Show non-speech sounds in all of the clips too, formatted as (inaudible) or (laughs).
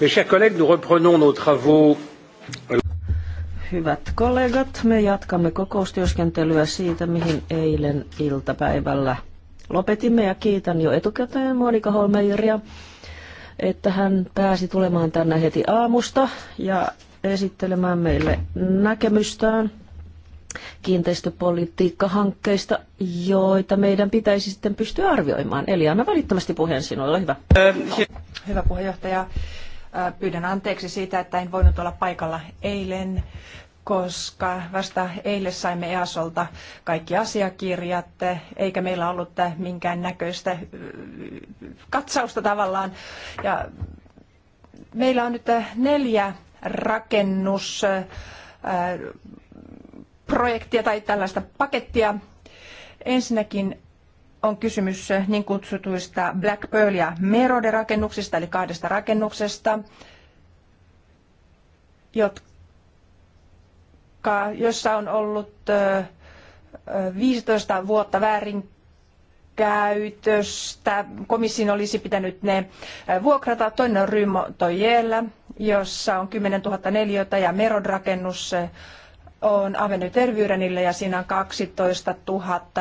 Mes chers collègues, nous reprenons nos travaux. Hyvät kollegat, me jatkamme kokoustyöskentelyä siitä, mihin eilen iltapäivällä lopetimme ja kiitän jo etukäteen Monika Holmeiria, että hän pääsi tulemaan tänne heti aamusta ja esittelemään meille näkemystään kiinteistöpolitiikkahankkeista, joita meidän pitäisi sitten pystyä arvioimaan. Eli anna välittömästi puheen sinulle, ole hyvä. Hyvä puheenjohtaja. Pyydän anteeksi siitä, että en voinut olla paikalla eilen, koska vasta eilen saimme EASolta kaikki asiakirjat, eikä meillä ollut minkään näköistä katsausta tavallaan. Ja meillä on nyt neljä rakennusprojektia tai tällaista pakettia. Ensinnäkin on kysymys eh, niin kutsutuista Black Pearl- ja Merode-rakennuksista, eli kahdesta rakennuksesta, jotka, jossa on ollut 15 eh, vuotta väärinkäytöstä. Komission olisi pitänyt ne eh, vuokrata. Toinen on Rymo Toijellä, jossa on 10 000 neliötä ja Merod-rakennus on Avenue Tervyydenille ja siinä on 12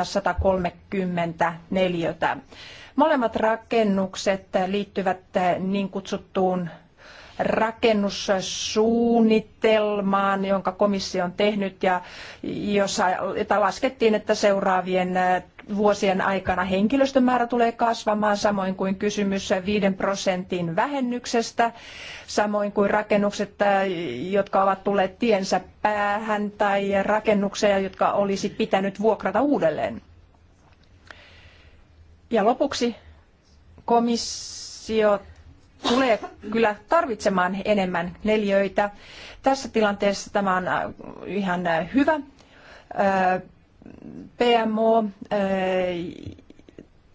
130 neliötä. Molemmat rakennukset liittyvät niin kutsuttuun rakennussuunnitelmaan, jonka komissio on tehnyt ja jossa, jota laskettiin, että seuraavien vuosien aikana henkilöstön määrä tulee kasvamaan, samoin kuin kysymys 5 prosentin vähennyksestä, samoin kuin rakennukset, äh, jotka ovat tulleet tiensä päähän tai rakennuksia, jotka olisi pitänyt vuokrata uudelleen. Ja lopuksi komissio tulee kyllä tarvitsemaan enemmän neljöitä. Tässä tilanteessa tämä on äh, ihan äh, hyvä PMO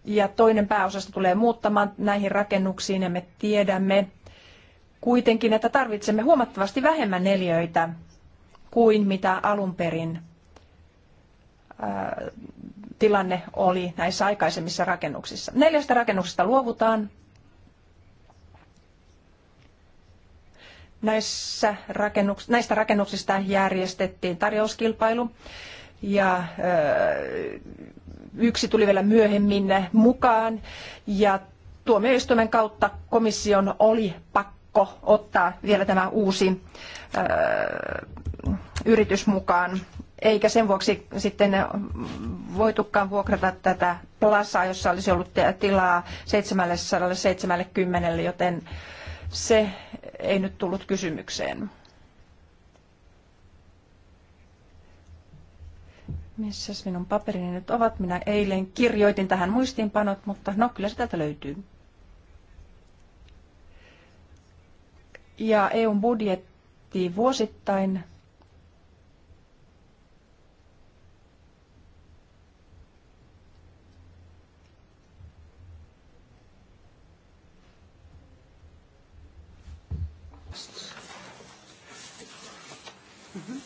ja toinen pääosasta tulee muuttamaan näihin rakennuksiin ja me tiedämme kuitenkin, että tarvitsemme huomattavasti vähemmän neliöitä kuin mitä alun perin tilanne oli näissä aikaisemmissa rakennuksissa. Neljästä rakennuksesta luovutaan. Näissä rakennuks- näistä rakennuksista järjestettiin tarjouskilpailu ja yksi tuli vielä myöhemmin mukaan ja tuomioistuimen kautta komission oli pakko ottaa vielä tämä uusi yritys mukaan. Eikä sen vuoksi sitten voitukaan vuokrata tätä plasaa, jossa olisi ollut tilaa 770, joten se ei nyt tullut kysymykseen. Missäs minun paperini nyt ovat? Minä eilen kirjoitin tähän muistiinpanot, mutta no kyllä se täältä löytyy. Ja EUn budjetti vuosittain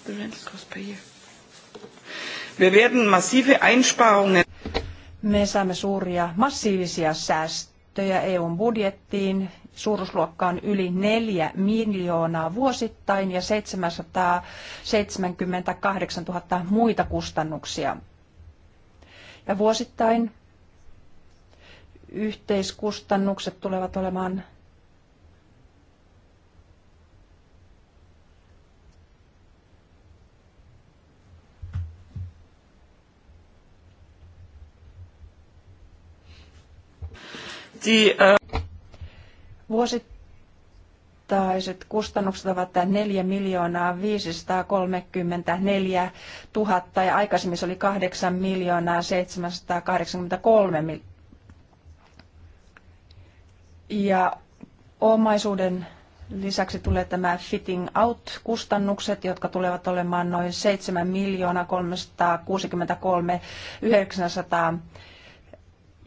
The rental cost per year werden massive Einsparungen. Me saamme suuria, massiivisia säästöjä EUn budjettiin on yli 4 miljoonaa vuosittain ja 778 000 muita kustannuksia. Ja vuosittain yhteiskustannukset tulevat olemaan die, äh... Vuosittaiset kustannukset ovat 4 miljoonaa 534 000 ja aikaisemmin se oli 8 miljoonaa 783 000. Ja omaisuuden Lisäksi tulee tämä fitting out-kustannukset, jotka tulevat olemaan noin 7 miljoonaa 363 900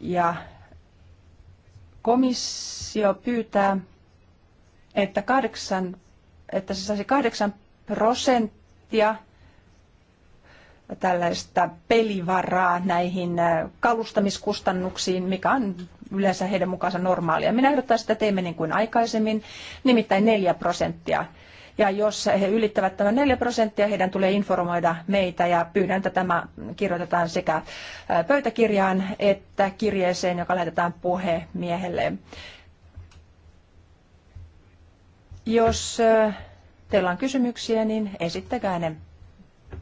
ja Komissio pyytää, että, kahdeksan, että se saisi 8 prosenttia tällaista pelivaraa näihin äh, kalustamiskustannuksiin, mikä on yleensä heidän mukaansa normaalia. Minä ehdottaisin, että teemme niin kuin aikaisemmin, nimittäin 4 prosenttia. Ja jos he ylittävät tämän 4 prosenttia, heidän tulee informoida meitä ja pyydän, että tämä kirjoitetaan sekä pöytäkirjaan että kirjeeseen, joka lähetetään puhemiehelle. Jos teillä on kysymyksiä, niin esittäkää ne.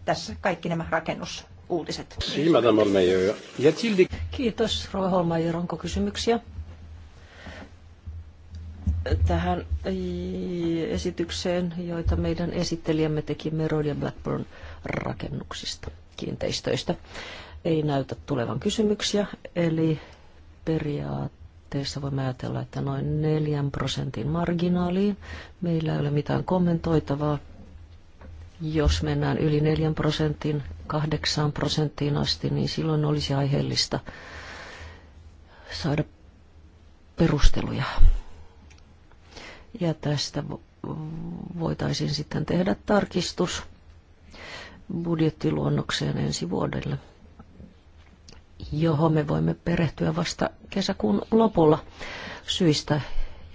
Tässä kaikki nämä rakennusuutiset. Kiitos, Rova Holmaier. Onko kysymyksiä? tähän esitykseen, joita meidän esittelijämme teki Merod ja Blackburn rakennuksista, kiinteistöistä. Ei näytä tulevan kysymyksiä, eli periaatteessa voimme ajatella, että noin 4 prosentin marginaaliin. Meillä ei ole mitään kommentoitavaa. Jos mennään yli 4 prosentin, 8 prosenttiin asti, niin silloin olisi aiheellista saada perusteluja ja tästä voitaisiin sitten tehdä tarkistus budjettiluonnokseen ensi vuodelle, johon me voimme perehtyä vasta kesäkuun lopulla syistä,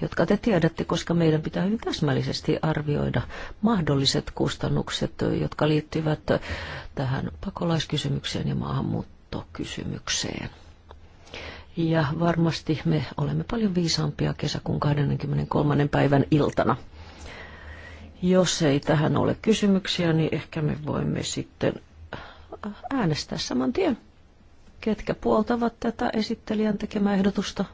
jotka te tiedätte, koska meidän pitää hyvin täsmällisesti arvioida mahdolliset kustannukset, jotka liittyvät tähän pakolaiskysymykseen ja maahanmuuttokysymykseen. Ja varmasti me olemme paljon viisaampia kesäkuun 23. päivän iltana. Jos ei tähän ole kysymyksiä, niin ehkä me voimme sitten äänestää saman tien. Ketkä puoltavat tätä esittelijän tekemää ehdotusta?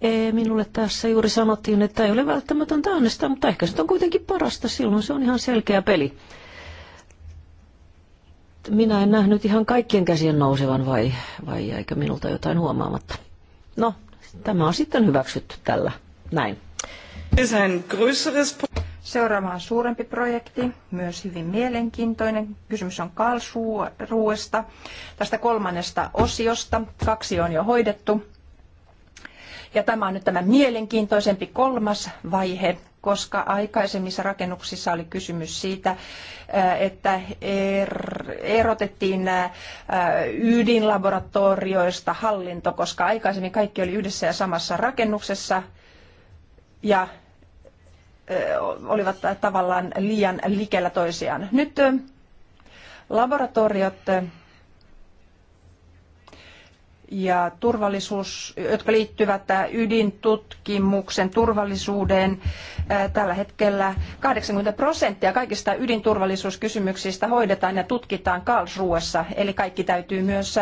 Ei, minulle tässä juuri sanottiin, että ei ole välttämätöntä äänestää, mutta ehkä se on kuitenkin parasta. Silloin se on ihan selkeä peli minä en nähnyt ihan kaikkien käsien nousevan vai, vai eikö minulta jotain huomaamatta. No, tämä on sitten hyväksytty tällä. Näin. Seuraava on suurempi projekti, myös hyvin mielenkiintoinen. Kysymys on Karlsruuesta, tästä kolmannesta osiosta. Kaksi on jo hoidettu. Ja tämä on nyt tämä mielenkiintoisempi kolmas vaihe, koska aikaisemmissa rakennuksissa oli kysymys siitä, äh, että er, erotettiin äh, ydinlaboratorioista hallinto, koska aikaisemmin kaikki oli yhdessä ja samassa rakennuksessa ja äh, olivat tavallaan liian likellä toisiaan. Nyt laboratoriot ja turvallisuus, jotka liittyvät ydintutkimuksen turvallisuuteen. Tällä hetkellä 80 prosenttia kaikista ydinturvallisuuskysymyksistä hoidetaan ja tutkitaan Karlsruessa, eli kaikki täytyy myös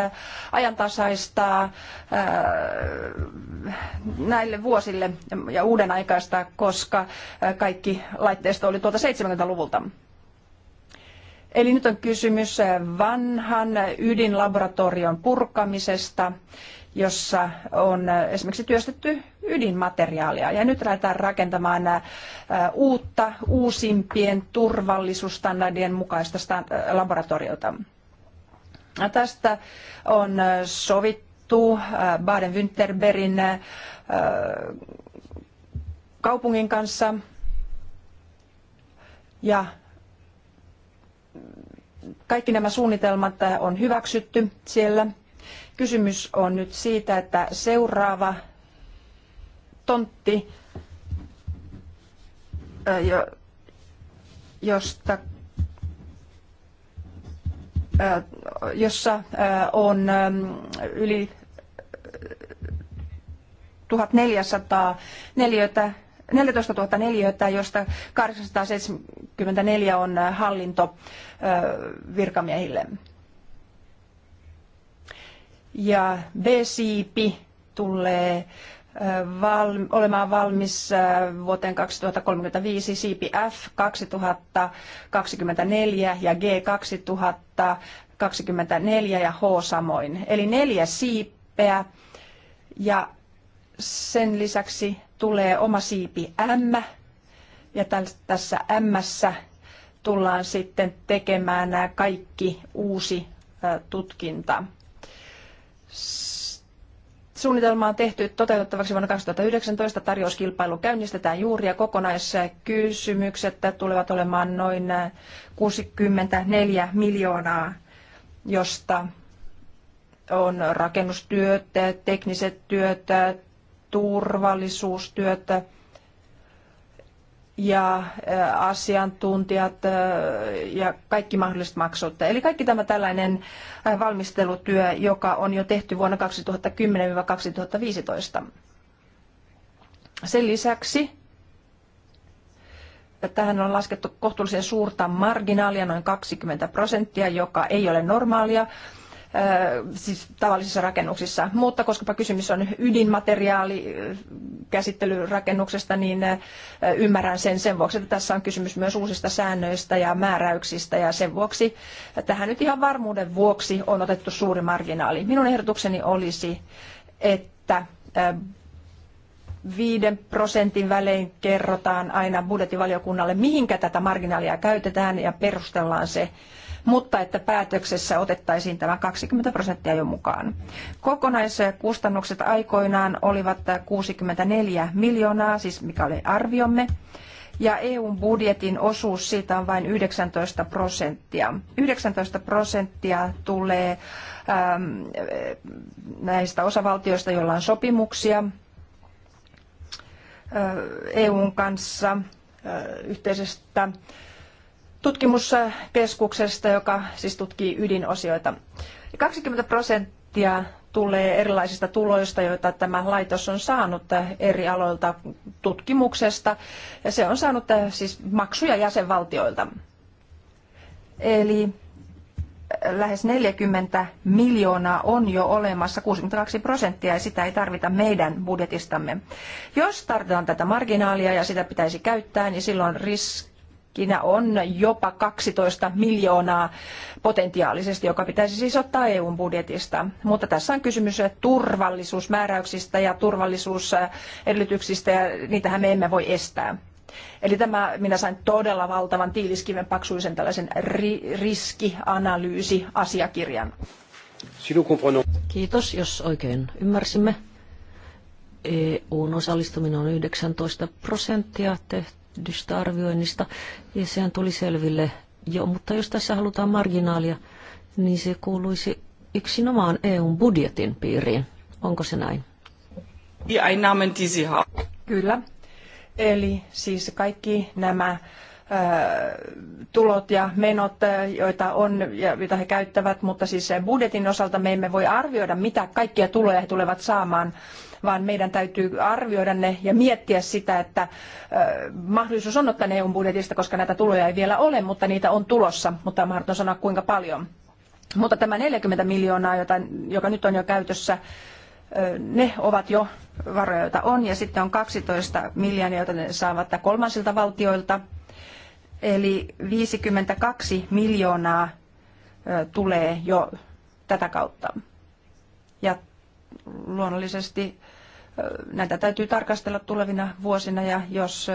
ajantasaistaa näille vuosille ja uuden aikaista, koska kaikki laitteisto oli tuolta 70-luvulta. Eli nyt on kysymys vanhan ydinlaboratorion purkamisesta, jossa on esimerkiksi työstetty ydinmateriaalia. Ja nyt lähdetään rakentamaan äh, uutta, uusimpien turvallisuusstandardien mukaista äh, laboratoriota. Tästä on äh, sovittu Baden-Württembergin kaupungin kanssa ja kaikki nämä suunnitelmat äh, on hyväksytty siellä. Kysymys on nyt siitä, että seuraava tontti, äh, josta, äh, jossa on ähm, yli 1400 neliötä 14 000 neliötä, josta 874 on äh, äh, virkamiehille. Ja B-siipi tulee äh, val, olemaan valmis vuoteen 2035, siipi F 2024 ja G 2024 ja H samoin. Eli neljä siipeä ja sen lisäksi tulee oma siipi M, ja tässä M tullaan sitten tekemään nämä kaikki uusi tutkinta. Suunnitelma on tehty toteutettavaksi vuonna 2019. Tarjouskilpailu käynnistetään juuri ja kokonaiskysymykset tulevat olemaan noin 64 miljoonaa, josta on rakennustyöt, tekniset työt, turvallisuustyötä ja äh, asiantuntijat äh, ja kaikki mahdolliset maksut. Eli kaikki tämä tällainen äh, valmistelutyö, joka on jo tehty vuonna 2010-2015. Sen lisäksi tähän on laskettu kohtuullisen suurta marginaalia, noin 20 prosenttia, joka ei ole normaalia siis tavallisissa rakennuksissa. Mutta koska kysymys on ydinmateriaalikäsittelyrakennuksesta, niin ymmärrän sen sen vuoksi, että tässä on kysymys myös uusista säännöistä ja määräyksistä ja sen vuoksi tähän nyt ihan varmuuden vuoksi on otettu suuri marginaali. Minun ehdotukseni olisi, että viiden prosentin välein kerrotaan aina budjettivaliokunnalle, mihinkä tätä marginaalia käytetään ja perustellaan se mutta että päätöksessä otettaisiin tämä 20 prosenttia jo mukaan. Kokonaiskustannukset aikoinaan olivat 64 miljoonaa, siis mikä oli arviomme, ja EUn budjetin osuus siitä on vain 19 prosenttia. 19 prosenttia tulee ähm, näistä osavaltioista, joilla on sopimuksia äh, EUn kanssa äh, yhteisestä tutkimuskeskuksesta, joka siis tutkii ydinosioita. 20 prosenttia tulee erilaisista tuloista, joita tämä laitos on saanut eri aloilta tutkimuksesta. Ja se on saanut eh, siis maksuja jäsenvaltioilta. Eli eh, lähes 40 miljoonaa on jo olemassa, 62 prosenttia, ja sitä ei tarvita meidän budjetistamme. Jos tarvitaan tätä marginaalia ja sitä pitäisi käyttää, niin silloin riski markkina on jopa 12 miljoonaa potentiaalisesti, joka pitäisi siis ottaa EUn budjetista. Mutta tässä on kysymys turvallisuusmääräyksistä ja turvallisuusedellytyksistä ja niitähän me emme voi estää. Eli tämä, minä sain todella valtavan tiiliskiven paksuisen tällaisen ri- riskianalyysiasiakirjan. Kiitos, jos oikein ymmärsimme. EUn osallistuminen on 19 prosenttia. Te tehdystä arvioinnista, ja sehän tuli selville jo. Mutta jos tässä halutaan marginaalia, niin se kuuluisi yksinomaan EUn budjetin piiriin. Onko se näin? Kyllä. Eli siis kaikki nämä tulot ja menot, joita on ja joita he käyttävät, mutta siis budjetin osalta me emme voi arvioida, mitä kaikkia tuloja he tulevat saamaan vaan meidän täytyy arvioida ne ja miettiä sitä, että mahdollisuus on ottaa ne EU-budjetista, koska näitä tuloja ei vielä ole, mutta niitä on tulossa, mutta on mahdoton sanoa kuinka paljon. Mutta tämä 40 miljoonaa, jota, joka nyt on jo käytössä, ne ovat jo varoja, joita on, ja sitten on 12 miljoonaa, joita ne saavat kolmansilta valtioilta, eli 52 miljoonaa tulee jo tätä kautta. Ja luonnollisesti näitä täytyy tarkastella tulevina vuosina ja jos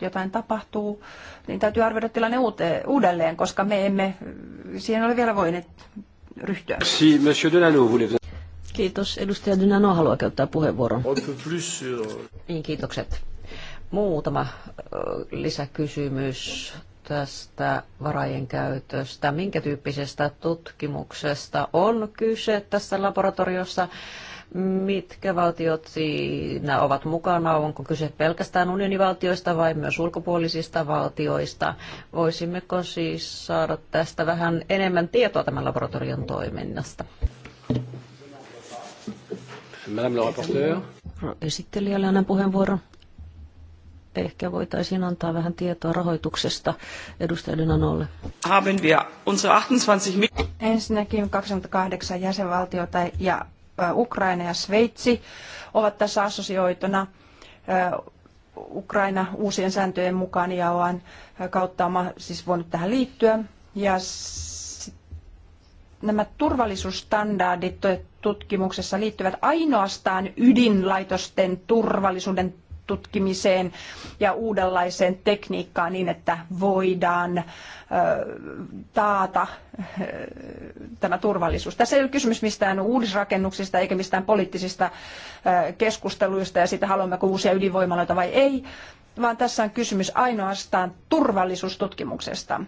jotain tapahtuu, niin täytyy arvioida tilanne uudelleen, koska me emme siihen ole vielä voineet ryhtyä. Kiitos. Edustaja Dynano haluaa käyttää puheenvuoron. Niin, kiitokset. Muutama lisäkysymys tästä varajen käytöstä. Minkä tyyppisestä tutkimuksesta on kyse tässä laboratoriossa? mitkä valtiot siinä ovat mukana, onko kyse pelkästään unionivaltioista vai myös ulkopuolisista valtioista. Voisimmeko siis saada tästä vähän enemmän tietoa tämän laboratorion toiminnasta? Madame le rapporteur. Esittelijälle annan puheenvuoron. Ehkä voitaisiin antaa vähän tietoa rahoituksesta edustajien Anolle. Haben wir unsere 28 Ensinnäkin 28 jäsenvaltiota ja Äh, Ukraina ja Sveitsi ovat tässä assosioituna. Äh, Ukraina uusien sääntöjen mukaan ja on äh, kautta on siis voinut tähän liittyä. Ja nämä turvallisuusstandardit eh, tutkimuksessa liittyvät ainoastaan ydinlaitosten turvallisuuden tutkimiseen ja uudenlaiseen tekniikkaan niin, että voidaan taata tämä turvallisuus. Tässä ei ole kysymys mistään uudisrakennuksista eikä mistään poliittisista keskusteluista ja siitä haluammeko uusia ydinvoimaloita vai ei, vaan tässä on kysymys ainoastaan turvallisuustutkimuksesta.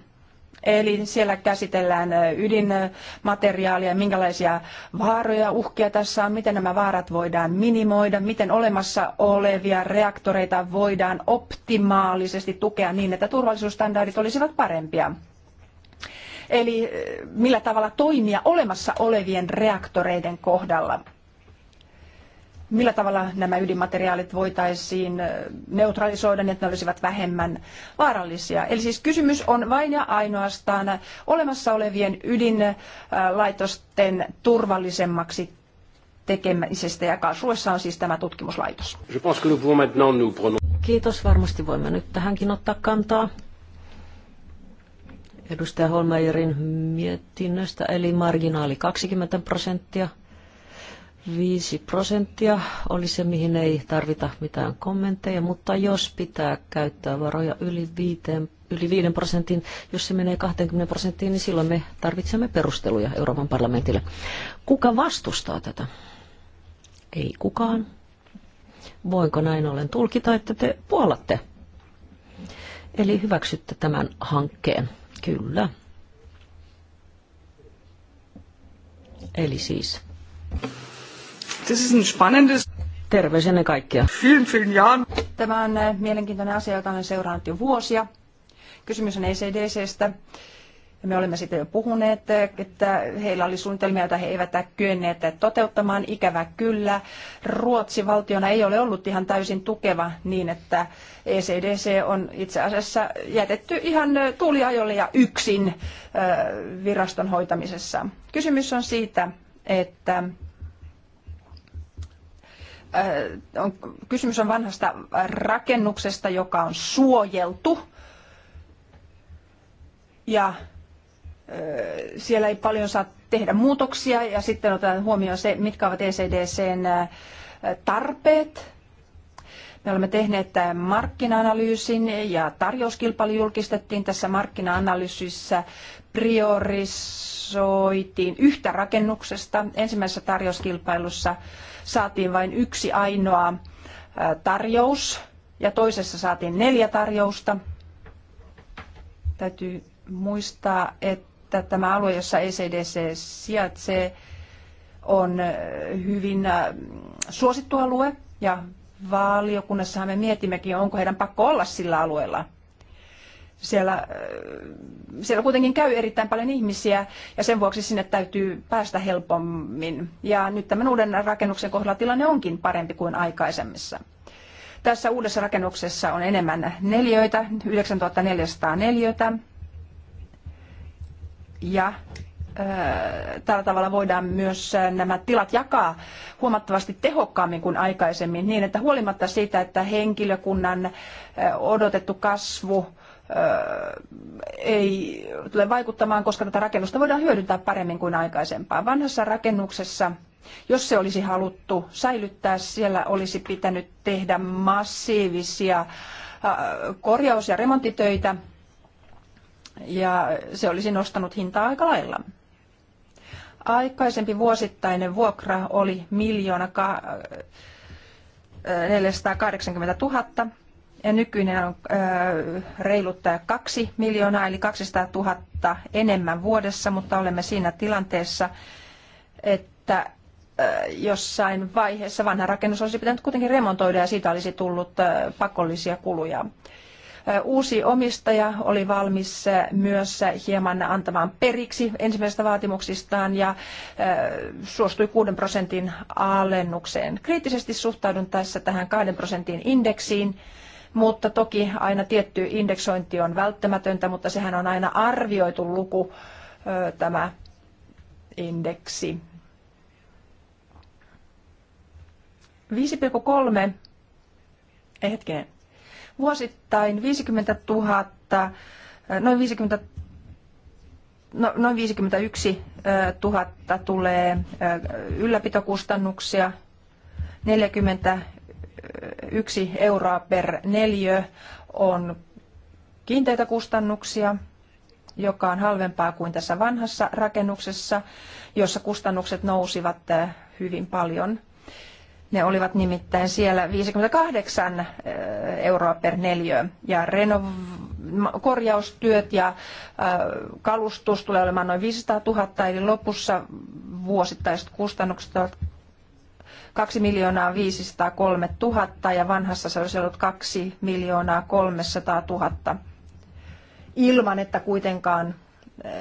Eli siellä käsitellään ydinmateriaalia, minkälaisia vaaroja, uhkia tässä on, miten nämä vaarat voidaan minimoida, miten olemassa olevia reaktoreita voidaan optimaalisesti tukea niin, että turvallisuusstandardit olisivat parempia. Eli millä tavalla toimia olemassa olevien reaktoreiden kohdalla millä tavalla nämä ydinmateriaalit voitaisiin neutralisoida niin, että ne olisivat vähemmän vaarallisia. Eli siis kysymys on vain ja ainoastaan olemassa olevien ydinlaitosten turvallisemmaksi tekemisestä ja Karlsruessa on siis tämä tutkimuslaitos. Kiitos, varmasti voimme nyt tähänkin ottaa kantaa. Edustaja Holmeierin mietinnöstä, eli marginaali 20 prosenttia 5 prosenttia oli se, mihin ei tarvita mitään kommentteja, mutta jos pitää käyttää varoja yli 5, yli 5 prosentin, jos se menee 20 prosenttiin, niin silloin me tarvitsemme perusteluja Euroopan parlamentille. Kuka vastustaa tätä? Ei kukaan. Voinko näin ollen tulkita, että te puolatte? Eli hyväksytte tämän hankkeen. Kyllä. Eli siis This is ein spannendes... Terve sinne kaikkea. Vielen, vielen Jahren. Tämä on äh, mielenkiintoinen asia, jota olen seurannut jo vuosia. Kysymys on ECDCstä. Me olemme siitä jo puhuneet, äh, että heillä oli suunnitelmia, joita he eivät äh, kyenneet toteuttamaan. Ikävä kyllä. Ruotsi valtiona ei ole ollut ihan täysin tukeva niin, että ECDC on itse asiassa jätetty ihan tuuliajolle ja yksin viraston hoitamisessa. Kysymys on siitä, että Äh, on, kysymys on vanhasta rakennuksesta, joka on suojeltu. Ja äh, siellä ei paljon saa tehdä muutoksia ja sitten otetaan huomioon se, mitkä ovat ECDCn äh, tarpeet. Me olemme tehneet markkina-analyysin ja tarjouskilpailu julkistettiin tässä markkina-analyysissä. Priorisoitiin yhtä rakennuksesta ensimmäisessä tarjouskilpailussa saatiin vain yksi ainoa tarjous ja toisessa saatiin neljä tarjousta. Täytyy muistaa, että tämä alue, jossa ECDC sijaitsee, on hyvin suosittu alue ja valiokunnassahan me mietimmekin, onko heidän pakko olla sillä alueella – siellä, äh, siellä kuitenkin käy erittäin paljon ihmisiä ja sen vuoksi sinne täytyy päästä helpommin. Ja nyt tämän uuden rakennuksen kohdalla tilanne onkin parempi kuin aikaisemmissa. Tässä uudessa rakennuksessa on enemmän neljöitä, 9400 neljöitä. Ja äh, tällä tavalla voidaan myös äh, nämä tilat jakaa huomattavasti tehokkaammin kuin aikaisemmin niin, että huolimatta siitä, että henkilökunnan odotettu kasvu ei tule vaikuttamaan, koska tätä rakennusta voidaan hyödyntää paremmin kuin aikaisempaa. Vanhassa rakennuksessa, jos se olisi haluttu säilyttää, siellä olisi pitänyt tehdä massiivisia korjaus- ja remontitöitä, ja se olisi nostanut hintaa aika lailla. Aikaisempi vuosittainen vuokra oli miljoona 480 000 ja nykyinen on reilut kaksi miljoonaa eli 200 000 enemmän vuodessa, mutta olemme siinä tilanteessa, että jossain vaiheessa vanha rakennus olisi pitänyt kuitenkin remontoida ja siitä olisi tullut pakollisia kuluja. Uusi omistaja oli valmis myös hieman antamaan periksi ensimmäisistä vaatimuksistaan ja suostui 6 prosentin alennukseen. Kriittisesti suhtaudun tässä tähän 2 prosentin indeksiin mutta toki aina tietty indeksointi on välttämätöntä, mutta sehän on aina arvioitu luku tämä indeksi. 5,3, ei hetkinen, vuosittain 50 000, noin 50 no, noin 51 000 tulee ylläpitokustannuksia, 40 yksi euroa per neljö on kiinteitä kustannuksia, joka on halvempaa kuin tässä vanhassa rakennuksessa, jossa kustannukset nousivat eh, hyvin paljon. Ne olivat nimittäin siellä 58 eh, euroa per neliö. ja renov- korjaustyöt ja eh, kalustus tulee olemaan noin 500 000 eli lopussa vuosittaiset kustannukset ovat 2 503 000 ja vanhassa se olisi ollut 2 300 000 ilman, että kuitenkaan eh,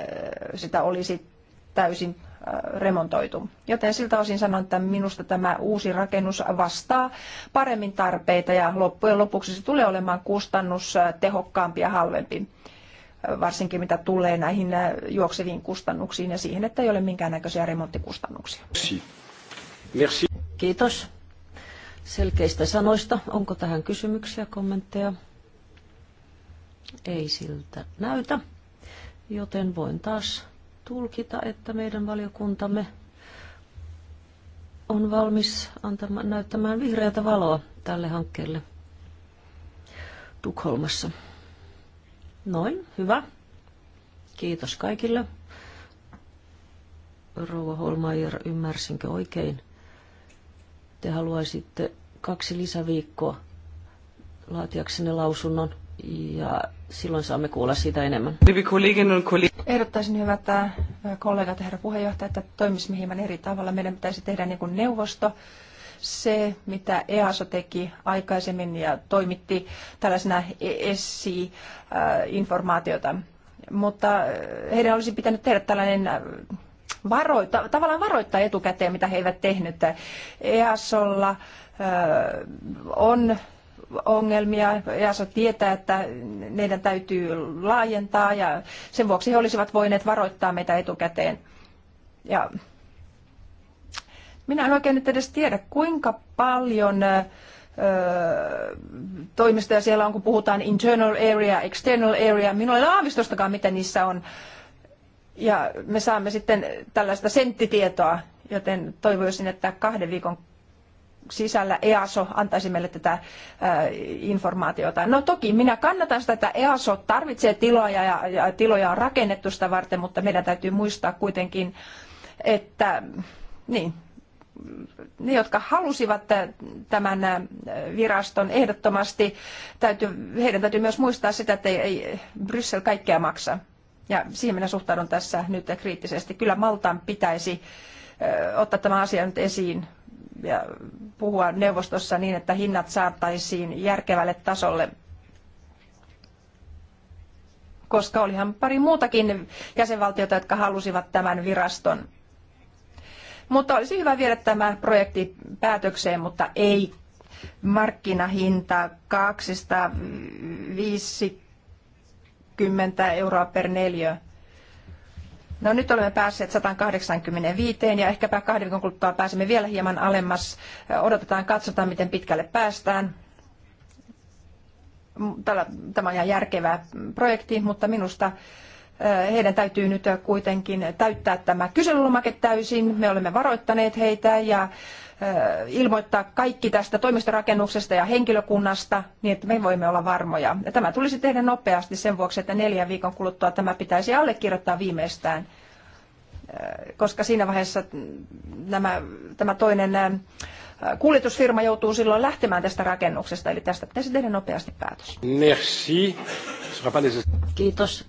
sitä olisi täysin eh, remontoitu. Joten siltä osin sanon, että minusta tämä uusi rakennus vastaa paremmin tarpeita ja loppujen lopuksi se tulee olemaan kustannustehokkaampi eh, ja halvempi varsinkin mitä tulee näihin juokseviin kustannuksiin ja siihen, että ei ole minkäännäköisiä remonttikustannuksia. Merci. Merci. Kiitos selkeistä sanoista. Onko tähän kysymyksiä, kommentteja? Ei siltä näytä, joten voin taas tulkita, että meidän valiokuntamme on valmis antamaan, näyttämään vihreätä valoa tälle hankkeelle Tukholmassa. Noin, hyvä. Kiitos kaikille. Rouva Holmeier, ymmärsinkö oikein? te haluaisitte kaksi lisäviikkoa laatiaksenne lausunnon ja silloin saamme kuulla siitä enemmän. Ehdottaisin hyvät äh, kollegat ja herra puheenjohtaja, että toimisimme hieman eri tavalla. Meidän pitäisi tehdä niin kuin neuvosto, se, mitä EASO teki aikaisemmin ja toimitti tällaisena e- ESI-informaatiota. Äh, Mutta äh, heidän olisi pitänyt tehdä tällainen varoita, tavallaan varoittaa etukäteen, mitä he eivät tehnyt. EASolla on ongelmia. EASO tietää, että meidän täytyy laajentaa ja sen vuoksi he olisivat voineet varoittaa meitä etukäteen. Ja minä en oikein nyt edes tiedä, kuinka paljon toimistoja siellä on, kun puhutaan internal area, external area. Minulla ei ole aavistustakaan, mitä niissä on ja me saamme sitten tällaista senttitietoa, joten toivoisin, että kahden viikon sisällä EASO antaisi meille tätä informaatiota. No toki minä kannatan sitä, että EASO tarvitsee tiloja ja, ja tiloja on rakennettu sitä varten, mutta meidän täytyy muistaa kuitenkin, että niin, ne, jotka halusivat tämän viraston ehdottomasti, täytyy, heidän täytyy myös muistaa sitä, että ei, ei Bryssel kaikkea maksa. Ja siihen minä suhtaudun tässä nyt kriittisesti. Kyllä Maltaan pitäisi ottaa tämä asia nyt esiin ja puhua neuvostossa niin, että hinnat saataisiin järkevälle tasolle koska olihan pari muutakin jäsenvaltiota, jotka halusivat tämän viraston. Mutta olisi hyvä viedä tämä projekti päätökseen, mutta ei markkinahinta 250 Kymmentä euroa per neliö. No nyt olemme päässeet 185 ja ehkäpä kahden viikon kuluttua pääsemme vielä hieman alemmas. Odotetaan, katsotaan miten pitkälle päästään. Tämä on ihan järkevä projekti, mutta minusta eh, heidän täytyy nyt kuitenkin täyttää tämä kyselylomake täysin. Me olemme varoittaneet heitä ja Äh, ilmoittaa kaikki tästä toimistorakennuksesta ja henkilökunnasta, niin että me voimme olla varmoja. Ja tämä tulisi tehdä nopeasti sen vuoksi, että neljän viikon kuluttua tämä pitäisi allekirjoittaa viimeistään, äh, koska siinä vaiheessa nämä, tämä toinen äh, kuljetusfirma joutuu silloin lähtemään tästä rakennuksesta, eli tästä pitäisi tehdä nopeasti päätös. Merci. Kiitos.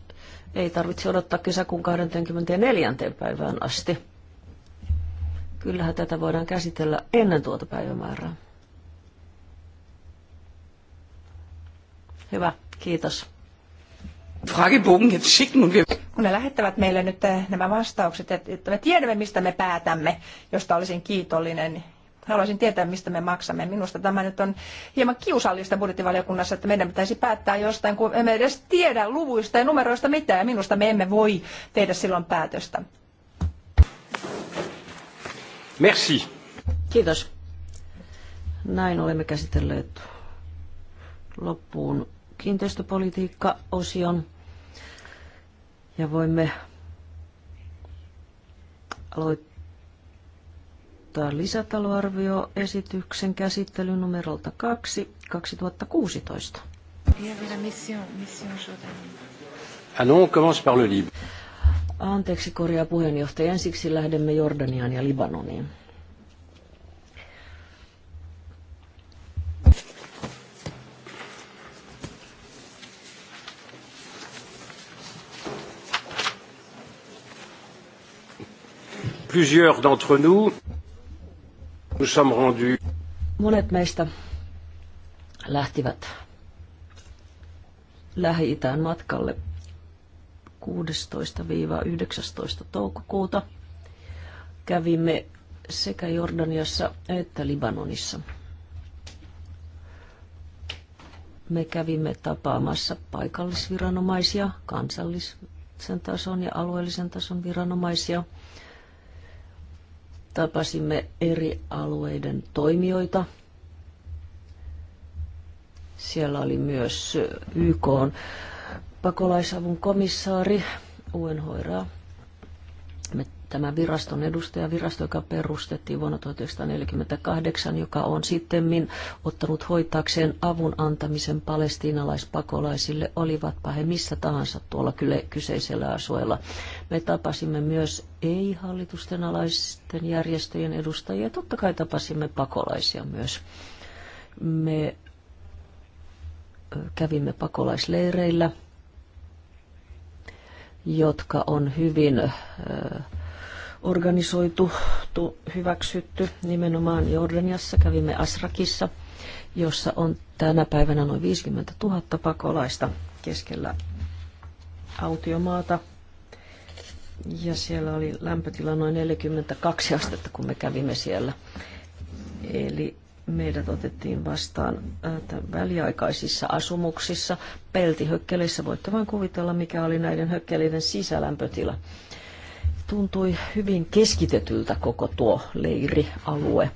Ei tarvitse odottaa kesäkuun 24. päivään asti. Kyllähän tätä voidaan käsitellä ennen tuota päivämäärää. Hyvä, kiitos. kun ne lähettävät meille nyt eh, nämä vastaukset, että me tiedämme, mistä me päätämme, josta olisin kiitollinen. Haluaisin tietää, mistä me maksamme. Minusta tämä nyt on hieman kiusallista budjettivaliokunnassa, että meidän pitäisi päättää jostain, kun emme edes tiedä luvuista ja numeroista mitään, ja minusta me emme voi tehdä silloin päätöstä. Merci. Kiitos. Näin olemme käsitelleet loppuun kiinteistöpolitiikka-osion ja voimme aloittaa lisätaloarvioesityksen käsittely numerolta 2 2016. Ah non, on commence par le libre. Anteeksi, korjaa puheenjohtaja. Ensiksi lähdemme Jordaniaan ja Libanoniin. Plusieurs d'entre nous nous sommes rendus. Monet meistä lähtivät Lähi-Itään matkalle 16-19 toukokuuta. Kävimme sekä Jordaniassa että Libanonissa. Me kävimme tapaamassa paikallisviranomaisia, kansallisen tason ja alueellisen tason viranomaisia. Tapasimme eri alueiden toimijoita. Siellä oli myös YK pakolaisavun komissaari UNHRA, tämä viraston edustaja, virasto, joka perustettiin vuonna 1948, joka on sitten ottanut hoitaakseen avun antamisen palestiinalaispakolaisille, olivatpa he missä tahansa tuolla kyseisellä asueella. Me tapasimme myös ei-hallitusten alaisten järjestöjen edustajia, totta kai tapasimme pakolaisia myös. Me kävimme pakolaisleireillä, jotka on hyvin organisoitu, hyväksytty nimenomaan Jordaniassa. Kävimme Asrakissa, jossa on tänä päivänä noin 50 000 pakolaista keskellä autiomaata. Ja siellä oli lämpötila noin 42 astetta, kun me kävimme siellä. Eli meidät otettiin vastaan väliaikaisissa asumuksissa, peltihökkeleissä. Voitte vain kuvitella, mikä oli näiden hökkeleiden sisälämpötila. Tuntui hyvin keskitetyltä koko tuo leirialue,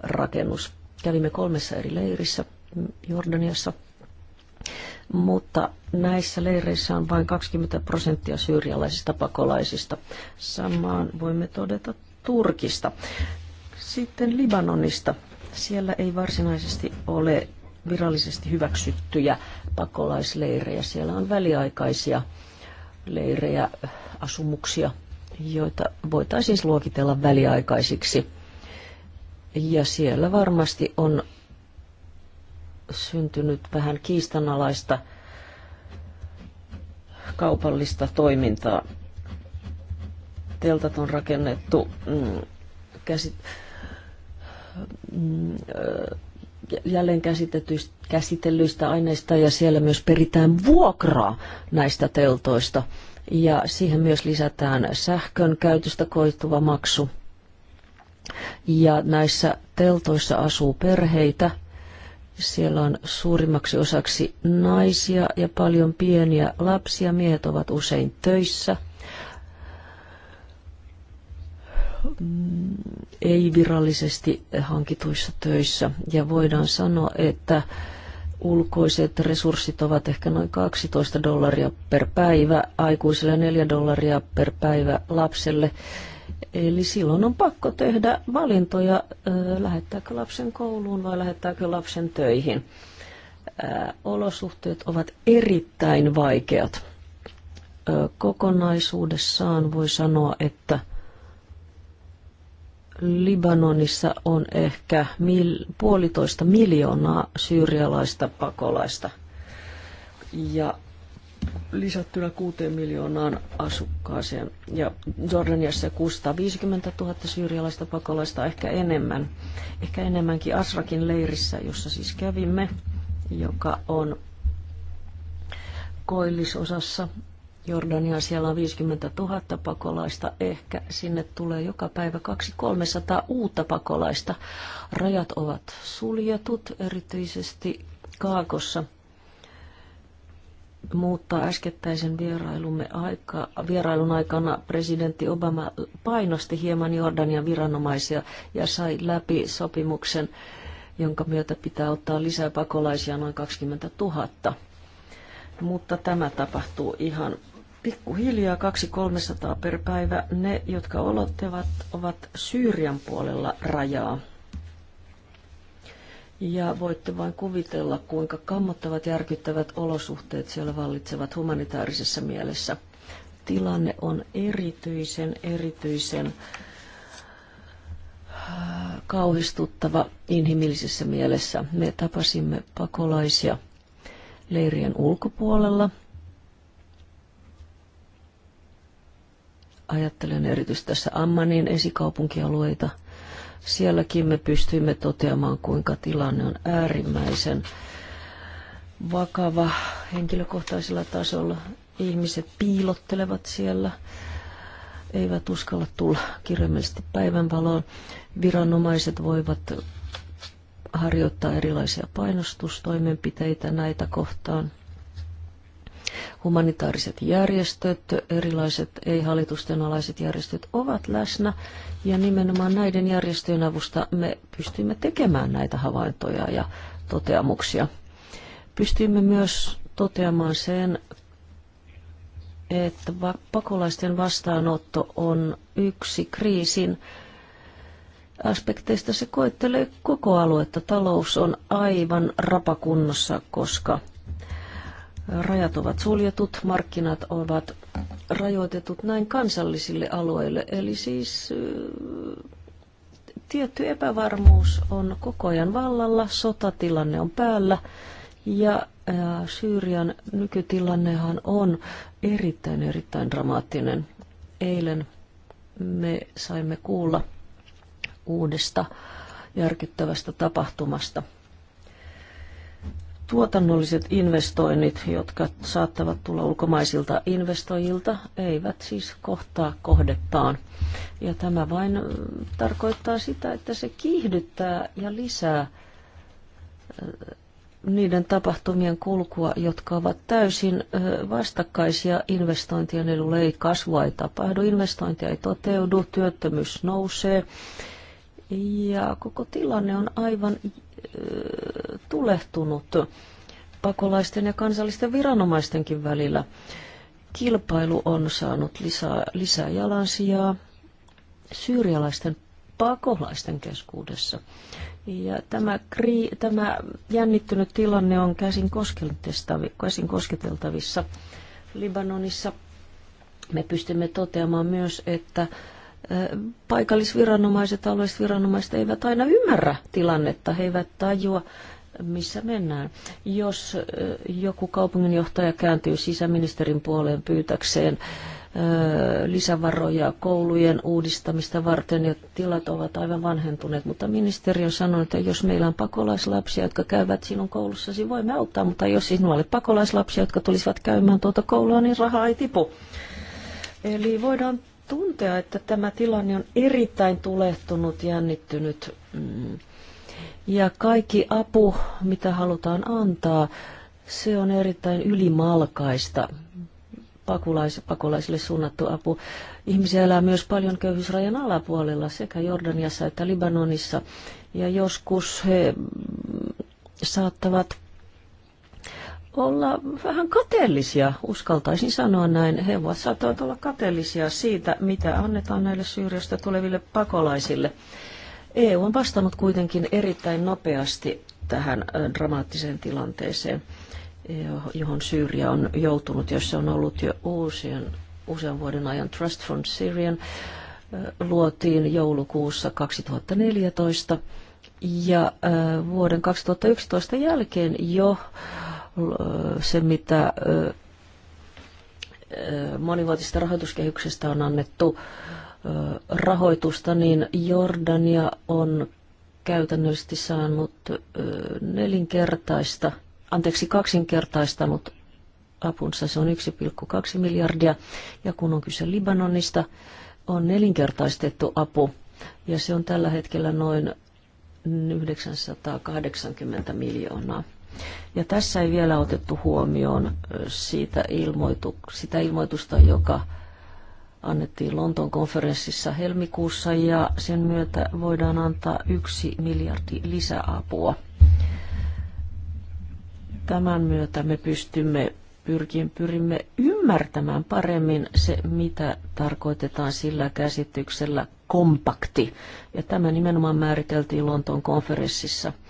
rakennus. Kävimme kolmessa eri leirissä Jordaniassa, mutta näissä leireissä on vain 20 prosenttia syyrialaisista pakolaisista. Samaan voimme todeta Turkista. Sitten Libanonista siellä ei varsinaisesti ole virallisesti hyväksyttyjä pakolaisleirejä. Siellä on väliaikaisia leirejä, asumuksia, joita voitaisiin luokitella väliaikaisiksi. Ja siellä varmasti on syntynyt vähän kiistanalaista kaupallista toimintaa. Teltat on rakennettu mm, käsit- Mm, jälleen käsitellyistä aineista ja siellä myös peritään vuokraa näistä teltoista. Ja siihen myös lisätään sähkön käytöstä koituva maksu. Ja näissä teltoissa asuu perheitä. Siellä on suurimmaksi osaksi naisia ja paljon pieniä lapsia. Miehet ovat usein töissä – Mm, ei-virallisesti hankituissa töissä. Ja voidaan sanoa, että ulkoiset resurssit ovat ehkä noin 12 dollaria per päivä, aikuisille 4 dollaria per päivä lapselle. Eli silloin on pakko tehdä valintoja, lähettääkö lapsen kouluun vai lähettääkö lapsen töihin. Olosuhteet ovat erittäin vaikeat. Kokonaisuudessaan voi sanoa, että – Libanonissa on ehkä mil, puolitoista miljoonaa syyrialaista pakolaista ja lisättynä kuuteen miljoonaan asukkaaseen. Ja Jordaniassa 650 000 syyrialaista pakolaista, ehkä enemmän, ehkä enemmänkin Asrakin leirissä, jossa siis kävimme, joka on koillisosassa Jordania, siellä on 50 000 pakolaista, ehkä sinne tulee joka päivä 200-300 uutta pakolaista. Rajat ovat suljetut, erityisesti Kaakossa. Mutta äskettäisen vierailumme aika, vierailun aikana presidentti Obama painosti hieman Jordanian viranomaisia ja sai läpi sopimuksen, jonka myötä pitää ottaa lisää pakolaisia noin 20 000 mutta tämä tapahtuu ihan pikkuhiljaa 200-300 per päivä. Ne, jotka olottevat, ovat Syyrian puolella rajaa. Ja voitte vain kuvitella, kuinka kammottavat järkyttävät olosuhteet siellä vallitsevat humanitaarisessa mielessä. Tilanne on erityisen, erityisen äh, kauhistuttava inhimillisessä mielessä. Me tapasimme pakolaisia leirien ulkopuolella – Ajattelen erityisesti tässä Ammanin esikaupunkialueita. Sielläkin me pystyimme toteamaan, kuinka tilanne on äärimmäisen vakava henkilökohtaisella tasolla. Ihmiset piilottelevat siellä, eivät uskalla tulla kirjaimellisesti päivänvaloon. Viranomaiset voivat harjoittaa erilaisia painostustoimenpiteitä näitä kohtaan – Humanitaariset järjestöt, erilaiset ei-hallitusten alaiset järjestöt ovat läsnä ja nimenomaan näiden järjestöjen avusta me pystymme tekemään näitä havaintoja ja toteamuksia. Pystymme myös toteamaan sen, että pakolaisten vastaanotto on yksi kriisin aspekteista se koettelee koko aluetta. Talous on aivan rapakunnossa, koska Rajat ovat suljetut, markkinat ovat rajoitetut näin kansallisille alueille, eli siis tietty epävarmuus on koko ajan vallalla, sotatilanne on päällä ja Syyrian nykytilannehan on erittäin erittäin dramaattinen. Eilen me saimme kuulla uudesta järkyttävästä tapahtumasta – tuotannolliset investoinnit, jotka saattavat tulla ulkomaisilta investoijilta, eivät siis kohtaa kohdettaan. Ja tämä vain tarkoittaa sitä, että se kiihdyttää ja lisää niiden tapahtumien kulkua, jotka ovat täysin vastakkaisia investointien edulle. Ei kasvua ei tapahdu, investointia ei toteudu, työttömyys nousee. Ja koko tilanne on aivan tulehtunut pakolaisten ja kansallisten viranomaistenkin välillä. Kilpailu on saanut lisää, lisää jalansijaa syyrialaisten pakolaisten keskuudessa. Ja tämä, kri, tämä jännittynyt tilanne on käsin, käsin kosketeltavissa Libanonissa. Me pystymme toteamaan myös, että paikallisviranomaiset, alueelliset viranomaiset eivät aina ymmärrä tilannetta, he eivät tajua, missä mennään. Jos joku kaupunginjohtaja kääntyy sisäministerin puoleen pyytäkseen lisävaroja koulujen uudistamista varten ja tilat ovat aivan vanhentuneet, mutta ministeri on sanonut, että jos meillä on pakolaislapsia, jotka käyvät sinun koulussasi, voimme auttaa, mutta jos sinulla oli pakolaislapsia, jotka tulisivat käymään tuota koulua, niin rahaa ei tipu. Eli voidaan tuntea, että tämä tilanne on erittäin tulehtunut, jännittynyt mm. ja kaikki apu, mitä halutaan antaa, se on erittäin ylimalkaista pakulais, pakolaisille suunnattu apu. Ihmisiä elää myös paljon köyhyysrajan alapuolella sekä Jordaniassa että Libanonissa. Ja joskus he saattavat olla vähän kateellisia, uskaltaisin sanoa näin. He ovat saattavat olla kateellisia siitä, mitä annetaan näille Syyriasta tuleville pakolaisille. EU on vastannut kuitenkin erittäin nopeasti tähän dramaattiseen tilanteeseen, johon Syyria on joutunut, jossa on ollut jo uusien, usean vuoden ajan Trust Fund Syrian luotiin joulukuussa 2014 ja vuoden 2011 jälkeen jo se, mitä monivuotisesta rahoituskehyksestä on annettu rahoitusta, niin Jordania on käytännöllisesti saanut nelinkertaista, anteeksi kaksinkertaistanut apunsa, se on 1,2 miljardia, ja kun on kyse Libanonista, on nelinkertaistettu apu, ja se on tällä hetkellä noin 980 miljoonaa. Ja tässä ei vielä otettu huomioon siitä ilmoitu, sitä ilmoitusta, joka annettiin Lontoon konferenssissa helmikuussa ja sen myötä voidaan antaa yksi miljardi lisäapua. Tämän myötä me pystymme pyrkin, pyrimme ymmärtämään paremmin se, mitä tarkoitetaan sillä käsityksellä kompakti. Ja tämä nimenomaan määriteltiin Lontoon konferenssissa –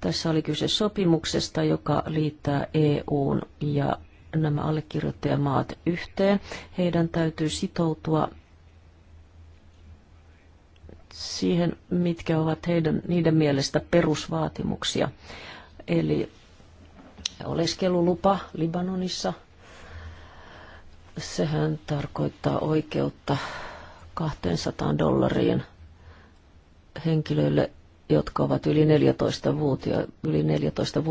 tässä oli kyse sopimuksesta, joka liittää EUn ja nämä allekirjoittajamaat yhteen. Heidän täytyy sitoutua siihen, mitkä ovat heidän, niiden mielestä perusvaatimuksia. Eli oleskelulupa Libanonissa, sehän tarkoittaa oikeutta 200 dollariin henkilöille, jotka ovat yli 14 vuotioita. Yli 14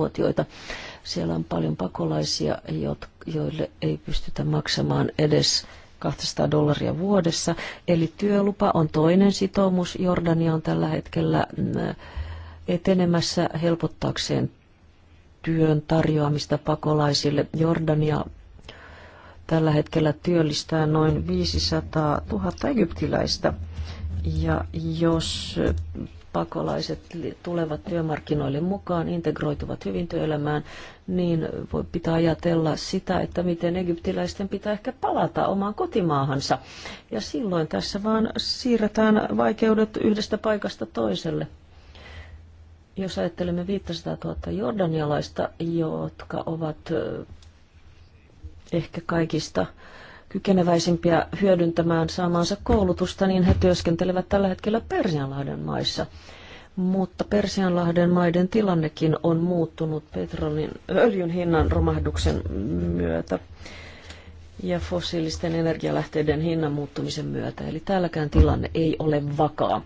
Siellä on paljon pakolaisia, joille ei pystytä maksamaan edes 200 dollaria vuodessa. Eli työlupa on toinen sitoumus. Jordania on tällä hetkellä mm, etenemässä helpottaakseen työn tarjoamista pakolaisille. Jordania tällä hetkellä työllistää noin 500 000 egyptiläistä. Ja jos pakolaiset tulevat työmarkkinoille mukaan, integroituvat hyvin työelämään, niin voi pitää ajatella sitä, että miten egyptiläisten pitää ehkä palata omaan kotimaahansa. Ja silloin tässä vaan siirretään vaikeudet yhdestä paikasta toiselle jos ajattelemme 500 000 jordanialaista, jotka ovat ehkä kaikista kykeneväisimpiä hyödyntämään saamaansa koulutusta, niin he työskentelevät tällä hetkellä Persianlahden maissa. Mutta Persianlahden maiden tilannekin on muuttunut petrolin öljyn hinnan romahduksen myötä ja fossiilisten energialähteiden hinnan muuttumisen myötä. Eli täälläkään tilanne ei ole vakaa.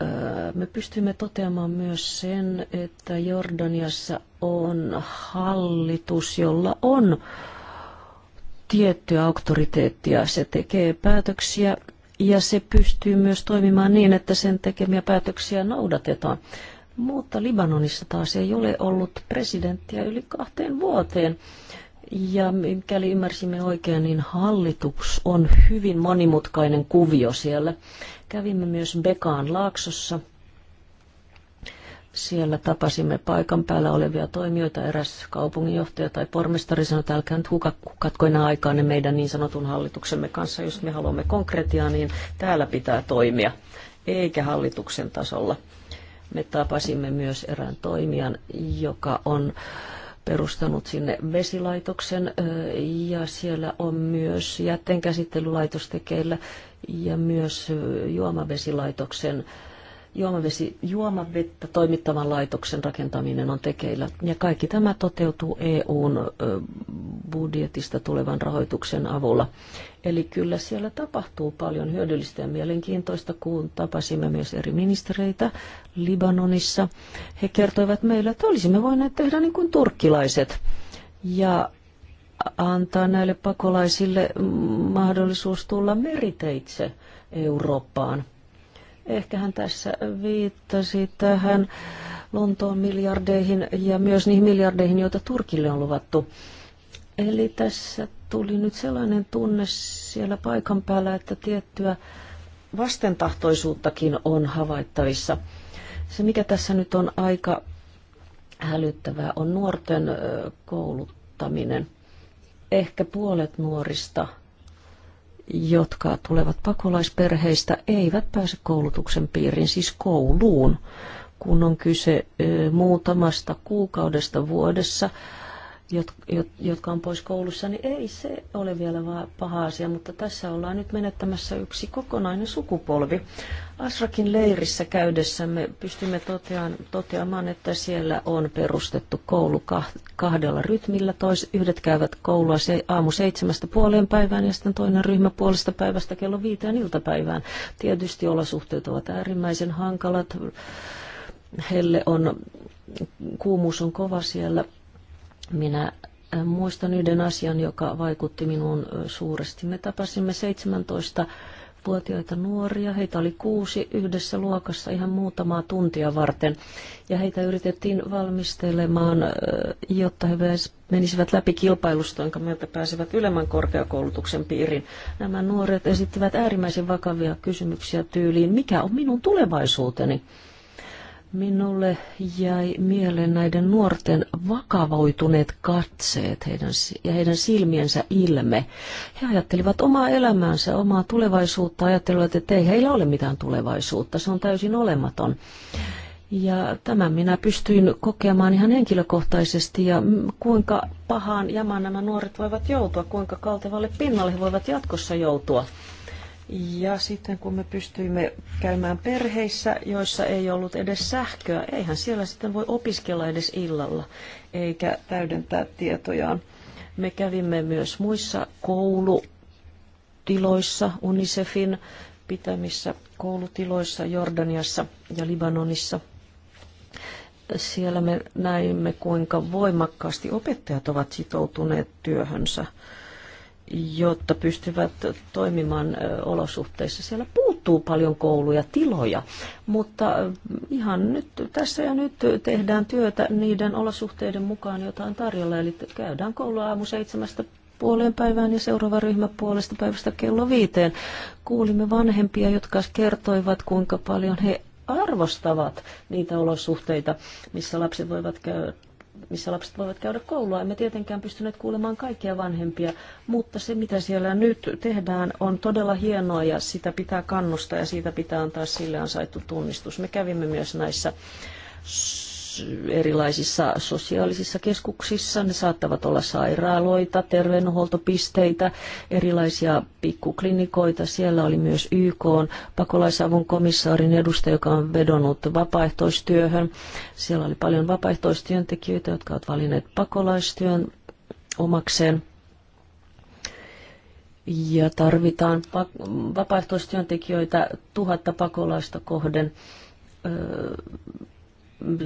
Öö, me pystymme toteamaan myös sen, että Jordaniassa on hallitus, jolla on äh, tiettyä auktoriteettia. Se tekee päätöksiä ja se pystyy myös toimimaan niin, että sen tekemiä päätöksiä noudatetaan. Mutta Libanonissa taas ei ole ollut presidenttiä yli kahteen vuoteen. Ja mikäli ymmärsimme oikein, niin hallitus on hyvin monimutkainen kuvio siellä. Kävimme myös Bekaan laaksossa siellä tapasimme paikan päällä olevia toimijoita, eräs kaupunginjohtaja tai pormestari sanoi, että älkää nyt hukatko enää aikaa ne meidän niin sanotun hallituksemme kanssa, jos me haluamme konkretiaa, niin täällä pitää toimia, eikä hallituksen tasolla. Me tapasimme myös erään toimijan, joka on perustanut sinne vesilaitoksen ja siellä on myös jätteenkäsittelylaitos tekeillä ja myös juomavesilaitoksen juomavesi, juomavettä toimittavan laitoksen rakentaminen on tekeillä. Ja kaikki tämä toteutuu EUn budjetista tulevan rahoituksen avulla. Eli kyllä siellä tapahtuu paljon hyödyllistä ja mielenkiintoista, kun tapasimme myös eri ministereitä Libanonissa. He kertoivat meille, että olisimme voineet tehdä niin kuin turkkilaiset. Ja antaa näille pakolaisille mm, mahdollisuus tulla meriteitse Eurooppaan Ehkä hän tässä viittasi tähän Lontoon miljardeihin ja myös niihin miljardeihin, joita Turkille on luvattu. Eli tässä tuli nyt sellainen tunne siellä paikan päällä, että tiettyä vastentahtoisuuttakin on havaittavissa. Se, mikä tässä nyt on aika hälyttävää, on nuorten kouluttaminen. Ehkä puolet nuorista – jotka tulevat pakolaisperheistä, eivät pääse koulutuksen piiriin, siis kouluun, kun on kyse muutamasta kuukaudesta vuodessa – jotka on pois koulussa, niin ei se ole vielä vaan paha asia, mutta tässä ollaan nyt menettämässä yksi kokonainen sukupolvi. Asrakin leirissä käydessämme pystymme totean, toteamaan, että siellä on perustettu koulu kahdella rytmillä. Tois, yhdet käyvät koulua se, aamu seitsemästä puoleen päivään ja sitten toinen ryhmä puolesta päivästä kello viiteen iltapäivään. Tietysti olosuhteet ovat äärimmäisen hankalat. Helle on, kuumuus on kova siellä minä äh, muistan yhden asian, joka vaikutti minuun äh, suuresti. Me tapasimme 17 vuotiaita nuoria. Heitä oli kuusi yhdessä luokassa ihan muutamaa tuntia varten. Ja heitä yritettiin valmistelemaan, äh, jotta he menisivät läpi kilpailusta, jonka myötä pääsevät ylemmän korkeakoulutuksen piiriin. Nämä nuoret esittivät äärimmäisen vakavia kysymyksiä tyyliin, mikä on minun tulevaisuuteni? Minulle jäi mieleen näiden nuorten vakavoituneet katseet heidän, ja heidän silmiensä ilme. He ajattelivat omaa elämäänsä, omaa tulevaisuutta, ajattelivat, että ei heillä ole mitään tulevaisuutta, se on täysin olematon. Ja tämän minä pystyin kokemaan ihan henkilökohtaisesti ja kuinka pahaan jamaan nämä nuoret voivat joutua, kuinka kaltevalle pinnalle he voivat jatkossa joutua. Ja sitten kun me pystyimme käymään perheissä, joissa ei ollut edes sähköä, eihän siellä sitten voi opiskella edes illalla, eikä täydentää tietojaan. Me kävimme myös muissa koulutiloissa, UNICEFin pitämissä koulutiloissa Jordaniassa ja Libanonissa. Siellä me näimme, kuinka voimakkaasti opettajat ovat sitoutuneet työhönsä jotta pystyvät toimimaan olosuhteissa. Siellä puuttuu paljon kouluja, tiloja, mutta ihan nyt tässä ja nyt tehdään työtä niiden olosuhteiden mukaan, jota on tarjolla. Eli käydään koulua aamu seitsemästä puoleen päivään ja seuraava ryhmä puolesta päivästä kello viiteen. Kuulimme vanhempia, jotka kertoivat, kuinka paljon he arvostavat niitä olosuhteita, missä lapset voivat käydä missä lapset voivat käydä koulua. Emme tietenkään pystyneet kuulemaan kaikkia vanhempia, mutta se mitä siellä nyt tehdään on todella hienoa ja sitä pitää kannustaa ja siitä pitää antaa sille ansaittu tunnistus. Me kävimme myös näissä erilaisissa sosiaalisissa keskuksissa. Ne saattavat olla sairaaloita, terveydenhuoltopisteitä, erilaisia pikkuklinikoita. Siellä oli myös YK pakolaisavun komissaarin edustaja, joka on vedonnut vapaaehtoistyöhön. Siellä oli paljon vapaaehtoistyöntekijöitä, jotka ovat valinneet pakolaistyön omakseen. Ja tarvitaan vapaaehtoistyöntekijöitä tuhatta pakolaista kohden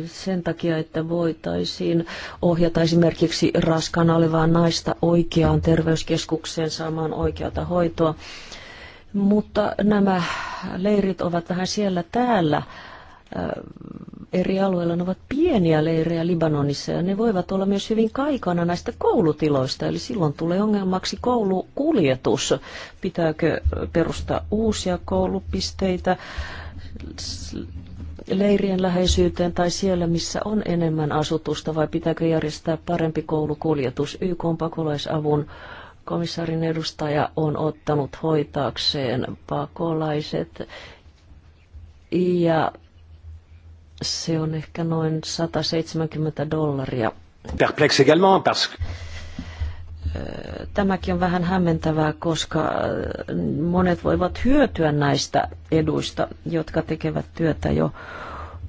sen takia, että voitaisiin ohjata esimerkiksi raskaana olevaa naista oikeaan terveyskeskukseen saamaan oikeata hoitoa. Mutta nämä leirit ovat vähän siellä täällä eri alueilla. Ne ovat pieniä leirejä Libanonissa ja ne voivat olla myös hyvin kaikana näistä koulutiloista. Eli silloin tulee ongelmaksi koulukuljetus. Pitääkö perustaa uusia koulupisteitä? leirien läheisyyteen tai siellä, missä on enemmän asutusta, vai pitääkö järjestää parempi koulukuljetus? YK on pakolaisavun komissaarin edustaja on ottanut hoitaakseen pakolaiset ja se on ehkä noin 170 dollaria. Perplexe également parce tämäkin on vähän hämmentävää, koska äh, monet voivat hyötyä näistä eduista, jotka tekevät työtä jo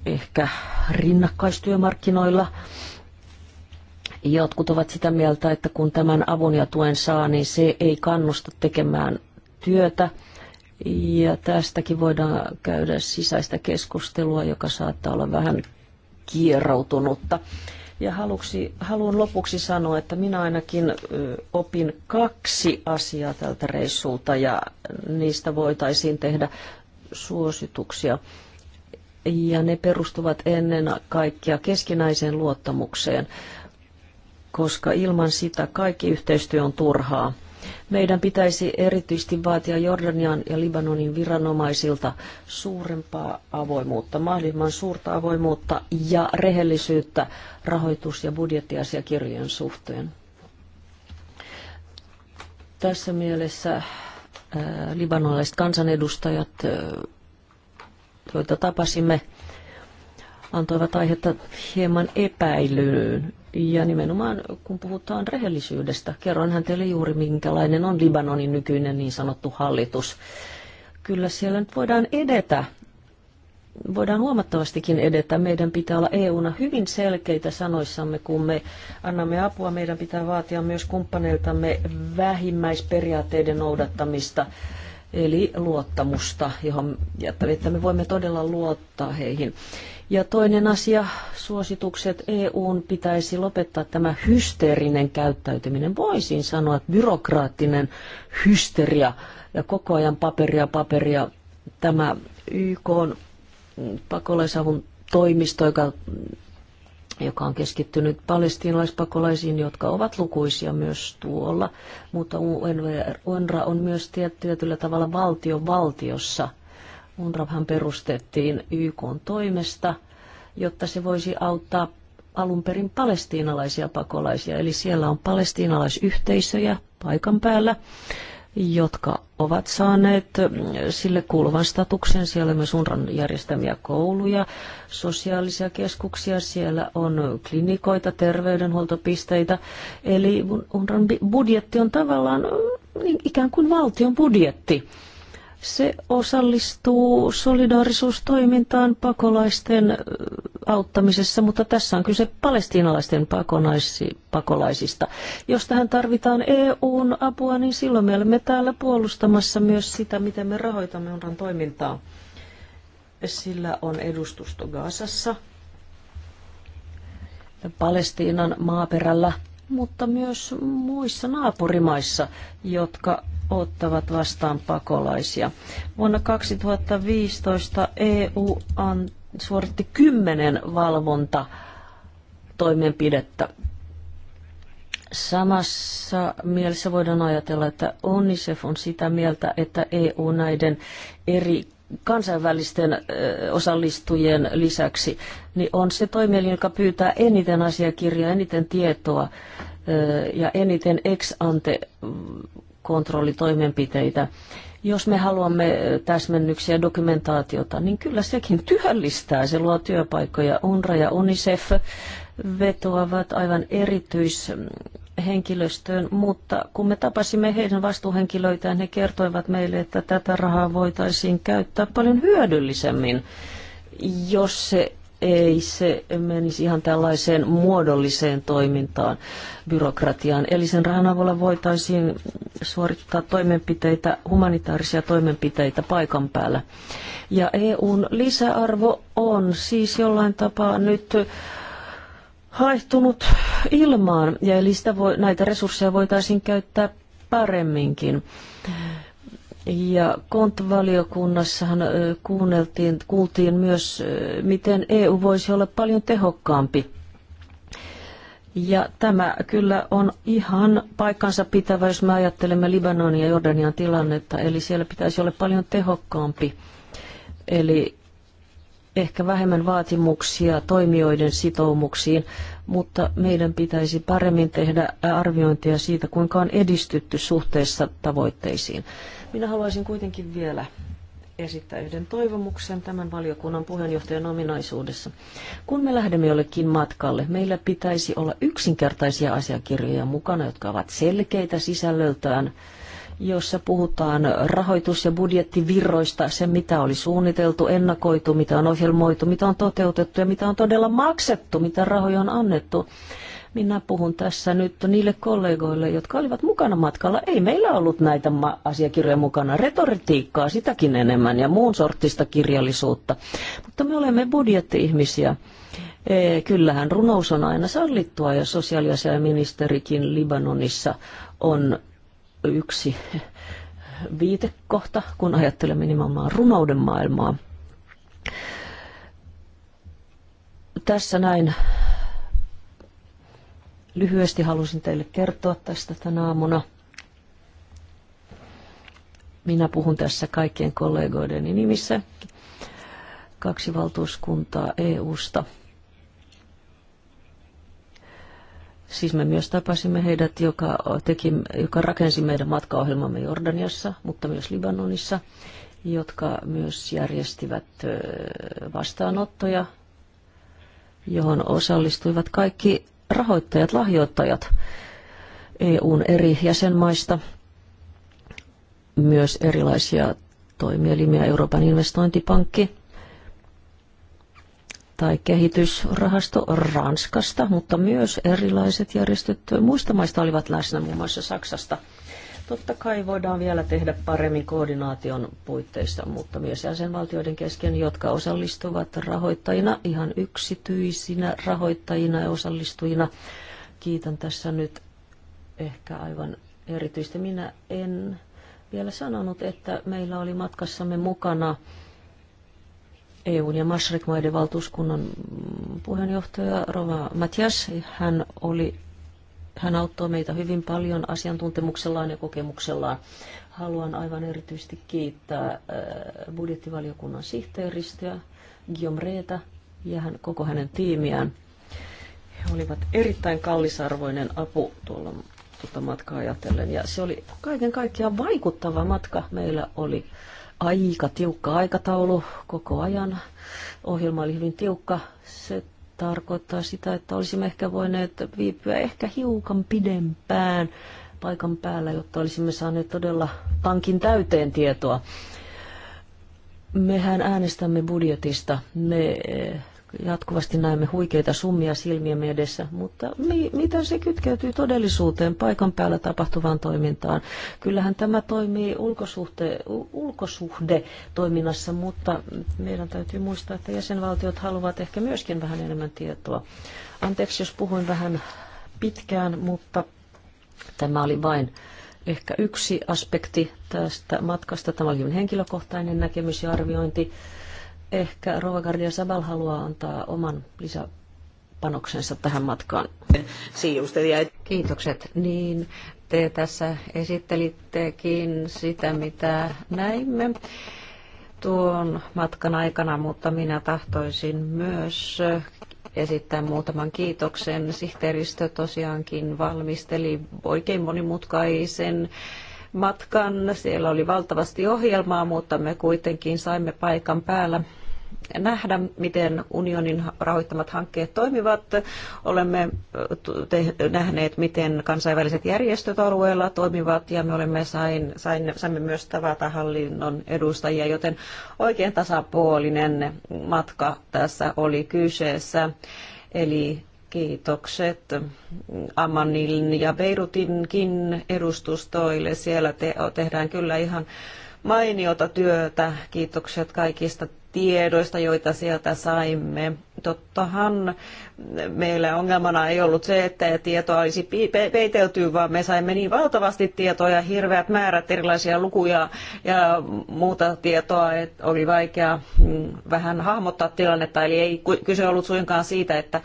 ehkä rinnakkaistyömarkkinoilla. Jotkut ovat sitä mieltä, että kun tämän avun ja tuen saa, niin se ei kannusta tekemään työtä. Ja tästäkin voidaan käydä sisäistä keskustelua, joka saattaa olla vähän kierroutunutta. Ja haluksi, haluan lopuksi sanoa, että minä ainakin opin kaksi asiaa tältä reissulta ja niistä voitaisiin tehdä suosituksia. Ja ne perustuvat ennen kaikkea keskinäiseen luottamukseen, koska ilman sitä kaikki yhteistyö on turhaa meidän pitäisi erityisesti vaatia Jordanian ja Libanonin viranomaisilta suurempaa avoimuutta, mahdollisimman suurta avoimuutta ja rehellisyyttä rahoitus- ja budjettiasiakirjojen suhteen. Tässä mielessä äh, libanolaiset kansanedustajat, äh, joita tapasimme, antoivat aihetta hieman epäilyyn. Ja nimenomaan kun puhutaan rehellisyydestä, hän teille juuri minkälainen on Libanonin nykyinen niin sanottu hallitus. Kyllä siellä nyt voidaan edetä, voidaan huomattavastikin edetä. Meidän pitää olla EUna hyvin selkeitä sanoissamme, kun me annamme apua. Meidän pitää vaatia myös kumppaneiltamme vähimmäisperiaatteiden noudattamista, eli luottamusta, johon, että me voimme todella luottaa heihin. Ja toinen asia, suositukset EUn pitäisi lopettaa tämä hysteerinen käyttäytyminen. Voisin sanoa, että byrokraattinen hysteria ja koko ajan paperia, paperia. Tämä YK pakolaisavun toimisto, joka, joka on keskittynyt palestiinalaispakolaisiin, jotka ovat lukuisia myös tuolla, mutta UNRWA on myös tietyllä tavalla valtio valtiossa – UNRWAhan perustettiin YK toimesta, jotta se voisi auttaa alun perin palestiinalaisia pakolaisia. Eli siellä on palestiinalaisyhteisöjä paikan päällä, jotka ovat saaneet sille kuuluvan statuksen. Siellä on myös UNRAN järjestämiä kouluja, sosiaalisia keskuksia, siellä on klinikoita, terveydenhuoltopisteitä. Eli UNRAN budjetti on tavallaan niin ikään kuin valtion budjetti se osallistuu solidaarisuustoimintaan pakolaisten auttamisessa, mutta tässä on kyse palestiinalaisten pakolaisista. Jos tähän tarvitaan EUn apua, niin silloin me olemme täällä puolustamassa myös sitä, miten me rahoitamme UNRWAn toimintaa. Sillä on edustusto Gaasassa, Palestiinan maaperällä, mutta myös muissa naapurimaissa, jotka ottavat vastaan pakolaisia. Vuonna 2015 EU an, suoritti kymmenen valvonta toimenpidettä. Samassa mielessä voidaan ajatella, että UNICEF on sitä mieltä, että EU näiden eri kansainvälisten osallistujien lisäksi, niin on se toimielin, joka pyytää eniten asiakirjaa, eniten tietoa ja eniten ex ante kontrollitoimenpiteitä. Jos me haluamme täsmennyksiä ja dokumentaatiota, niin kyllä sekin työllistää, se luo työpaikkoja. UNRA ja UNICEF vetoavat aivan erityis henkilöstöön, mutta kun me tapasimme heidän vastuuhenkilöitään, he kertoivat meille, että tätä rahaa voitaisiin käyttää paljon hyödyllisemmin, jos se ei se menisi ihan tällaiseen muodolliseen toimintaan, byrokratiaan. Eli sen rahan avulla voitaisiin suorittaa toimenpiteitä, humanitaarisia toimenpiteitä paikan päällä. Ja EUn lisäarvo on siis jollain tapaa nyt haehtunut ilmaan, ja eli sitä voi, näitä resursseja voitaisiin käyttää paremminkin. Ja kontvaliokunnassahan kuunneltiin, kuultiin myös, miten EU voisi olla paljon tehokkaampi. Ja tämä kyllä on ihan paikkansa pitävä, jos me ajattelemme Libanonin ja Jordanian tilannetta, eli siellä pitäisi olla paljon tehokkaampi. Eli ehkä vähemmän vaatimuksia toimijoiden sitoumuksiin, mutta meidän pitäisi paremmin tehdä arviointia siitä, kuinka on edistytty suhteessa tavoitteisiin. Minä haluaisin kuitenkin vielä esittää yhden toivomuksen tämän valiokunnan puheenjohtajan ominaisuudessa. Kun me lähdemme jollekin matkalle, meillä pitäisi olla yksinkertaisia asiakirjoja mukana, jotka ovat selkeitä sisällöltään, jossa puhutaan rahoitus- ja budjettivirroista, se mitä oli suunniteltu, ennakoitu, mitä on ohjelmoitu, mitä on toteutettu ja mitä on todella maksettu, mitä rahoja on annettu. Minä puhun tässä nyt niille kollegoille, jotka olivat mukana matkalla. Ei meillä ollut näitä asiakirjoja mukana. Retoritiikkaa sitäkin enemmän ja muun sortista kirjallisuutta. Mutta me olemme budjetti-ihmisiä. E, kyllähän runous on aina sallittua ja sosiaaliasiaministerikin Libanonissa on yksi viitekohta, kun ajattelemme nimenomaan runouden maailmaa. Tässä näin Lyhyesti halusin teille kertoa tästä tänä aamuna. Minä puhun tässä kaikkien kollegoideni nimissä. Kaksi valtuuskuntaa EU-sta. Siis me myös tapasimme heidät, joka, teki, joka rakensi meidän matkaohjelmamme Jordaniassa, mutta myös Libanonissa, jotka myös järjestivät vastaanottoja, johon osallistuivat kaikki rahoittajat, lahjoittajat EUn eri jäsenmaista, myös erilaisia toimielimiä, Euroopan investointipankki tai kehitysrahasto Ranskasta, mutta myös erilaiset järjestöt muista maista olivat läsnä, muun muassa Saksasta – Totta kai voidaan vielä tehdä paremmin koordinaation puitteissa, mutta myös jäsenvaltioiden kesken, jotka osallistuvat rahoittajina, ihan yksityisinä rahoittajina ja osallistujina. Kiitän tässä nyt ehkä aivan erityisesti. Minä en vielä sanonut, että meillä oli matkassamme mukana EUn ja Masrikmaiden valtuuskunnan puheenjohtaja Rova Matias. Hän oli hän auttoi meitä hyvin paljon asiantuntemuksellaan ja kokemuksellaan. Haluan aivan erityisesti kiittää äh, budjettivaliokunnan sihteeristöä Guillaume Reeta ja hän, koko hänen tiimiään. He olivat erittäin kallisarvoinen apu tuolla tuota matkaa ajatellen. Ja se oli kaiken kaikkiaan vaikuttava matka. Meillä oli aika tiukka aikataulu koko ajan. Ohjelma oli hyvin tiukka. Se tarkoittaa sitä, että olisimme ehkä voineet viipyä ehkä hiukan pidempään paikan päällä, jotta olisimme saaneet todella tankin täyteen tietoa. Mehän äänestämme budjetista. Me eh, Jatkuvasti näemme huikeita summia silmiemme edessä, mutta mi- miten se kytkeytyy todellisuuteen, paikan päällä tapahtuvaan toimintaan? Kyllähän tämä toimii ulkosuhte, ulkosuhde toiminnassa, mutta meidän täytyy muistaa, että jäsenvaltiot haluavat ehkä myöskin vähän enemmän tietoa. Anteeksi, jos puhuin vähän pitkään, mutta tämä oli vain ehkä yksi aspekti tästä matkasta. Tämä oli henkilökohtainen näkemys ja arviointi. Ehkä Rova Gardia Sabal haluaa antaa oman lisäpanoksensa tähän matkaan. Kiitokset. Niin, te tässä esittelittekin sitä, mitä näimme tuon matkan aikana, mutta minä tahtoisin myös esittää muutaman kiitoksen. Sihteeristö tosiaankin valmisteli oikein monimutkaisen matkan. Siellä oli valtavasti ohjelmaa, mutta me kuitenkin saimme paikan päällä nähdä, miten unionin rahoittamat hankkeet toimivat. Olemme nähneet, miten kansainväliset järjestöt alueella toimivat ja me olemme sain, sain, saimme myös tavata hallinnon edustajia, joten oikein tasapuolinen matka tässä oli kyseessä. Eli kiitokset Amanin ja Beirutinkin edustustoille. Siellä te- tehdään kyllä ihan mainiota työtä. Kiitokset kaikista tiedoista, joita sieltä saimme. Tottahan meillä ongelmana ei ollut se, että tietoa olisi peitelty, vaan me saimme niin valtavasti tietoa ja hirveät määrät erilaisia lukuja ja muuta tietoa, että oli vaikea mm, vähän hahmottaa tilannetta. Eli ei kyse ollut suinkaan siitä, että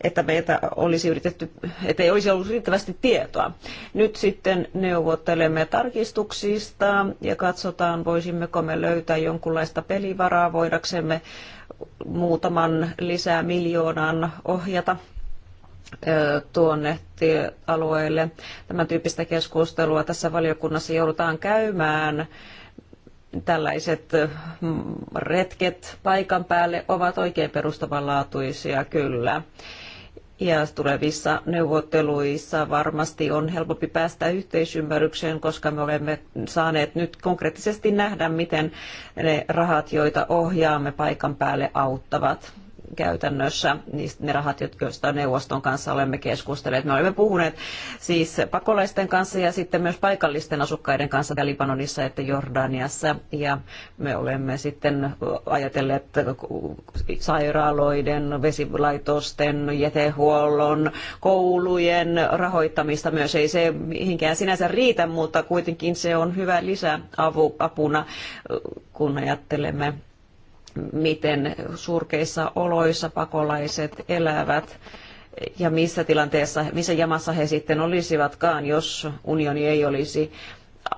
että meitä olisi yritetty, että ei olisi ollut riittävästi tietoa. Nyt sitten neuvottelemme tarkistuksista ja katsotaan, voisimmeko me löytää jonkunlaista pelivaraa, voidaksemme muutaman lisää miljoonan ohjata tuonne alueelle. Tämän tyyppistä keskustelua tässä valiokunnassa joudutaan käymään tällaiset retket paikan päälle ovat oikein perustavanlaatuisia kyllä. Ja tulevissa neuvotteluissa varmasti on helpompi päästä yhteisymmärrykseen, koska me olemme saaneet nyt konkreettisesti nähdä, miten ne rahat, joita ohjaamme paikan päälle, auttavat käytännössä niistä, ne rahat, joista neuvoston kanssa olemme keskustelleet. Me olemme puhuneet siis pakolaisten kanssa ja sitten myös paikallisten asukkaiden kanssa sekä Libanonissa että Jordaniassa. Ja me olemme sitten ajatelleet sairaaloiden, vesilaitosten, jätehuollon, koulujen rahoittamista myös. Ei se mihinkään sinänsä riitä, mutta kuitenkin se on hyvä lisäapuna, kun ajattelemme miten surkeissa oloissa pakolaiset elävät ja missä tilanteessa, missä jamassa he sitten olisivatkaan, jos unioni ei olisi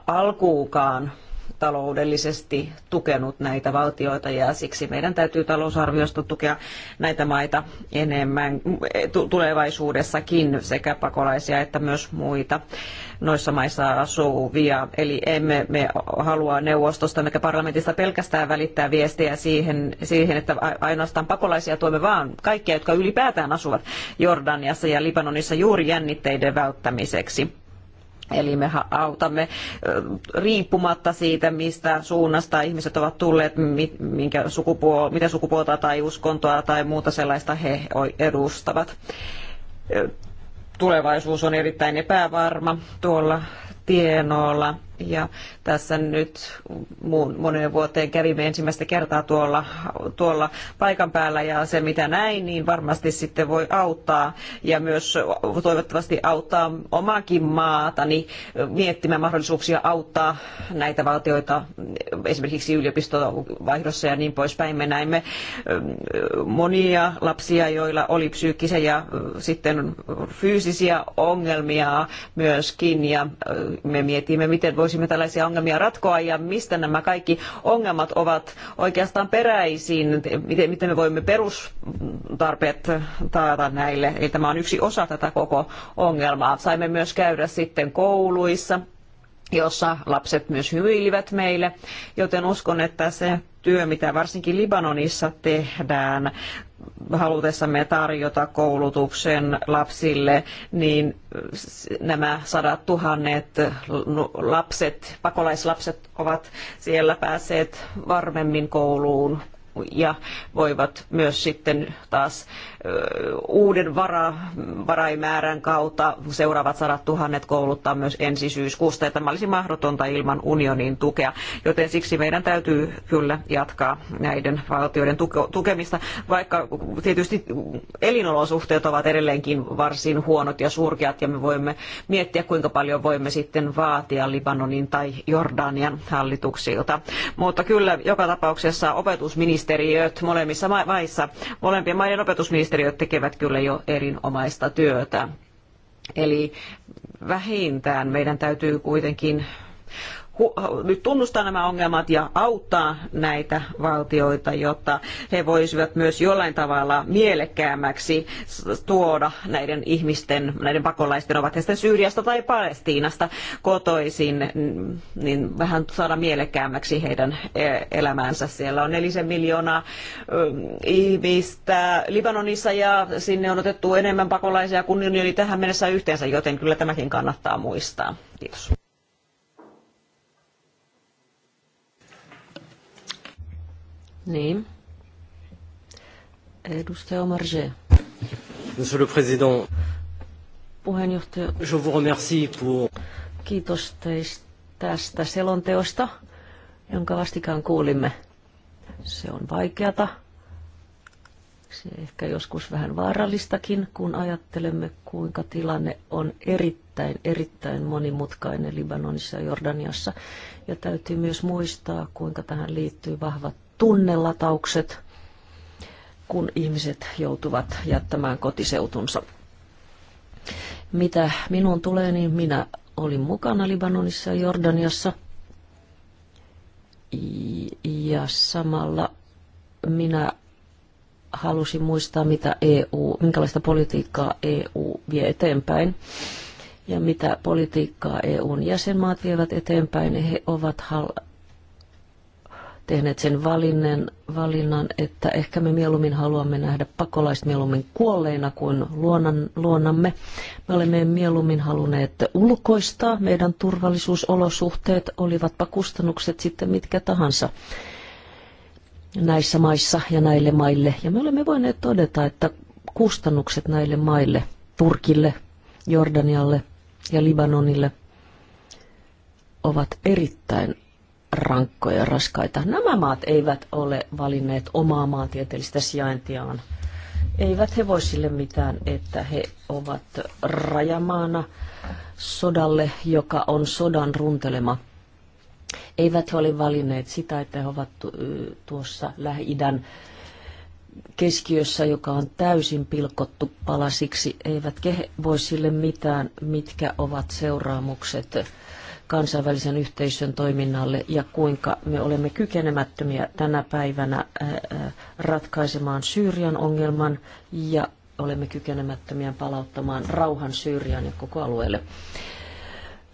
alkuukaan taloudellisesti tukenut näitä valtioita ja siksi meidän täytyy talousarviosta tukea näitä maita enemmän tulevaisuudessakin sekä pakolaisia että myös muita noissa maissa asuvia. Eli emme me halua neuvostosta eikä parlamentista pelkästään välittää viestiä siihen, siihen, että ainoastaan pakolaisia tuemme vaan kaikkia, jotka ylipäätään asuvat Jordaniassa ja Libanonissa juuri jännitteiden välttämiseksi. Eli me autamme riippumatta siitä, mistä suunnasta ihmiset ovat tulleet, minkä sukupuol- mitä sukupuolta tai uskontoa tai muuta sellaista he edustavat. Tulevaisuus on erittäin epävarma tuolla tienoilla. Ja tässä nyt muun, moneen vuoteen kävimme ensimmäistä kertaa tuolla, tuolla paikan päällä ja se mitä näin, niin varmasti sitten voi auttaa ja myös toivottavasti auttaa omaakin maatani miettimään mahdollisuuksia auttaa näitä valtioita esimerkiksi yliopistovaihdossa ja niin poispäin. Me näimme ähm, monia lapsia, joilla oli psyykkisiä ja äh, sitten fyysisiä ongelmia myöskin ja äh, me mietimme, miten voisi voisimme tällaisia ongelmia ratkoa ja mistä nämä kaikki ongelmat ovat oikeastaan peräisin, miten, miten me voimme perustarpeet taata näille. Eli tämä on yksi osa tätä koko ongelmaa. Saimme myös käydä sitten kouluissa jossa lapset myös hymyilivät meille, joten uskon, että se työ, mitä varsinkin Libanonissa tehdään halutessamme tarjota koulutuksen lapsille, niin nämä sadat tuhannet lapset, pakolaislapset ovat siellä päässeet varmemmin kouluun ja voivat myös sitten taas uuden vara, varaimäärän kautta seuraavat sadat tuhannet kouluttaa myös ensi syyskuusta. Ja tämä olisi mahdotonta ilman unionin tukea, joten siksi meidän täytyy kyllä jatkaa näiden valtioiden tuke- tukemista, vaikka tietysti elinolosuhteet ovat edelleenkin varsin huonot ja surkeat ja me voimme miettiä, kuinka paljon voimme sitten vaatia Libanonin tai Jordanian hallituksilta. Mutta kyllä joka tapauksessa opetusministeriöt molemmissa maissa, molempien maiden opetusministeriöt ministeriöt tekevät kyllä jo erinomaista työtä. Eli vähintään meidän täytyy kuitenkin nyt tunnustaa nämä ongelmat ja auttaa näitä valtioita, jotta he voisivat myös jollain tavalla mielekkäämmäksi tuoda näiden ihmisten, näiden pakolaisten, ovat he sitten Syyriasta tai Palestiinasta kotoisin, niin vähän saada mielekkäämmäksi heidän e, elämäänsä. Siellä on nelisen miljoonaa ihmistä Libanonissa ja sinne on otettu enemmän pakolaisia kuin oli tähän mennessä yhteensä, joten kyllä tämäkin kannattaa muistaa. Kiitos. Niin. Edustaja Omarje. Monsieur le Président, puheenjohtaja. Je vous remercie pour... Kiitos teistä tästä selonteosta, jonka vastikään kuulimme. Se on vaikeata. Se ehkä joskus vähän vaarallistakin, kun ajattelemme, kuinka tilanne on erittäin, erittäin monimutkainen Libanonissa ja Jordaniassa. Ja täytyy myös muistaa, kuinka tähän liittyy vahvat tunnelataukset, kun ihmiset joutuvat jättämään kotiseutunsa. Mitä minun tulee, niin minä olin mukana Libanonissa ja Jordaniassa. Ja samalla minä halusin muistaa, mitä EU, minkälaista politiikkaa EU vie eteenpäin ja mitä politiikkaa EUn jäsenmaat vievät eteenpäin. He ovat tehneet sen valinnan, valinnan, että ehkä me mieluummin haluamme nähdä pakolaiset mieluummin kuolleina kuin luonnan, luonnamme. Me olemme mieluummin halunneet ulkoistaa meidän turvallisuusolosuhteet, olivatpa kustannukset sitten mitkä tahansa näissä maissa ja näille maille. Ja me olemme voineet todeta, että kustannukset näille maille, Turkille, Jordanialle ja Libanonille, ovat erittäin rankkoja ja raskaita. Nämä maat eivät ole valinneet omaa maantieteellistä sijaintiaan. Eivät he voi sille mitään, että he ovat rajamaana sodalle, joka on sodan runtelema. Eivät he ole valinneet sitä, että he ovat tuossa Lähi-idän keskiössä, joka on täysin pilkottu palasiksi. Eivät he voi sille mitään, mitkä ovat seuraamukset kansainvälisen yhteisön toiminnalle ja kuinka me olemme kykenemättömiä tänä päivänä äh, äh, ratkaisemaan Syyrian ongelman ja olemme kykenemättömiä palauttamaan rauhan Syyrian ja koko alueelle.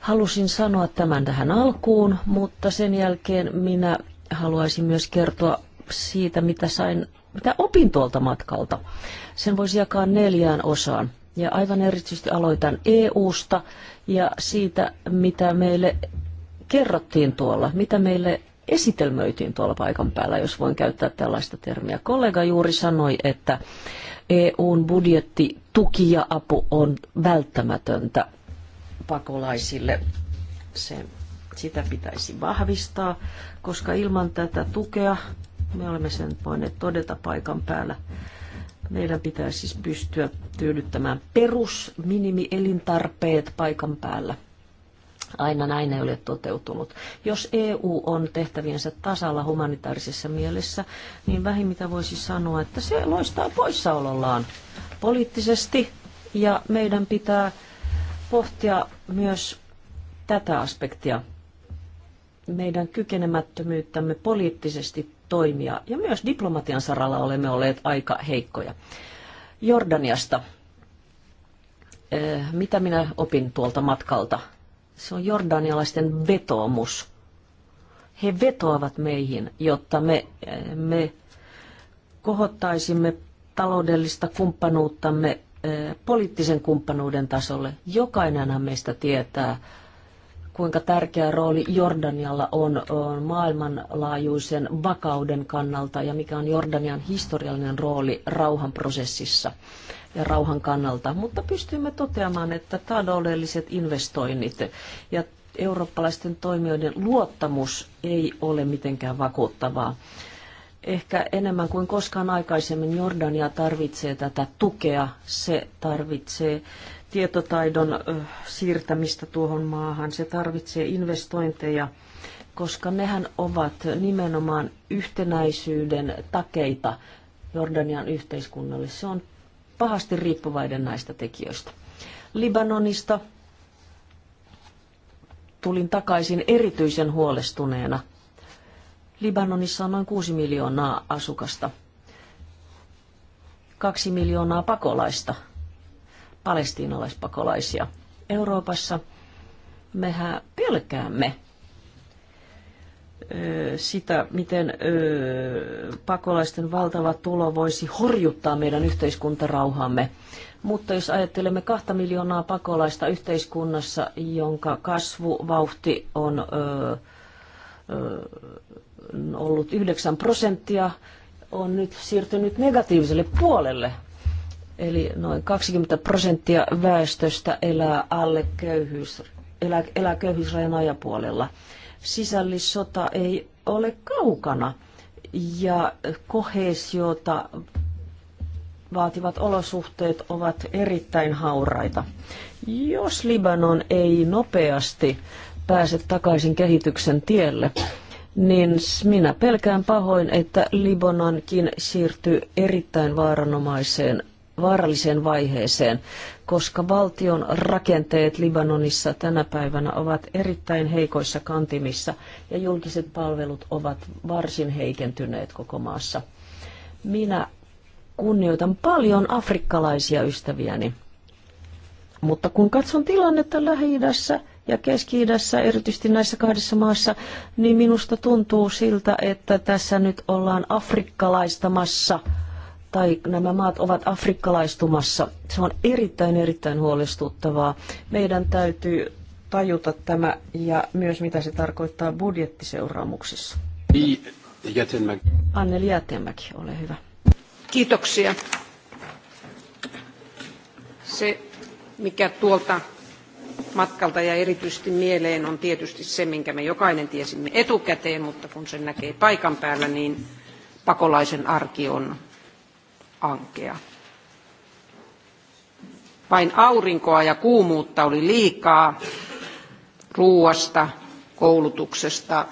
Halusin sanoa tämän tähän alkuun, mutta sen jälkeen minä haluaisin myös kertoa siitä, mitä sain, mitä opin tuolta matkalta. Sen voisi jakaa neljään osaan. Ja aivan erityisesti aloitan EUsta ja siitä, mitä meille kerrottiin tuolla, mitä meille esitelmöitiin tuolla paikan päällä, jos voin käyttää tällaista termiä. Kollega juuri sanoi, että EUn budjetti, tuki ja apu on välttämätöntä pakolaisille. Se, sitä pitäisi vahvistaa, koska ilman tätä tukea me olemme sen voineet todeta paikan päällä. Meidän pitää siis pystyä tyydyttämään perusminimielintarpeet paikan päällä. Aina näin ei ole toteutunut. Jos EU on tehtäviensä tasalla humanitaarisessa mielessä, niin vähin mitä voisi sanoa, että se loistaa poissaolollaan poliittisesti ja meidän pitää pohtia myös tätä aspektia meidän kykenemättömyyttämme poliittisesti toimia. Ja myös diplomatian saralla olemme olleet aika heikkoja. Jordaniasta. Eh, mitä minä opin tuolta matkalta? Se on jordanialaisten vetoomus. He vetoavat meihin, jotta me, eh, me kohottaisimme taloudellista kumppanuuttamme eh, poliittisen kumppanuuden tasolle. Jokainenhan meistä tietää, kuinka tärkeä rooli Jordanialla on, maailmanlaajuisen vakauden kannalta ja mikä on Jordanian historiallinen rooli rauhanprosessissa ja rauhan kannalta. Mutta pystymme toteamaan, että taloudelliset investoinnit ja eurooppalaisten toimijoiden luottamus ei ole mitenkään vakuuttavaa. Ehkä enemmän kuin koskaan aikaisemmin Jordania tarvitsee tätä tukea. Se tarvitsee tietotaidon siirtämistä tuohon maahan. Se tarvitsee investointeja, koska nehän ovat nimenomaan yhtenäisyyden takeita Jordanian yhteiskunnalle. Se on pahasti riippuvaiden näistä tekijöistä. Libanonista tulin takaisin erityisen huolestuneena. Libanonissa on noin 6 miljoonaa asukasta, 2 miljoonaa pakolaista – palestiinalaispakolaisia Euroopassa. Mehän pelkäämme sitä, miten pakolaisten valtava tulo voisi horjuttaa meidän yhteiskuntarauhamme. Mutta jos ajattelemme kahta miljoonaa pakolaista yhteiskunnassa, jonka kasvuvauhti on ollut 9 prosenttia, on nyt siirtynyt negatiiviselle puolelle Eli noin 20 prosenttia väestöstä elää alle köyhyys, elää, elää köyhyysrajan ajapuolella. Sisällissota ei ole kaukana ja kohesiota vaativat olosuhteet ovat erittäin hauraita. Jos Libanon ei nopeasti pääse takaisin kehityksen tielle, niin minä pelkään pahoin, että Libanonkin siirtyy erittäin vaaranomaiseen vaaralliseen vaiheeseen, koska valtion rakenteet Libanonissa tänä päivänä ovat erittäin heikoissa kantimissa ja julkiset palvelut ovat varsin heikentyneet koko maassa. Minä kunnioitan paljon afrikkalaisia ystäviäni, mutta kun katson tilannetta Lähi-idässä ja Keski-idässä, erityisesti näissä kahdessa maassa, niin minusta tuntuu siltä, että tässä nyt ollaan afrikkalaistamassa – tai nämä maat ovat afrikkalaistumassa. Se on erittäin, erittäin huolestuttavaa. Meidän täytyy tajuta tämä ja myös mitä se tarkoittaa budjettiseuraamuksissa. Jätenmäki. Anneli Jätenmäki, ole hyvä. Kiitoksia. Se, mikä tuolta matkalta ja erityisesti mieleen on tietysti se, minkä me jokainen tiesimme etukäteen, mutta kun sen näkee paikan päällä, niin pakolaisen arki on ankea. Vain aurinkoa ja kuumuutta oli liikaa ruuasta, koulutuksesta,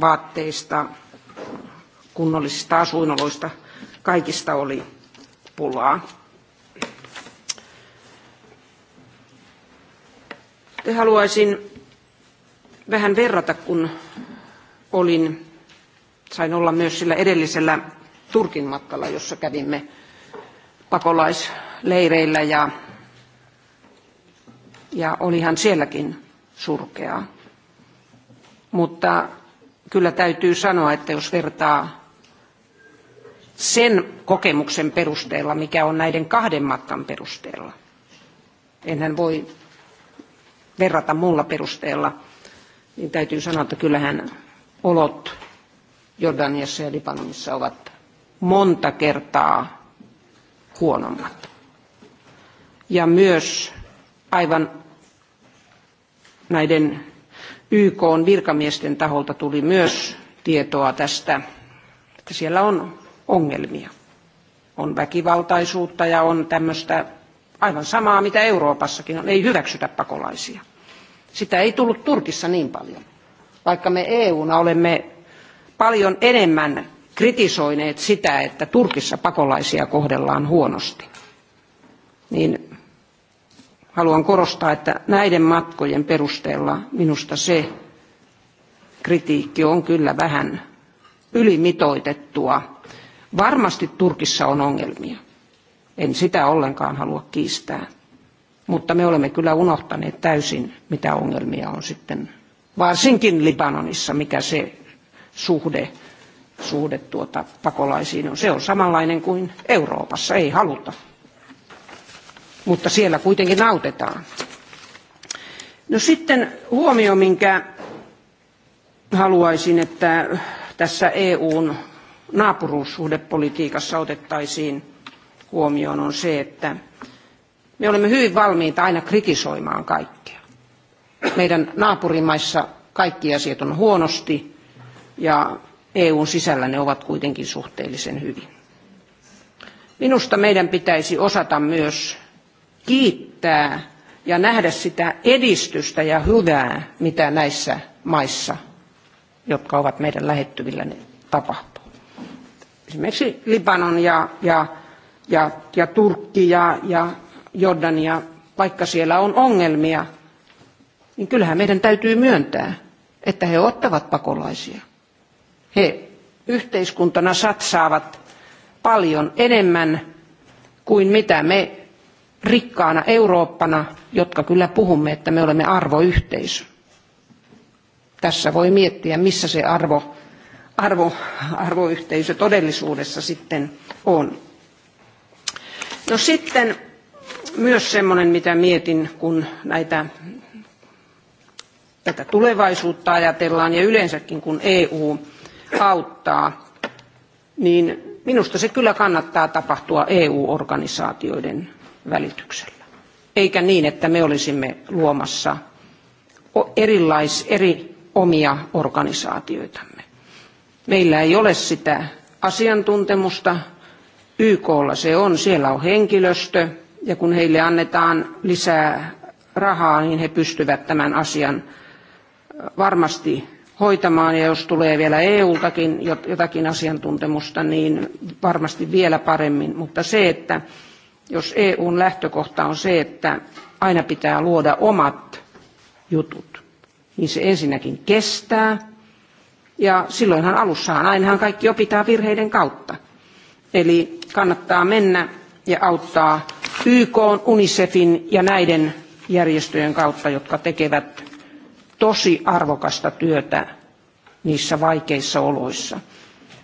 vaatteista, kunnollisista asuinoloista, kaikista oli pulaa. Te haluaisin vähän verrata, kun olin, sain olla myös sillä edellisellä Turkin matkalla, jossa kävimme pakolaisleireillä ja, ja olihan sielläkin surkeaa. Mutta kyllä täytyy sanoa, että jos vertaa sen kokemuksen perusteella, mikä on näiden kahden matkan perusteella, enhän voi verrata muulla perusteella, niin täytyy sanoa, että kyllähän olot Jordaniassa ja Libanonissa ovat monta kertaa huonommat. Ja myös aivan näiden YK virkamiesten taholta tuli myös tietoa tästä, että siellä on ongelmia. On väkivaltaisuutta ja on tämmöistä aivan samaa, mitä Euroopassakin on. Ei hyväksytä pakolaisia. Sitä ei tullut Turkissa niin paljon, vaikka me EU: na olemme paljon enemmän kritisoineet sitä, että Turkissa pakolaisia kohdellaan huonosti, niin haluan korostaa, että näiden matkojen perusteella minusta se kritiikki on kyllä vähän ylimitoitettua. Varmasti Turkissa on ongelmia. En sitä ollenkaan halua kiistää. Mutta me olemme kyllä unohtaneet täysin, mitä ongelmia on sitten, varsinkin Libanonissa, mikä se suhde suhde tuota pakolaisiin on. Se on samanlainen kuin Euroopassa, ei haluta. Mutta siellä kuitenkin autetaan. No sitten huomio, minkä haluaisin, että tässä EUn naapuruussuhdepolitiikassa otettaisiin huomioon, on se, että me olemme hyvin valmiita aina kritisoimaan kaikkea. Meidän naapurimaissa kaikki asiat on huonosti ja EUn sisällä ne ovat kuitenkin suhteellisen hyvin. Minusta meidän pitäisi osata myös kiittää ja nähdä sitä edistystä ja hyvää, mitä näissä maissa, jotka ovat meidän lähettyvillä, tapahtuu. Esimerkiksi Libanon ja, ja, ja, ja Turkki ja, ja Jordania, vaikka siellä on ongelmia, niin kyllähän meidän täytyy myöntää, että he ottavat pakolaisia. He yhteiskuntana satsaavat paljon enemmän kuin mitä me rikkaana Eurooppana, jotka kyllä puhumme, että me olemme arvoyhteisö. Tässä voi miettiä, missä se arvo, arvo, arvoyhteisö todellisuudessa sitten on. No sitten myös semmoinen, mitä mietin, kun näitä, tätä tulevaisuutta ajatellaan ja yleensäkin kun EU auttaa, niin minusta se kyllä kannattaa tapahtua EU-organisaatioiden välityksellä. Eikä niin, että me olisimme luomassa erilais, eri omia organisaatioitamme. Meillä ei ole sitä asiantuntemusta. YKlla se on, siellä on henkilöstö, ja kun heille annetaan lisää rahaa, niin he pystyvät tämän asian varmasti hoitamaan ja jos tulee vielä EU-takin jotakin asiantuntemusta, niin varmasti vielä paremmin. Mutta se, että jos EUn lähtökohta on se, että aina pitää luoda omat jutut, niin se ensinnäkin kestää. Ja silloinhan alussahan ainahan kaikki opitaan virheiden kautta. Eli kannattaa mennä ja auttaa YK, UNICEFin ja näiden järjestöjen kautta, jotka tekevät tosi arvokasta työtä niissä vaikeissa oloissa.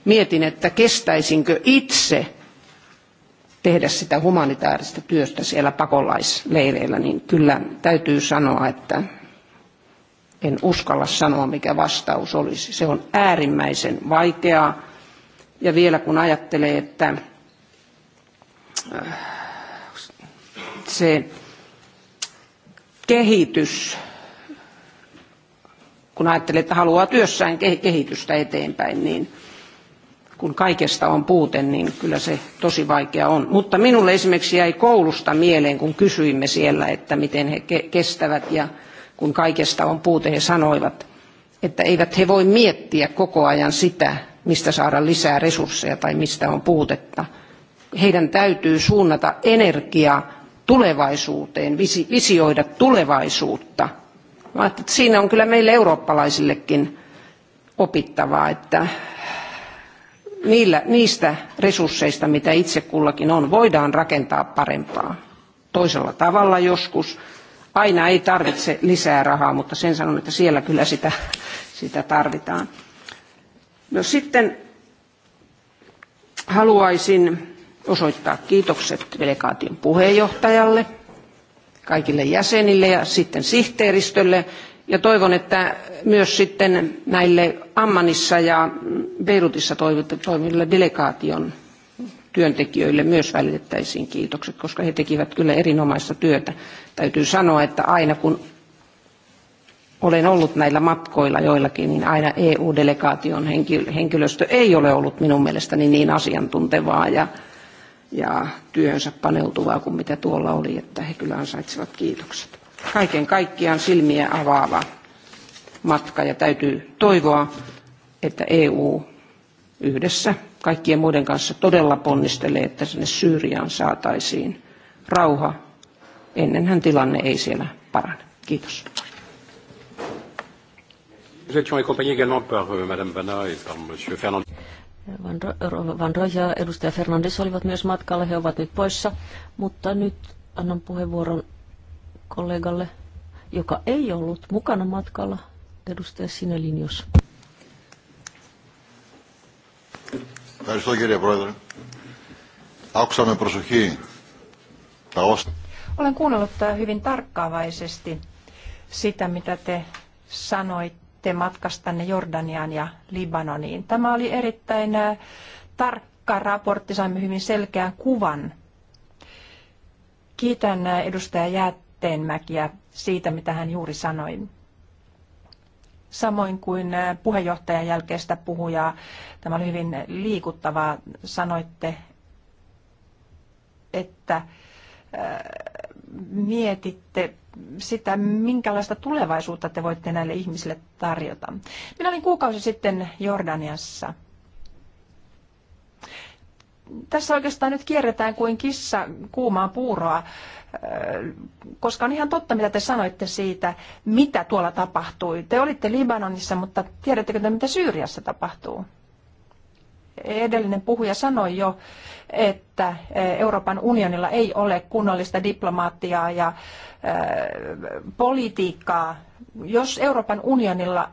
Mietin, että kestäisinkö itse tehdä sitä humanitaarista työstä siellä pakolaisleireillä, niin kyllä täytyy sanoa, että en uskalla sanoa, mikä vastaus olisi. Se on äärimmäisen vaikeaa. Ja vielä kun ajattelee, että äh, se kehitys kun ajattelee, että haluaa työssään kehitystä eteenpäin, niin kun kaikesta on puute, niin kyllä se tosi vaikea on. Mutta minulle esimerkiksi jäi koulusta mieleen, kun kysyimme siellä, että miten he kestävät ja kun kaikesta on puute, he sanoivat, että eivät he voi miettiä koko ajan sitä, mistä saada lisää resursseja tai mistä on puutetta. Heidän täytyy suunnata energiaa tulevaisuuteen, visioida tulevaisuutta – Mä että siinä on kyllä meille eurooppalaisillekin opittavaa, että niillä, niistä resursseista, mitä itse kullakin on, voidaan rakentaa parempaa. Toisella tavalla joskus. Aina ei tarvitse lisää rahaa, mutta sen sanon, että siellä kyllä sitä, sitä tarvitaan. No sitten haluaisin osoittaa kiitokset delegaation puheenjohtajalle – kaikille jäsenille ja sitten sihteeristölle. Ja toivon, että myös sitten näille Ammanissa ja Beirutissa toimiville delegaation työntekijöille myös välitettäisiin kiitokset, koska he tekivät kyllä erinomaista työtä. Täytyy sanoa, että aina kun olen ollut näillä matkoilla joillakin, niin aina EU-delegaation henkilöstö ei ole ollut minun mielestäni niin asiantuntevaa ja ja työhönsä paneutuvaa kuin mitä tuolla oli, että he kyllä ansaitsevat kiitokset. Kaiken kaikkiaan silmiä avaava matka ja täytyy toivoa, että EU yhdessä kaikkien muiden kanssa todella ponnistelee, että sinne Syyriaan saataisiin rauha. Ennenhän tilanne ei siellä parane. Kiitos. Nous étions accompagnés également par euh, Madame et par Monsieur Van, Ro- Van Roja ja edustaja Fernandes olivat myös matkalla, he ovat nyt poissa, mutta nyt annan puheenvuoron kollegalle, joka ei ollut mukana matkalla, edustaja Sinelinjos. Olen kuunnellut hyvin tarkkaavaisesti sitä, mitä te sanoitte lähtee matkastanne Jordaniaan ja Libanoniin. Tämä oli erittäin tarkka raportti, saimme hyvin selkeän kuvan. Kiitän edustaja Jäätteenmäkiä siitä, mitä hän juuri sanoi. Samoin kuin puheenjohtajan jälkeistä puhujaa, tämä oli hyvin liikuttavaa, sanoitte, että mietitte sitä, minkälaista tulevaisuutta te voitte näille ihmisille tarjota. Minä olin kuukausi sitten Jordaniassa. Tässä oikeastaan nyt kierretään kuin kissa kuumaa puuroa, äh, koska on ihan totta, mitä te sanoitte siitä, mitä tuolla tapahtui. Te olitte Libanonissa, mutta tiedättekö te, mitä Syyriassa tapahtuu? Edellinen puhuja sanoi jo, että eh, Euroopan unionilla ei ole kunnollista diplomaattiaa ja eh, politiikkaa. Jos Euroopan unionilla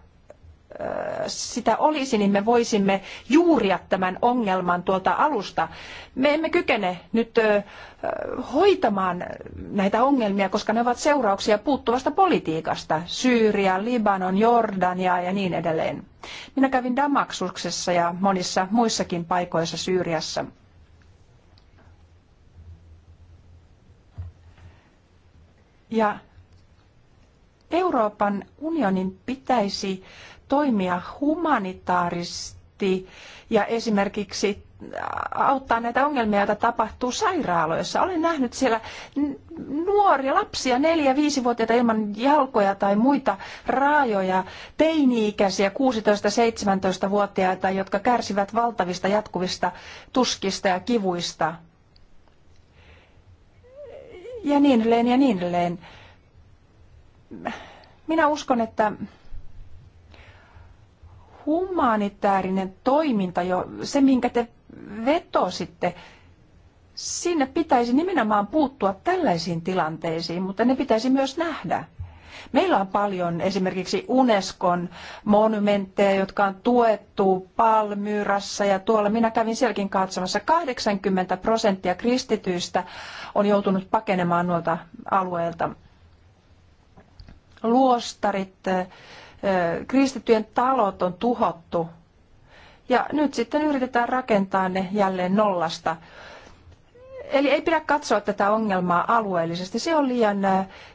eh, sitä olisi, niin me voisimme juuria tämän ongelman tuolta alusta. Me emme kykene nyt hoitamaan näitä ongelmia, koska ne ovat seurauksia puuttuvasta politiikasta. Syyria, Libanon, Jordania ja niin edelleen. Minä kävin Damaksuksessa ja monissa muissakin paikoissa Syyriassa. Ja Euroopan unionin pitäisi toimia humanitaaristi ja esimerkiksi auttaa näitä ongelmia, joita tapahtuu sairaaloissa. Olen nähnyt siellä nuoria lapsia, neljä, vuotiaita ilman jalkoja tai muita raajoja, teini-ikäisiä, 16-17-vuotiaita, jotka kärsivät valtavista jatkuvista tuskista ja kivuista ja niin edelleen ja niin edelleen. Minä uskon, että humanitaarinen toiminta, jo, se minkä te vetositte, sinne pitäisi nimenomaan puuttua tällaisiin tilanteisiin, mutta ne pitäisi myös nähdä. Meillä on paljon esimerkiksi Unescon monumentteja, jotka on tuettu Palmyrassa ja tuolla minä kävin sielläkin katsomassa. 80 prosenttia kristityistä on joutunut pakenemaan noilta alueilta. Luostarit, kristittyjen talot on tuhottu ja nyt sitten yritetään rakentaa ne jälleen nollasta Eli ei pidä katsoa tätä ongelmaa alueellisesti, se on liian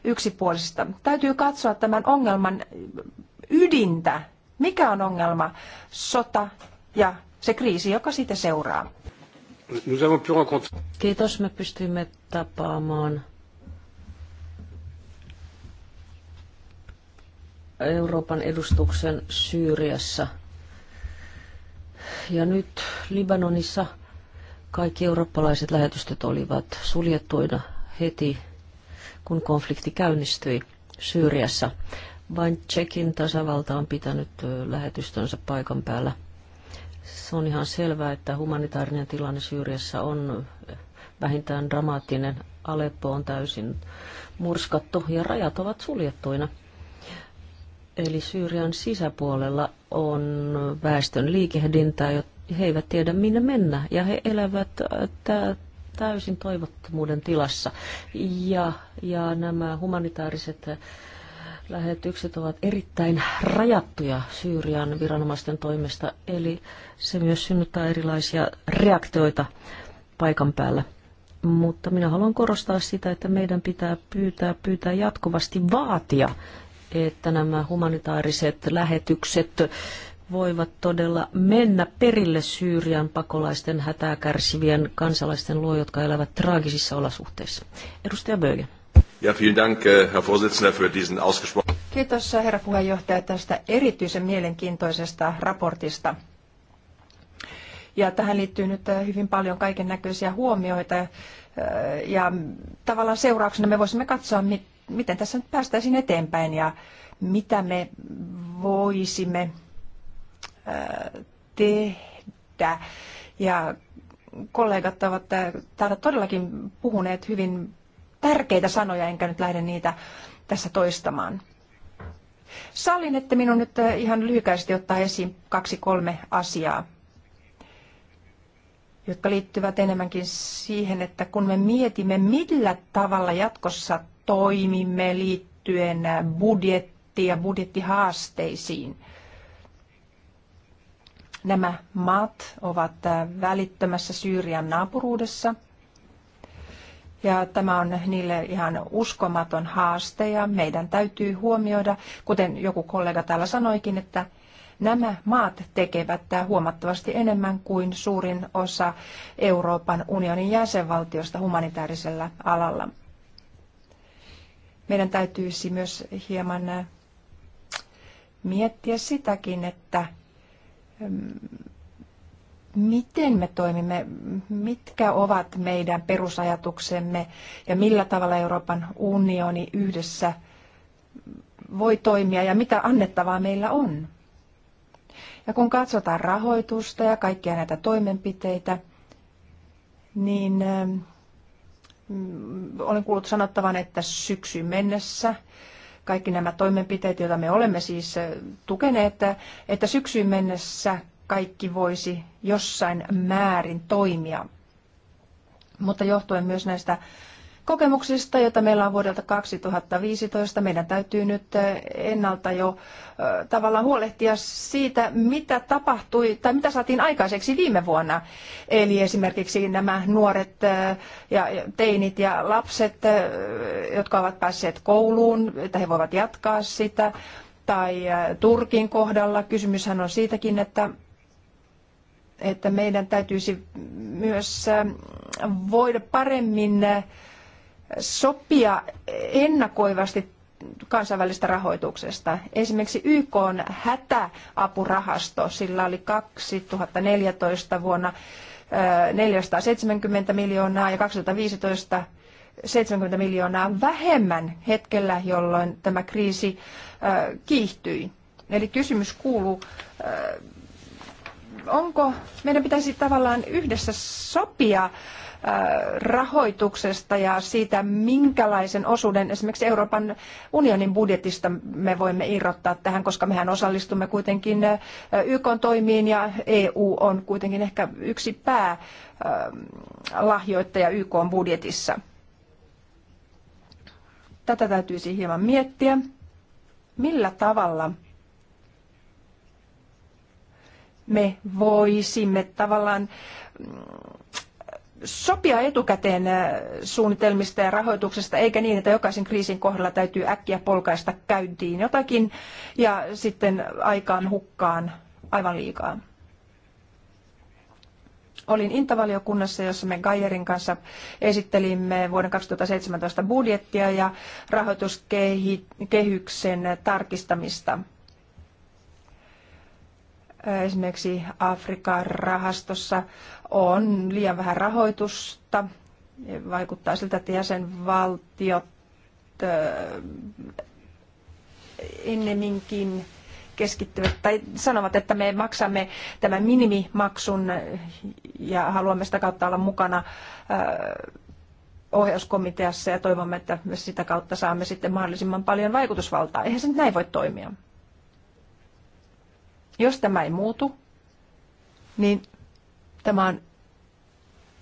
yksipuolista. Täytyy katsoa tämän ongelman ydintä, mikä on ongelma, sota ja se kriisi, joka siitä seuraa. Kiitos, me pystymme tapaamaan Euroopan edustuksen Syyriassa. Ja nyt Libanonissa kaikki eurooppalaiset lähetystöt olivat suljettuina heti, kun konflikti käynnistyi Syyriassa. Vain Tsekin tasavalta on pitänyt lähetystönsä paikan päällä. Se on ihan selvää, että humanitaarinen tilanne Syyriassa on vähintään dramaattinen. Aleppo on täysin murskattu ja rajat ovat suljettuina. Eli Syyrian sisäpuolella on väestön liikehdintää, he eivät tiedä minne mennä ja he elävät äh, täysin toivottomuuden tilassa. Ja, ja nämä humanitaariset äh, lähetykset ovat erittäin rajattuja Syyrian viranomaisten toimesta, eli se myös synnyttää erilaisia reaktioita paikan päällä. Mutta minä haluan korostaa sitä, että meidän pitää pyytää, pyytää jatkuvasti vaatia, että nämä humanitaariset lähetykset voivat todella mennä perille Syyrian pakolaisten hätää kärsivien kansalaisten luo, jotka elävät traagisissa olosuhteissa. Edustaja Böge. Ja, vielen Dank, äh, Herr für diesen ausgesprochen... Kiitos äh, herra puheenjohtaja tästä erityisen mielenkiintoisesta raportista. Ja tähän liittyy nyt äh, hyvin paljon kaiken näköisiä huomioita ja tavallaan seurauksena me voisimme katsoa, miten tässä nyt päästäisiin eteenpäin ja mitä me voisimme tehdä. Ja kollegat ovat täällä todellakin puhuneet hyvin tärkeitä sanoja, enkä nyt lähde niitä tässä toistamaan. Sallin, että minun nyt ihan lyhykäisesti ottaa esiin kaksi kolme asiaa, jotka liittyvät enemmänkin siihen, että kun me mietimme, millä tavalla jatkossa toimimme liittyen budjettiin ja budjettihaasteisiin – Nämä maat ovat äh, välittömässä Syyrian naapuruudessa. Ja tämä on niille ihan uskomaton haaste ja meidän täytyy huomioida, kuten joku kollega täällä sanoikin, että nämä maat tekevät huomattavasti enemmän kuin suurin osa Euroopan unionin jäsenvaltiosta humanitaarisella alalla. Meidän täytyisi myös hieman äh, miettiä sitäkin, että miten me toimimme, mitkä ovat meidän perusajatuksemme ja millä tavalla Euroopan unioni yhdessä voi toimia ja mitä annettavaa meillä on. Ja kun katsotaan rahoitusta ja kaikkia näitä toimenpiteitä, niin mm, olen kuullut sanottavan, että syksy mennessä – kaikki nämä toimenpiteet, joita me olemme siis tukeneet, että, syksyyn mennessä kaikki voisi jossain määrin toimia. Mutta johtuen myös näistä kokemuksista, joita meillä on vuodelta 2015. Meidän täytyy nyt eh, ennalta jo eh, tavallaan huolehtia siitä, mitä tapahtui tai mitä saatiin aikaiseksi viime vuonna. Eli esimerkiksi nämä nuoret eh, ja teinit ja lapset, jotka ovat päässeet kouluun, että he voivat jatkaa sitä. Tai Turkin kohdalla kysymyshän on siitäkin, että että meidän täytyisi myös voida paremmin sopia ennakoivasti kansainvälistä rahoituksesta. Esimerkiksi YK on hätäapurahasto, sillä oli 2014 vuonna 470 miljoonaa ja 2015 70 miljoonaa vähemmän hetkellä, jolloin tämä kriisi kiihtyi. Eli kysymys kuuluu, onko meidän pitäisi tavallaan yhdessä sopia rahoituksesta ja siitä, minkälaisen osuuden esimerkiksi Euroopan unionin budjetista me voimme irrottaa tähän, koska mehän osallistumme kuitenkin YK-toimiin ja EU on kuitenkin ehkä yksi päälahjoittaja YK-budjetissa. Tätä täytyisi hieman miettiä, millä tavalla me voisimme tavallaan mm, sopia etukäteen äh, suunnitelmista ja rahoituksesta, eikä niin, että jokaisen kriisin kohdalla täytyy äkkiä polkaista käyntiin jotakin ja sitten aikaan hukkaan aivan liikaa. Olin Intavaliokunnassa, jossa me Gajerin kanssa esittelimme vuoden 2017 budjettia ja rahoituskehyksen tarkistamista esimerkiksi Afrikan rahastossa on liian vähän rahoitusta. Vaikuttaa siltä, että jäsenvaltiot ennemminkin keskittyvät tai sanovat, että me maksamme tämän minimimaksun ja haluamme sitä kautta olla mukana ohjauskomiteassa ja toivomme, että me sitä kautta saamme sitten mahdollisimman paljon vaikutusvaltaa. Eihän se nyt näin voi toimia. Jos tämä ei muutu, niin Tämä on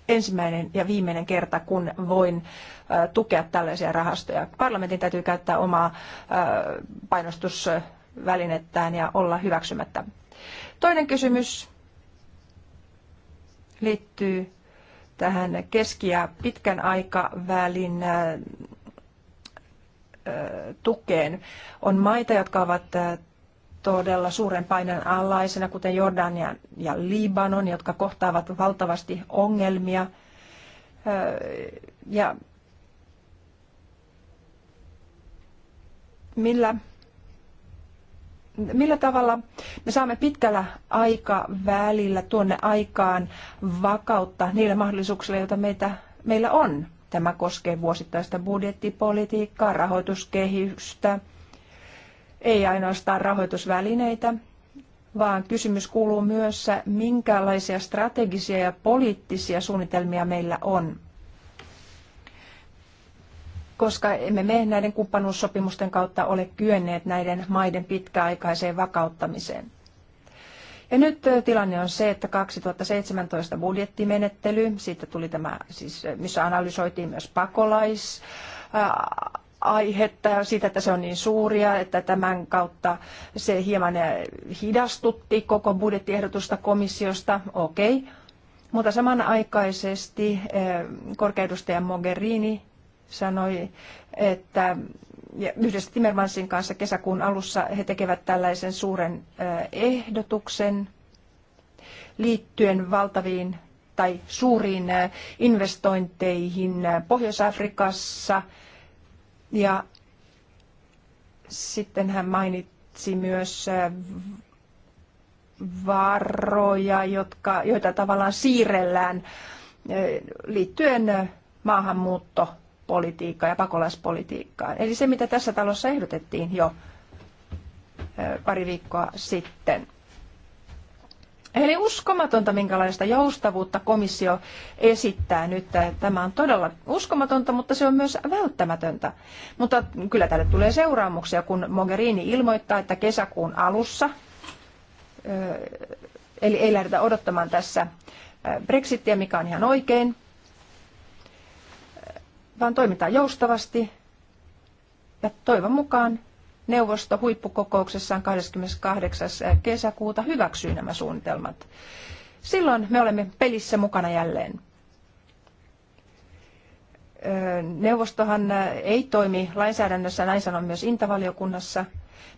ensimmäinen ja viimeinen kerta, kun voin tukea tällaisia rahastoja. Parlamentin täytyy käyttää omaa painostusvälinettään ja olla hyväksymättä. Toinen kysymys liittyy tähän keski- ja pitkän aikavälin tukeen. On maita, jotka ovat todella suuren paineen alaisena, kuten Jordania ja Libanon, jotka kohtaavat valtavasti ongelmia. Ja millä, millä tavalla me saamme pitkällä aikavälillä tuonne aikaan vakautta niillä mahdollisuuksilla, joita meitä, meillä on? Tämä koskee vuosittaista budjettipolitiikkaa, rahoituskehystä, ei ainoastaan rahoitusvälineitä, vaan kysymys kuuluu myös, minkälaisia strategisia ja poliittisia suunnitelmia meillä on. Koska emme me näiden kumppanuussopimusten kautta ole kyenneet näiden maiden pitkäaikaiseen vakauttamiseen. Ja nyt tilanne on se, että 2017 budjettimenettely, siitä tuli tämä, siis, missä analysoitiin myös pakolais, aihetta siitä, että se on niin suuria, että tämän kautta se hieman hidastutti koko budjettiehdotusta komissiosta. Okei. Mutta samanaikaisesti eh, korkeudustaja Mogherini sanoi, että yhdessä Timmermansin kanssa kesäkuun alussa he tekevät tällaisen suuren eh, ehdotuksen liittyen valtaviin tai suuriin eh, investointeihin Pohjois-Afrikassa – ja sitten hän mainitsi myös äh, varoja, jotka, joita tavallaan siirrellään äh, liittyen äh, maahanmuuttopolitiikkaan ja pakolaispolitiikkaan. Eli se, mitä tässä talossa ehdotettiin jo pari viikkoa sitten. Eli uskomatonta, minkälaista joustavuutta komissio esittää nyt. Tämä on todella uskomatonta, mutta se on myös välttämätöntä. Mutta kyllä tälle tulee seuraamuksia, kun Mogherini ilmoittaa, että kesäkuun alussa, eli ei lähdetä odottamaan tässä Brexittiä, mikä on ihan oikein, vaan toimitaan joustavasti ja toivon mukaan neuvosto huippukokouksessaan 28. kesäkuuta hyväksyy nämä suunnitelmat. Silloin me olemme pelissä mukana jälleen. Neuvostohan ei toimi lainsäädännössä, näin sanon myös intavaliokunnassa.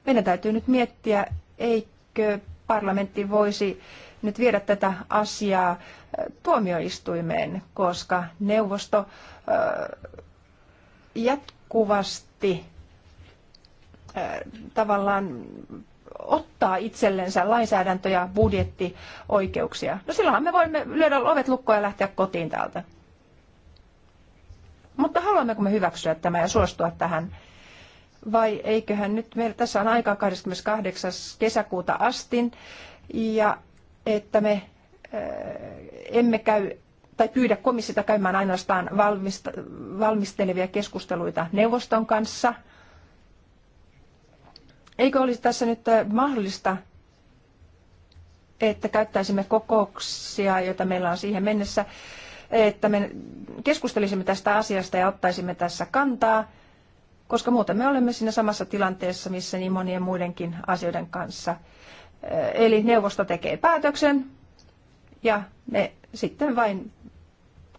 Meidän täytyy nyt miettiä, eikö parlamentti voisi nyt viedä tätä asiaa tuomioistuimeen, koska neuvosto jatkuvasti tavallaan ottaa itsellensä lainsäädäntö- ja budjettioikeuksia. No silloinhan me voimme lyödä ovet lukkoon ja lähteä kotiin täältä. Mutta haluammeko me hyväksyä tämä ja suostua tähän? Vai eiköhän nyt, meillä tässä on aikaa 28. kesäkuuta asti, ja että me eh, emme käy tai pyydä komissiota käymään ainoastaan valmista, valmistelevia keskusteluita neuvoston kanssa – Eikö olisi tässä nyt äh, mahdollista, että käyttäisimme kokouksia, joita meillä on siihen mennessä, että me keskustelisimme tästä asiasta ja ottaisimme tässä kantaa, koska muuten me olemme siinä samassa tilanteessa, missä niin monien muidenkin asioiden kanssa. Äh, eli neuvosto tekee päätöksen ja me sitten vain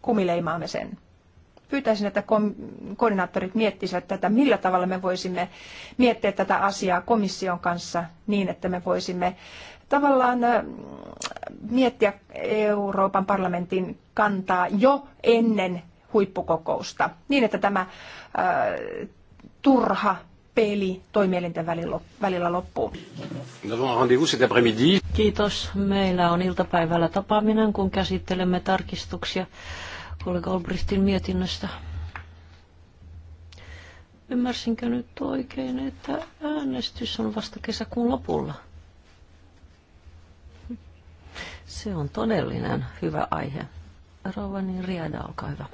kumileimaamme sen pyytäisin, että koordinaattorit miettisivät tätä, millä tavalla me voisimme miettiä tätä asiaa komission kanssa niin, että me voisimme tavallaan miettiä Euroopan parlamentin kantaa jo ennen huippukokousta, niin että tämä turha peli toimielinten välillä loppuu. Kiitos. Meillä on iltapäivällä tapaaminen, kun käsittelemme tarkistuksia kollega Olbrichtin mietinnöstä. Ymmärsinkö nyt oikein, että äänestys on vasta kesäkuun lopulla? Se on todellinen hyvä aihe. Rovani Riada, olkaa hyvä.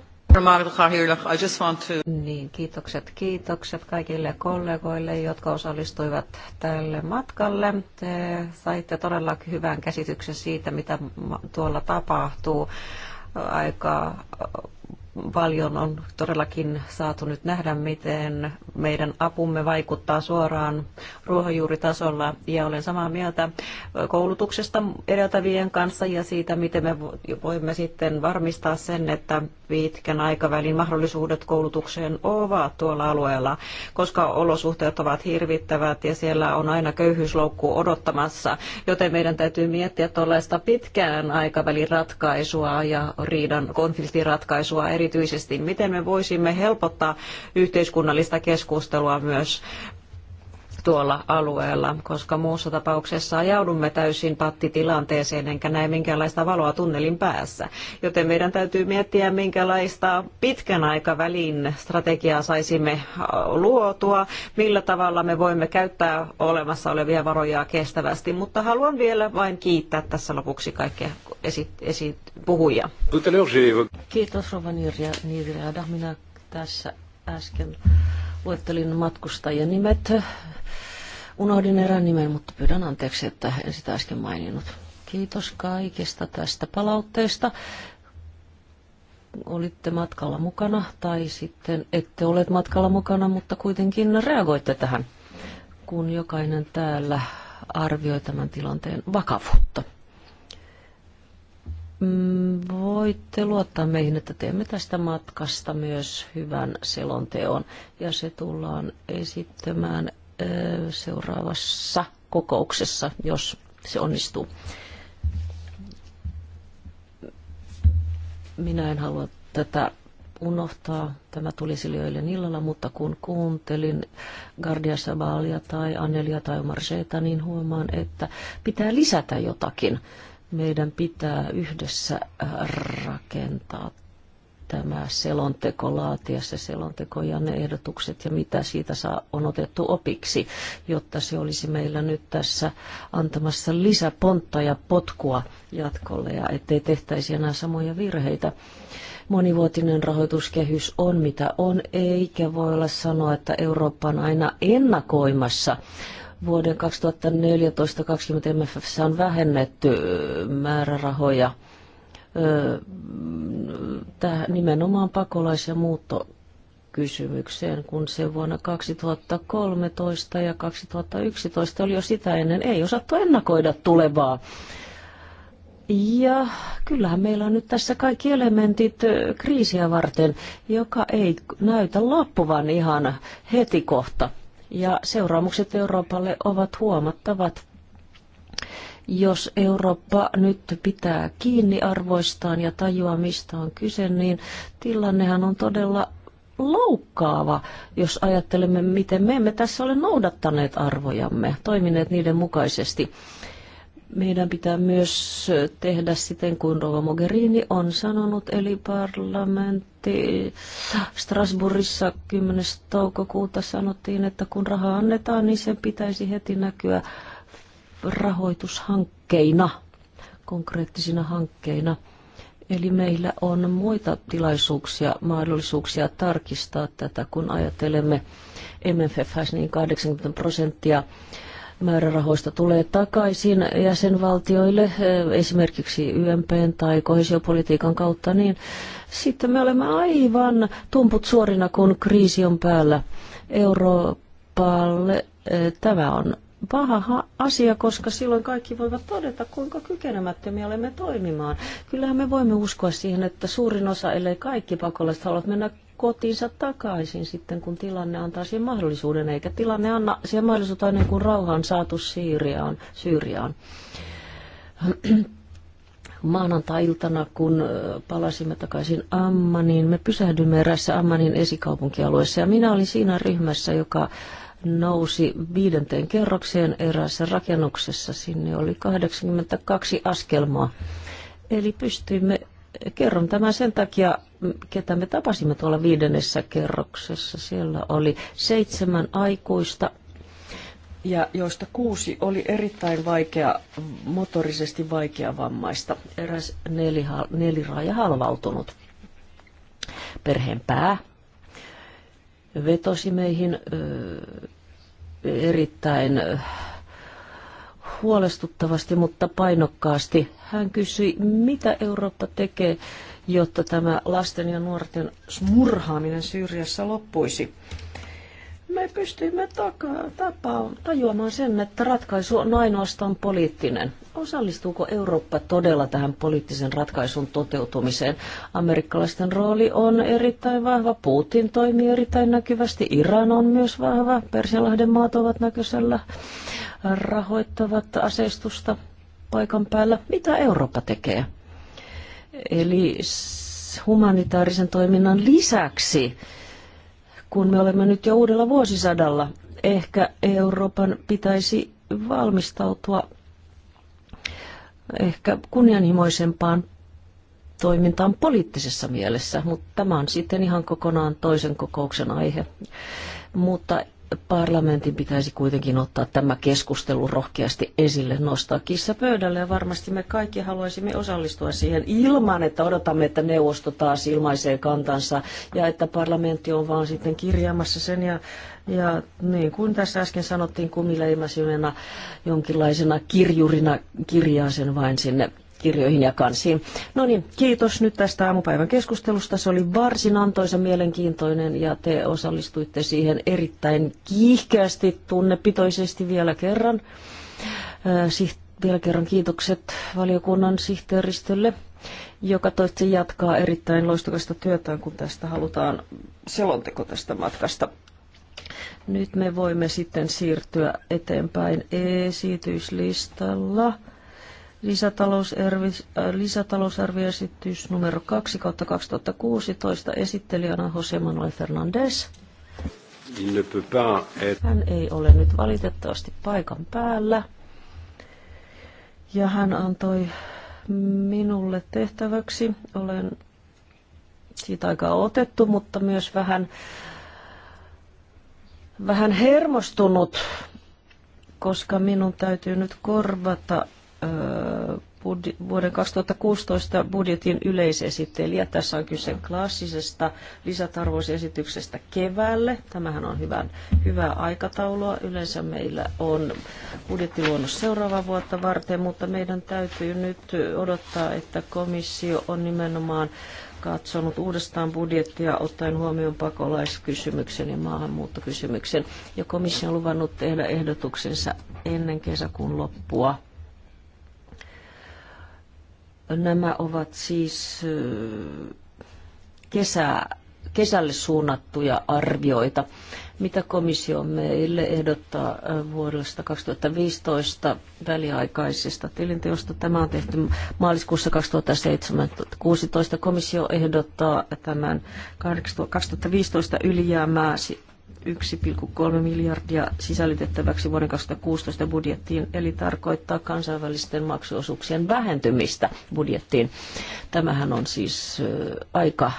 Niin, kiitokset, kiitokset kaikille kollegoille, jotka osallistuivat tälle matkalle. Te saitte todella hyvän käsityksen siitä, mitä tuolla tapahtuu aika paljon on todellakin saatu nyt nähdä, miten meidän apumme vaikuttaa suoraan ruohonjuuritasolla. Ja olen samaa mieltä koulutuksesta edeltävien kanssa ja siitä, miten me voimme sitten varmistaa sen, että pitkän aikavälin mahdollisuudet koulutukseen ovat tuolla alueella, koska olosuhteet ovat hirvittävät ja siellä on aina köyhyysloukku odottamassa, joten meidän täytyy miettiä tuollaista pitkään aikavälin ratkaisua ja riidan konfliktiratkaisua erityisesti. Miten me voisimme helpottaa yhteiskunnallista keskustelua myös tuolla alueella, koska muussa tapauksessa ajaudumme täysin pattitilanteeseen, enkä näe minkäänlaista valoa tunnelin päässä. Joten meidän täytyy miettiä, minkälaista pitkän aikavälin strategiaa saisimme äh, luotua, millä tavalla me voimme käyttää olemassa olevia varoja kestävästi. Mutta haluan vielä vain kiittää tässä lopuksi kaikkia esi- esi- puhujia. Kiitos Rova Nirja. Minä tässä äsken luettelin matkustajien nimet Unohdin erään nimen, mutta pyydän anteeksi, että en sitä äsken maininnut. Kiitos kaikesta tästä palautteesta. Olitte matkalla mukana tai sitten ette ole matkalla mukana, mutta kuitenkin reagoitte tähän, kun jokainen täällä arvioi tämän tilanteen vakavuutta. Mm, voitte luottaa meihin, että teemme tästä matkasta myös hyvän selonteon ja se tullaan esittämään seuraavassa kokouksessa, jos se onnistuu. Minä en halua tätä unohtaa. Tämä tuli silloin illalla, mutta kun kuuntelin Gardia Sabalia tai Annelia tai Marseita, niin huomaan, että pitää lisätä jotakin. Meidän pitää yhdessä rakentaa tämä selonteko laatia, se selonteko ja ne ehdotukset ja mitä siitä saa, on otettu opiksi, jotta se olisi meillä nyt tässä antamassa lisäpontta ja potkua jatkolle ja ettei tehtäisi enää samoja virheitä. Monivuotinen rahoituskehys on mitä on, eikä voi olla sanoa, että Eurooppa on aina ennakoimassa vuoden 2014-2020 MFF on vähennetty määrärahoja tähän nimenomaan pakolais- ja muuttokysymykseen, kun se vuonna 2013 ja 2011 oli jo sitä ennen, ei osattu ennakoida tulevaa. Ja kyllähän meillä on nyt tässä kaikki elementit kriisiä varten, joka ei näytä loppuvan ihan heti kohta. Ja seuraamukset Euroopalle ovat huomattavat. Jos Eurooppa nyt pitää kiinni arvoistaan ja tajuaa, mistä on kyse, niin tilannehan on todella loukkaava, jos ajattelemme, miten me emme tässä ole noudattaneet arvojamme, toimineet niiden mukaisesti. Meidän pitää myös tehdä siten kuin Rova Mogherini on sanonut, eli parlamentti Strasbourgissa 10. toukokuuta sanottiin, että kun rahaa annetaan, niin sen pitäisi heti näkyä rahoitushankkeina, konkreettisina hankkeina. Eli meillä on muita tilaisuuksia, mahdollisuuksia tarkistaa tätä, kun ajattelemme MFF, niin 80 prosenttia määrärahoista tulee takaisin jäsenvaltioille, eh, esimerkiksi YMP tai kohesiopolitiikan kautta, niin sitten me olemme aivan tumput suorina, kun kriisi on päällä Euroopalle. Eh, tämä on paha asia, koska silloin kaikki voivat todeta, kuinka kykenemättömiä olemme toimimaan. Kyllähän me voimme uskoa siihen, että suurin osa, ellei kaikki pakolaiset haluavat mennä kotiinsa takaisin sitten, kun tilanne antaa siihen mahdollisuuden, eikä tilanne anna siihen mahdollisuutta ennen kuin rauha on saatu Syyriaan. Syyriaan. (clears throat) Maanantai-iltana, kun palasimme takaisin Ammaniin, me pysähdymme erässä Ammanin esikaupunkialueessa ja minä olin siinä ryhmässä, joka nousi viidenteen kerrokseen eräässä rakennuksessa. Sinne oli 82 askelmaa. Eli pystyimme, kerron tämän sen takia, ketä me tapasimme tuolla viidennessä kerroksessa. Siellä oli seitsemän aikuista ja joista kuusi oli erittäin vaikea, motorisesti vaikea vammaista. Eräs neliraaja halvautunut perheen pää vetosi meihin erittäin huolestuttavasti, mutta painokkaasti. Hän kysyi, mitä Eurooppa tekee, jotta tämä lasten ja nuorten murhaaminen Syyriassa loppuisi me pystyimme taka- tapaan, tajuamaan sen, että ratkaisu on ainoastaan poliittinen. Osallistuuko Eurooppa todella tähän poliittisen ratkaisun toteutumiseen? Amerikkalaisten rooli on erittäin vahva, Putin toimii erittäin näkyvästi, Iran on myös vahva, Persialahden maat ovat näköisellä, rahoittavat aseistusta paikan päällä. Mitä Eurooppa tekee? Eli humanitaarisen toiminnan lisäksi kun me olemme nyt jo uudella vuosisadalla. Ehkä Euroopan pitäisi valmistautua ehkä kunnianhimoisempaan toimintaan poliittisessa mielessä, mutta tämä on sitten ihan kokonaan toisen kokouksen aihe. Mutta parlamentin pitäisi kuitenkin ottaa tämä keskustelu rohkeasti esille, nostaa kissa pöydälle ja varmasti me kaikki haluaisimme osallistua siihen ilman, että odotamme, että neuvosto taas ilmaisee kantansa ja että parlamentti on vaan sitten kirjaamassa sen ja, ja niin kuin tässä äsken sanottiin kumileimasimena jonkinlaisena kirjurina kirjaa sen vain sinne kirjoihin ja kansiin. No niin, kiitos nyt tästä aamupäivän keskustelusta. Se oli varsin antoisa, mielenkiintoinen ja te osallistuitte siihen erittäin kiihkeästi, tunnepitoisesti vielä kerran. Äh, siht, vielä kerran kiitokset valiokunnan sihteeristölle, joka toivottavasti jatkaa erittäin loistokasta työtään, kun tästä halutaan selonteko tästä matkasta. Nyt me voimme sitten siirtyä eteenpäin esityslistalla. Äh, lisätalousarvioesitys numero 2 kautta 2016 esittelijänä Jose Manuel Fernandez. Hän ei ole nyt valitettavasti paikan päällä. Ja hän antoi minulle tehtäväksi. Olen siitä aikaa otettu, mutta myös vähän, vähän hermostunut, koska minun täytyy nyt korvata vuoden 2016 budjetin yleisesittelijä. Tässä on kyse klassisesta lisätarvoisesityksestä keväälle. Tämähän on hyvän, hyvää aikataulua. Yleensä meillä on budjettiluonnos seuraavaa vuotta varten, mutta meidän täytyy nyt odottaa, että komissio on nimenomaan katsonut uudestaan budjettia ottaen huomioon pakolaiskysymyksen ja maahanmuuttokysymyksen. Ja komissio on luvannut tehdä ehdotuksensa ennen kesäkuun loppua Nämä ovat siis kesä, kesälle suunnattuja arvioita. Mitä komissio meille ehdottaa vuodesta 2015 väliaikaisesta tilinteosta? Tämä on tehty maaliskuussa 2016. Komissio ehdottaa tämän 2015 ylijäämää 1,3 miljardia sisällytettäväksi vuoden 2016 budjettiin, eli tarkoittaa kansainvälisten maksuosuuksien vähentymistä budjettiin. Tämähän on siis aika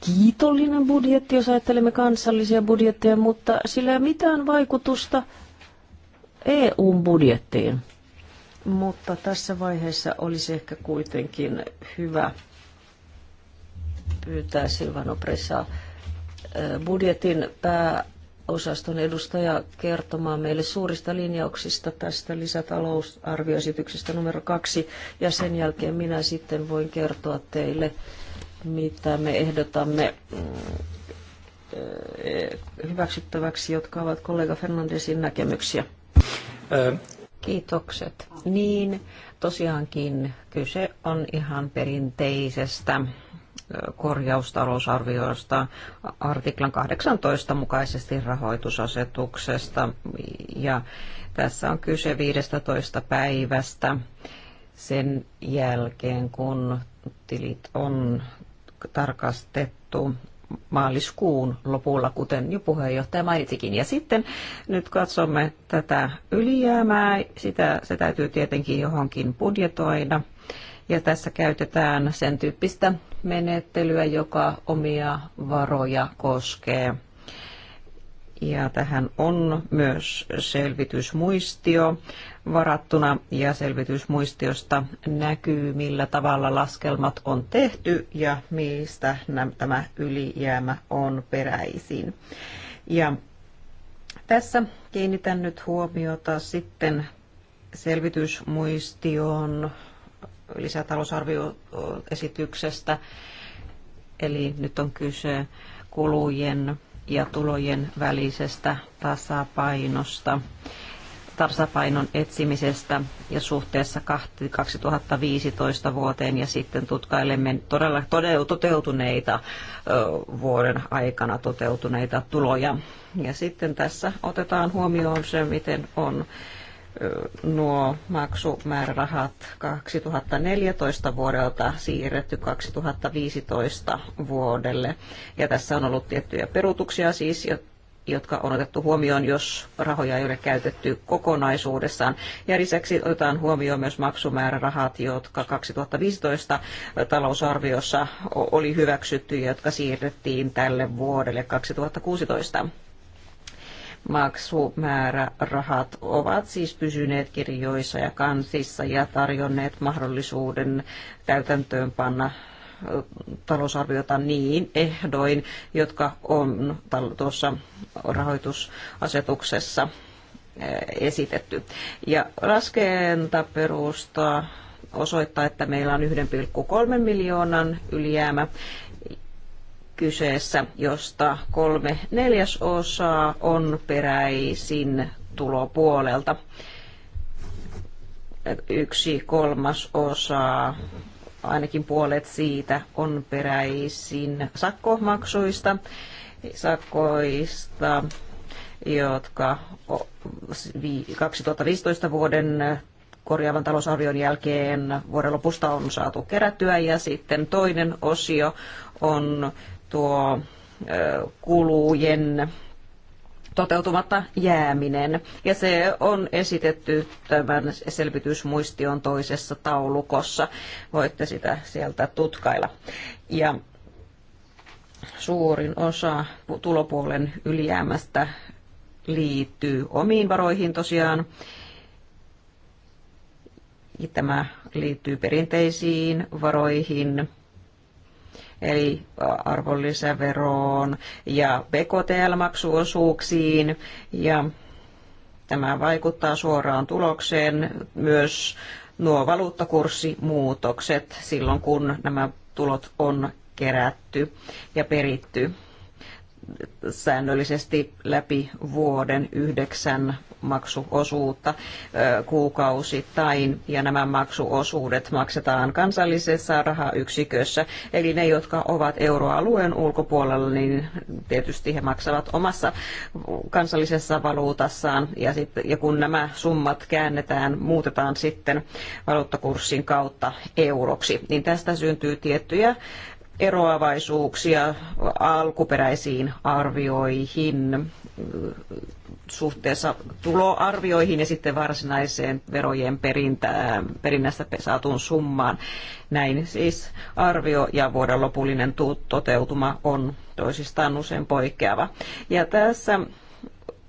kiitollinen budjetti, jos ajattelemme kansallisia budjetteja, mutta sillä ei ole mitään vaikutusta EU-budjettiin. Mutta tässä vaiheessa olisi ehkä kuitenkin hyvä pyytää Silvano Presaa budjetin pääosaston edustaja kertomaan meille suurista linjauksista tästä lisätalousarvioesityksestä numero kaksi. Ja sen jälkeen minä sitten voin kertoa teille, mitä me ehdotamme mm, hyväksyttäväksi, jotka ovat kollega Fernandesin näkemyksiä. Kiitokset. Niin, tosiaankin kyse on ihan perinteisestä korjaustalousarviosta artiklan 18 mukaisesti rahoitusasetuksesta ja tässä on kyse 15 päivästä sen jälkeen, kun tilit on tarkastettu maaliskuun lopulla, kuten jo puheenjohtaja mainitsikin. Ja sitten nyt katsomme tätä ylijäämää. Sitä, se täytyy tietenkin johonkin budjetoida. Ja tässä käytetään sen tyyppistä menettelyä, joka omia varoja koskee. Ja tähän on myös selvitysmuistio varattuna ja selvitysmuistiosta näkyy, millä tavalla laskelmat on tehty ja mistä tämä ylijäämä on peräisin. Ja tässä kiinnitän nyt huomiota sitten selvitysmuistioon lisätalousarvioesityksestä. Eli nyt on kyse kulujen ja tulojen välisestä tasapainosta tasapainon etsimisestä ja suhteessa 2015 vuoteen ja sitten tutkailemme todella toteutuneita vuoden aikana toteutuneita tuloja. Ja sitten tässä otetaan huomioon se, miten on nuo maksumäärärahat 2014 vuodelta siirretty 2015 vuodelle. Ja tässä on ollut tiettyjä peruutuksia siis, jotka on otettu huomioon, jos rahoja ei ole käytetty kokonaisuudessaan. Ja lisäksi otetaan huomioon myös maksumäärärahat, jotka 2015 talousarviossa oli hyväksytty ja jotka siirrettiin tälle vuodelle 2016 maksumäärärahat ovat siis pysyneet kirjoissa ja kansissa ja tarjonneet mahdollisuuden täytäntöönpanna talousarviota niin ehdoin, jotka on tuossa rahoitusasetuksessa esitetty. Ja laskentaperusta osoittaa, että meillä on 1,3 miljoonan ylijäämä kyseessä, josta kolme neljäsosaa on peräisin tulopuolelta. Yksi kolmas osa, ainakin puolet siitä, on peräisin sakkomaksuista, sakkoista, jotka 2015 vuoden korjaavan talousarvion jälkeen vuoden lopusta on saatu kerättyä ja sitten toinen osio on tuo kulujen toteutumatta jääminen. Ja se on esitetty tämän selvitysmuistion toisessa taulukossa. Voitte sitä sieltä tutkailla. Ja suurin osa tulopuolen ylijäämästä liittyy omiin varoihin tosiaan. Tämä liittyy perinteisiin varoihin eli arvonlisäveroon ja BKTL-maksuosuuksiin ja tämä vaikuttaa suoraan tulokseen myös nuo valuuttakurssimuutokset silloin, kun nämä tulot on kerätty ja peritty säännöllisesti läpi vuoden yhdeksän maksuosuutta kuukausittain, ja nämä maksuosuudet maksetaan kansallisessa rahayksikössä. Eli ne, jotka ovat euroalueen ulkopuolella, niin tietysti he maksavat omassa kansallisessa valuutassaan, ja, sit, ja kun nämä summat käännetään, muutetaan sitten valuuttakurssin kautta euroksi, niin tästä syntyy tiettyjä eroavaisuuksia alkuperäisiin arvioihin äh, suhteessa tuloarvioihin ja sitten varsinaiseen verojen perintään, perinnästä saatuun summaan. Näin siis arvio ja vuoden lopullinen toteutuma on toisistaan usein poikkeava. Ja tässä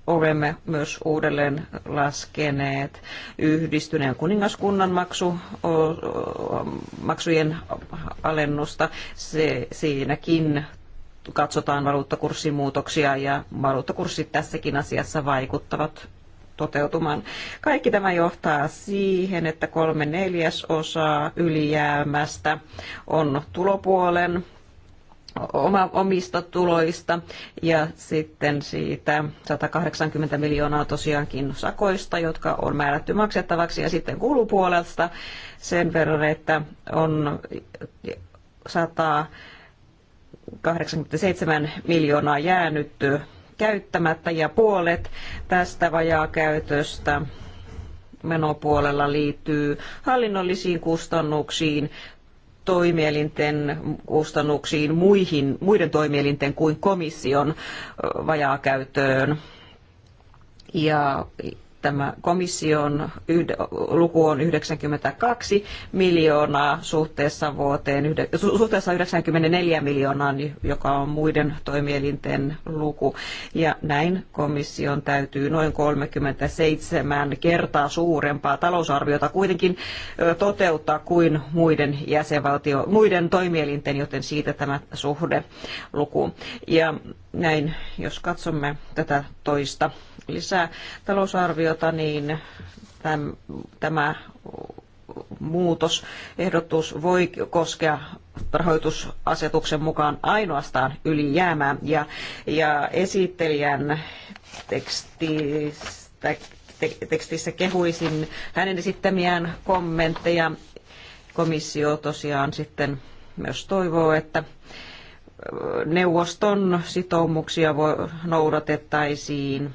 olemme myös uudelleen laskeneet yhdistyneen kuningaskunnan maksu, maksujen alennusta. Se, siinäkin katsotaan valuuttakurssimuutoksia ja valuuttakurssit tässäkin asiassa vaikuttavat toteutumaan. Kaikki tämä johtaa siihen, että kolme neljäsosaa ylijäämästä on tulopuolen oma, omista tuloista ja sitten siitä 180 miljoonaa tosiaankin sakoista, jotka on määrätty maksettavaksi ja sitten kulupuolesta sen verran, että on 187 miljoonaa jäänyt käyttämättä ja puolet tästä vajaa käytöstä menopuolella liittyy hallinnollisiin kustannuksiin toimielinten kustannuksiin muihin, muiden toimielinten kuin komission vajaakäyttöön. Ja tämä komission luku on 92 miljoonaa suhteessa, vuoteen, suhteessa 94 miljoonaan, joka on muiden toimielinten luku. Ja näin komission täytyy noin 37 kertaa suurempaa talousarviota kuitenkin toteuttaa kuin muiden, jäsenvaltio, muiden toimielinten, joten siitä tämä suhde luku. Ja näin, jos katsomme tätä toista lisää talousarviota, niin tämä muutosehdotus voi koskea rahoitusasetuksen mukaan ainoastaan ylijäämää ja, ja esittelijän tekstistä, te, tekstissä kehuisin hänen esittämiään kommentteja. Komissio tosiaan sitten myös toivoo, että neuvoston sitoumuksia noudatettaisiin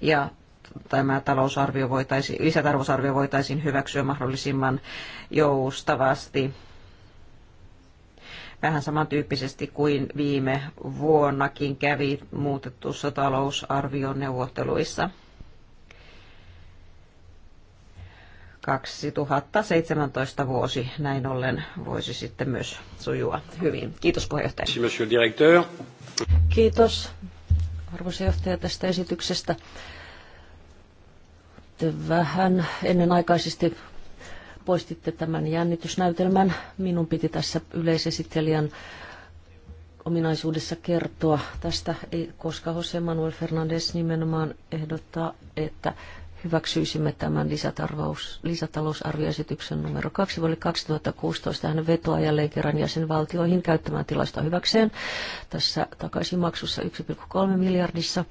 ja tämä talousarvio voitaisiin, lisätalousarvio voitaisiin hyväksyä mahdollisimman joustavasti vähän samantyyppisesti kuin viime vuonnakin kävi muutetussa neuvotteluissa. 2017 vuosi näin ollen voisi sitten myös sujua hyvin. Kiitos puheenjohtaja. Kiitos arvoisa johtaja, tästä esityksestä. Te vähän ennenaikaisesti poistitte tämän jännitysnäytelmän. Minun piti tässä yleisesittelijän ominaisuudessa kertoa tästä, koska Jose Manuel Fernandez nimenomaan ehdottaa, että hyväksyisimme tämän lisätalousarvioesityksen numero 2 vuodelle 2016. Hän vetoaa jälleen kerran jäsenvaltioihin käyttämään tilasta hyväkseen tässä takaisinmaksussa 1,3 miljardissa,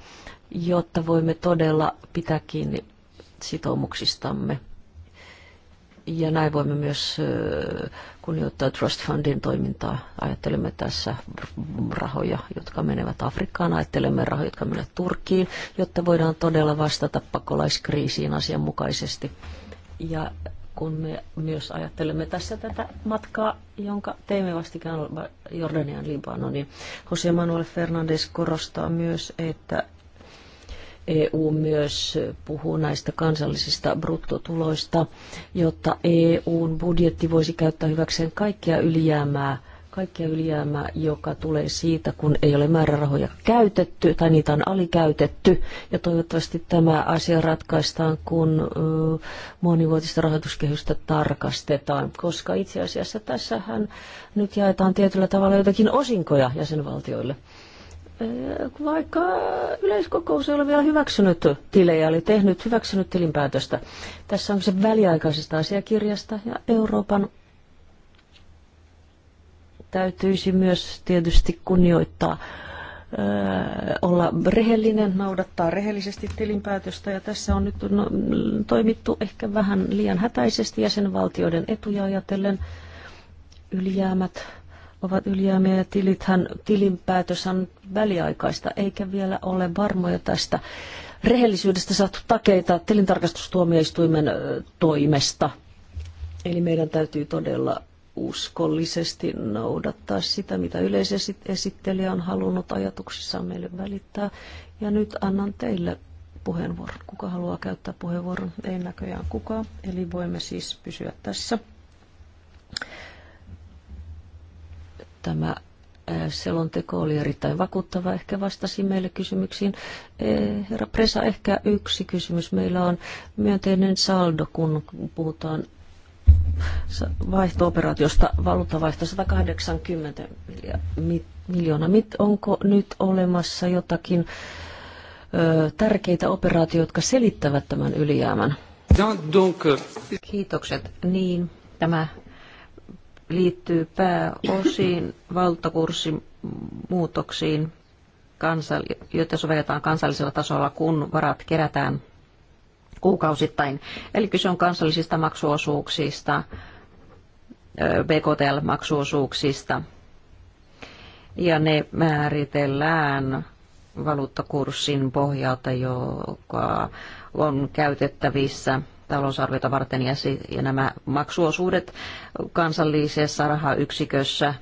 jotta voimme todella pitää kiinni sitoumuksistamme ja näin voimme myös kunnioittaa Trust Fundin toimintaa. Ajattelemme tässä rahoja, jotka menevät Afrikkaan, ajattelemme rahoja, jotka menevät Turkkiin, jotta voidaan todella vastata pakolaiskriisiin asianmukaisesti. Ja kun me myös ajattelemme tässä tätä matkaa, jonka teimme vastikään Jordanian Libanoniin. Jose Manuel Fernandes korostaa myös, että EU myös puhuu näistä kansallisista bruttotuloista, jotta EUn budjetti voisi käyttää hyväkseen kaikkia ylijäämää, kaikkia ylijäämää, joka tulee siitä, kun ei ole määrärahoja käytetty tai niitä on alikäytetty. Ja toivottavasti tämä asia ratkaistaan, kun monivuotista rahoituskehystä tarkastetaan, koska itse asiassa tässähän nyt jaetaan tietyllä tavalla jotakin osinkoja jäsenvaltioille. Äh, vaikka yleiskokous ei ole vielä hyväksynyt tilejä, eli tehnyt, hyväksynyt tilinpäätöstä. Tässä on se väliaikaisesta asiakirjasta ja Euroopan täytyisi myös tietysti kunnioittaa äh, olla rehellinen, noudattaa rehellisesti tilinpäätöstä. Ja tässä on nyt no, toimittu ehkä vähän liian hätäisesti jäsenvaltioiden etuja ajatellen. Ylijäämät ovat ylijäämiä ja tilithan, tilinpäätös on väliaikaista, eikä vielä ole varmoja tästä rehellisyydestä saatu takeita tilintarkastustuomioistuimen toimesta. Eli meidän täytyy todella uskollisesti noudattaa sitä, mitä yleisesittelijä on halunnut ajatuksissaan meille välittää. Ja nyt annan teille puheenvuoron. Kuka haluaa käyttää puheenvuoron? Ei näköjään kukaan. Eli voimme siis pysyä tässä. Tämä selonteko oli erittäin vakuuttava, ehkä vastasi meille kysymyksiin. Herra Presa, ehkä yksi kysymys. Meillä on myönteinen saldo, kun puhutaan vaihto-operaatiosta, valuuttavaihto 180 miljoonaa. Onko nyt olemassa jotakin tärkeitä operaatioita, jotka selittävät tämän ylijäämän? Euh, Kiitokset. Niin, tämä liittyy pääosin valtakurssimuutoksiin, joita sovelletaan kansallisella tasolla, kun varat kerätään kuukausittain. Eli kyse on kansallisista maksuosuuksista, BKTL-maksuosuuksista, ja ne määritellään valuuttakurssin pohjalta, joka on käytettävissä – talousarviota varten ja, ja nämä maksuosuudet kansallisessa rahayksikössä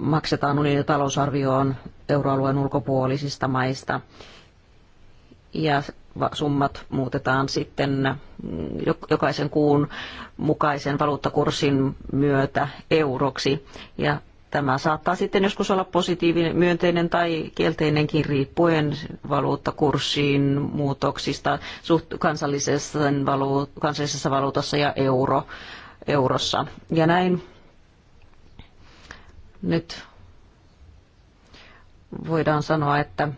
maksetaan unionin talousarvioon euroalueen ulkopuolisista maista. Ja summat muutetaan sitten mm, jokaisen kuun mukaisen valuuttakurssin myötä euroksi. Ja Tämä saattaa sitten joskus olla positiivinen, myönteinen tai kielteinenkin riippuen valuuttakurssiin muutoksista suht kansallisessa, valuut, kansallisessa valuutassa ja euro, eurossa. Ja näin nyt voidaan sanoa, että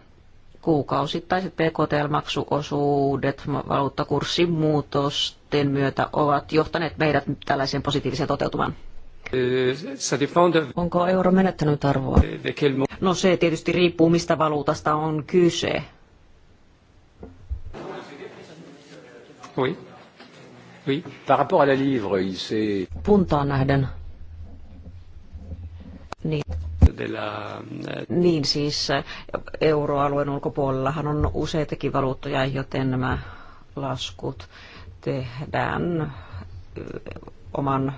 kuukausittaiset PKTL-maksuosuudet valuuttakurssin muutosten myötä ovat johtaneet meidät tällaiseen positiiviseen toteutumaan. Onko euro menettänyt arvoa? No se tietysti riippuu, mistä valuutasta on kyse. Oui. Oui. Par rapport à la livre, il Puntaan nähden. Niin. De la... niin siis eh, euroalueen ulkopuolellahan on useitakin valuuttoja, joten nämä laskut tehdään eh, oman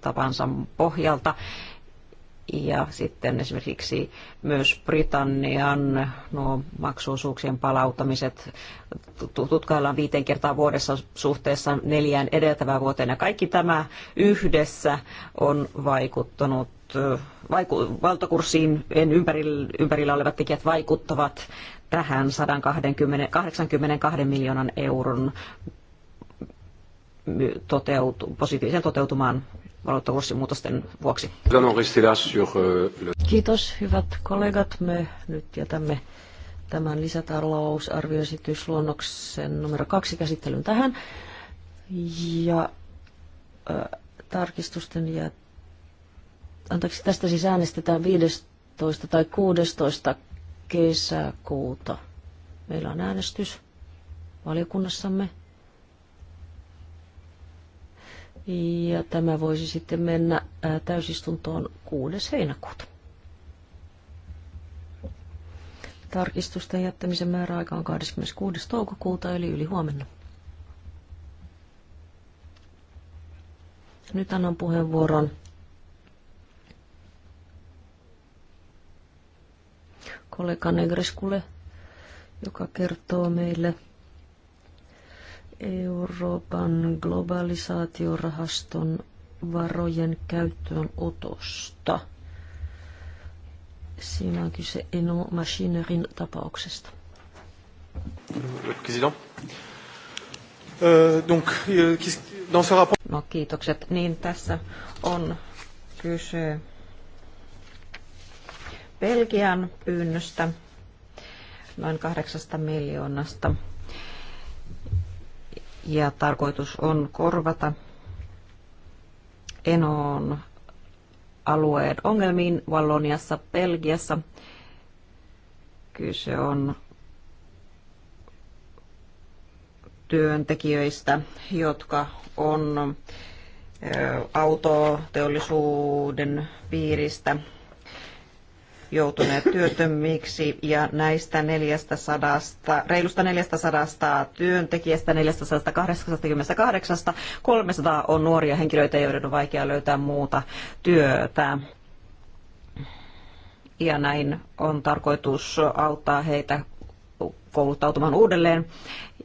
tapansa pohjalta. Ja sitten esimerkiksi myös Britannian nuo maksuosuuksien palauttamiset tutkaillaan viiteen kertaa vuodessa suhteessa neljään edeltävään vuoteen. Ja kaikki tämä yhdessä on vaikuttanut vaiku- valtakurssiin ympärillä, ympärillä olevat tekijät vaikuttavat tähän 182 miljoonan euron toteutu, positiivisen toteutumaan valuuttakurssimuutosten vuoksi. Kiitos hyvät kollegat. Me nyt jätämme tämän lisätalousarvioesitysluonnoksen numero kaksi käsittelyn tähän. Ja äh, tarkistusten ja anteeksi, tästä siis äänestetään 15 tai 16 kesäkuuta. Meillä on äänestys valiokunnassamme. Ja tämä voisi sitten mennä äh, täysistuntoon 6. heinäkuuta. Tarkistusten jättämisen määräaika on 26. toukokuuta eli yli huomenna. Nyt annan puheenvuoron kollega Negreskulle, joka kertoo meille – Euroopan globalisaatiorahaston varojen käyttöönotosta. Siinä on kyse Eno Machinerin tapauksesta. President. Euh, euh, no kiitokset. Niin tässä on kyse Belgian pyynnöstä noin kahdeksasta miljoonasta ja tarkoitus on korvata Enon alueen ongelmiin Valloniassa, Belgiassa. Kyse on työntekijöistä, jotka on autoteollisuuden piiristä joutuneet työttömiksi ja näistä 400, reilusta 400 työntekijästä 488 300 on nuoria henkilöitä, joiden on vaikea löytää muuta työtä. Ja näin on tarkoitus auttaa heitä kouluttautumaan uudelleen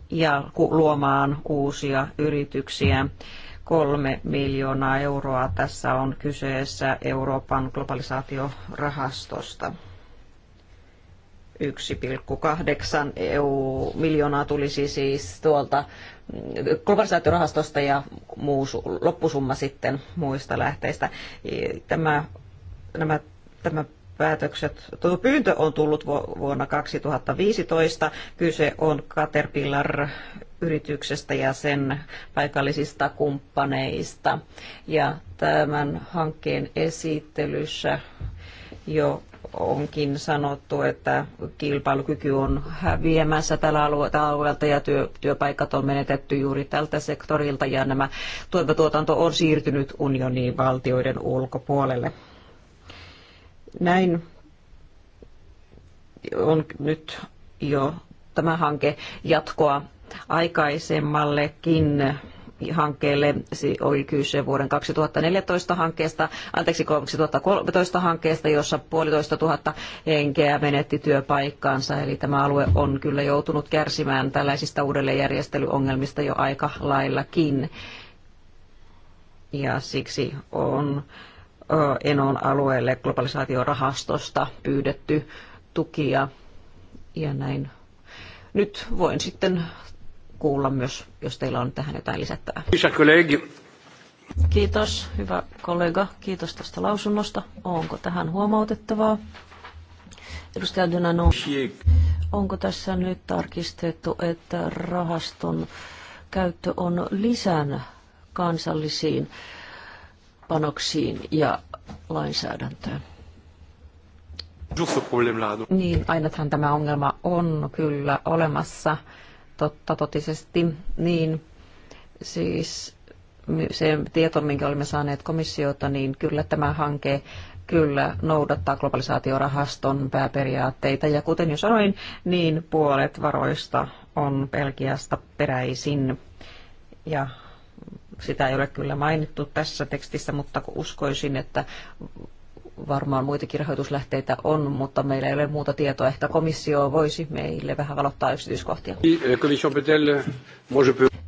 ja luomaan uusia yrityksiä kolme miljoonaa euroa. Tässä on kyseessä Euroopan globalisaatiorahastosta. 1,8 EU miljoonaa tulisi siis tuolta globalisaatiorahastosta ja muu loppusumma sitten muista lähteistä. Tämä, nämä, tämä päätökset. Tuo pyyntö on tullut vuonna 2015. Kyse on Caterpillar yrityksestä ja sen paikallisista kumppaneista. Ja tämän hankkeen esittelyssä jo onkin sanottu, että kilpailukyky on häviämässä tällä alueelta ja työ, työpaikat on menetetty juuri tältä sektorilta ja nämä tuotanto on siirtynyt unionin valtioiden ulkopuolelle. Näin on nyt jo tämä hanke jatkoa aikaisemmallekin hankkeelle, oli kyse vuoden 2014 hankkeesta, anteeksi 2013 hankkeesta, jossa puolitoista tuhatta henkeä menetti työpaikkaansa. Eli tämä alue on kyllä joutunut kärsimään tällaisista uudelleenjärjestelyongelmista jo aika laillakin. Ja siksi on Enon alueelle globalisaatiorahastosta pyydetty tukia ja näin nyt voin sitten kuulla myös, jos teillä on tähän jotain lisättävää. Kiitos, hyvä kollega. Kiitos tästä lausunnosta. Onko tähän huomautettavaa? Edustaja Dynano, onko tässä nyt tarkistettu, että rahaston käyttö on lisän kansallisiin panoksiin ja lainsäädäntöön? Niin, ainathan tämä ongelma on kyllä olemassa totta totisesti, niin siis se tieto, minkä olemme saaneet komissiota, niin kyllä tämä hanke kyllä noudattaa globalisaatiorahaston pääperiaatteita. Ja kuten jo sanoin, niin puolet varoista on Belgiasta peräisin. Ja sitä ei ole kyllä mainittu tässä tekstissä, mutta uskoisin, että varmaan muitakin rahoituslähteitä on, mutta meillä ei ole muuta tietoa. että komissio voisi meille vähän valottaa yksityiskohtia.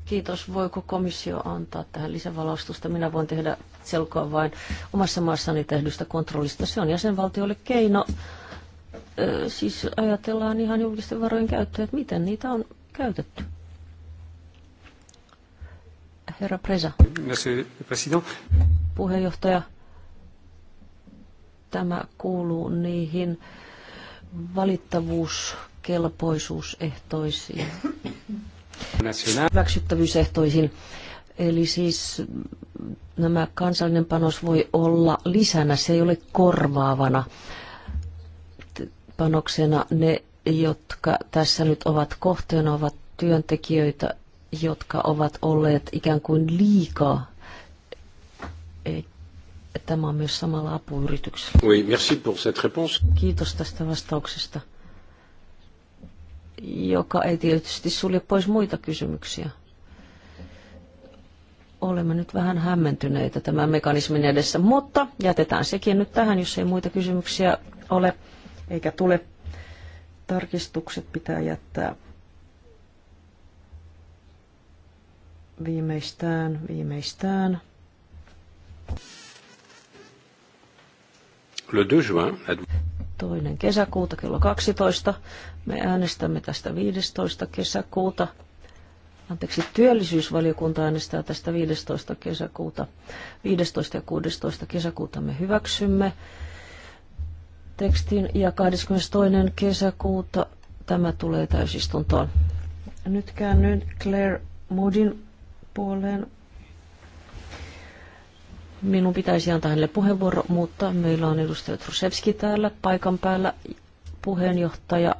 Kiitos. Voiko komissio antaa tähän lisävalostusta? Minä voin tehdä selkoa vain omassa maassani tehdystä kontrollista. Se on jäsenvaltiolle keino. Siis ajatellaan ihan julkisten varojen käyttöä, että miten niitä on käytetty. Herra Presa. Monsieur le Puheenjohtaja Tämä kuuluu niihin valittavuuskelpoisuusehtoisiin, hyväksyttävyysehtoisiin. Eli siis nämä kansallinen panos voi olla lisänä, se ei ole korvaavana panoksena. Ne, jotka tässä nyt ovat kohteena, ovat työntekijöitä, jotka ovat olleet ikään kuin liikaa tämä on myös samalla apu yritykselle. Oui, merci pour cette réponse. Kiitos tästä vastauksesta, joka ei tietysti sulje pois muita kysymyksiä. Olemme nyt vähän hämmentyneitä tämän mekanismin edessä, mutta jätetään sekin nyt tähän, jos ei muita kysymyksiä ole eikä tule. Tarkistukset pitää jättää viimeistään, viimeistään. Le 2 juin. Toinen kesäkuuta kello 12. Me äänestämme tästä 15. kesäkuuta. Anteeksi, työllisyysvaliokunta äänestää tästä 15. kesäkuuta. 15. ja 16. kesäkuuta me hyväksymme tekstin ja 22. kesäkuuta tämä tulee täysistuntoon. Nyt käännyn Claire Moodin puoleen minun pitäisi antaa hänelle puheenvuoro, mutta meillä on edustaja Trusevski täällä paikan päällä, puheenjohtaja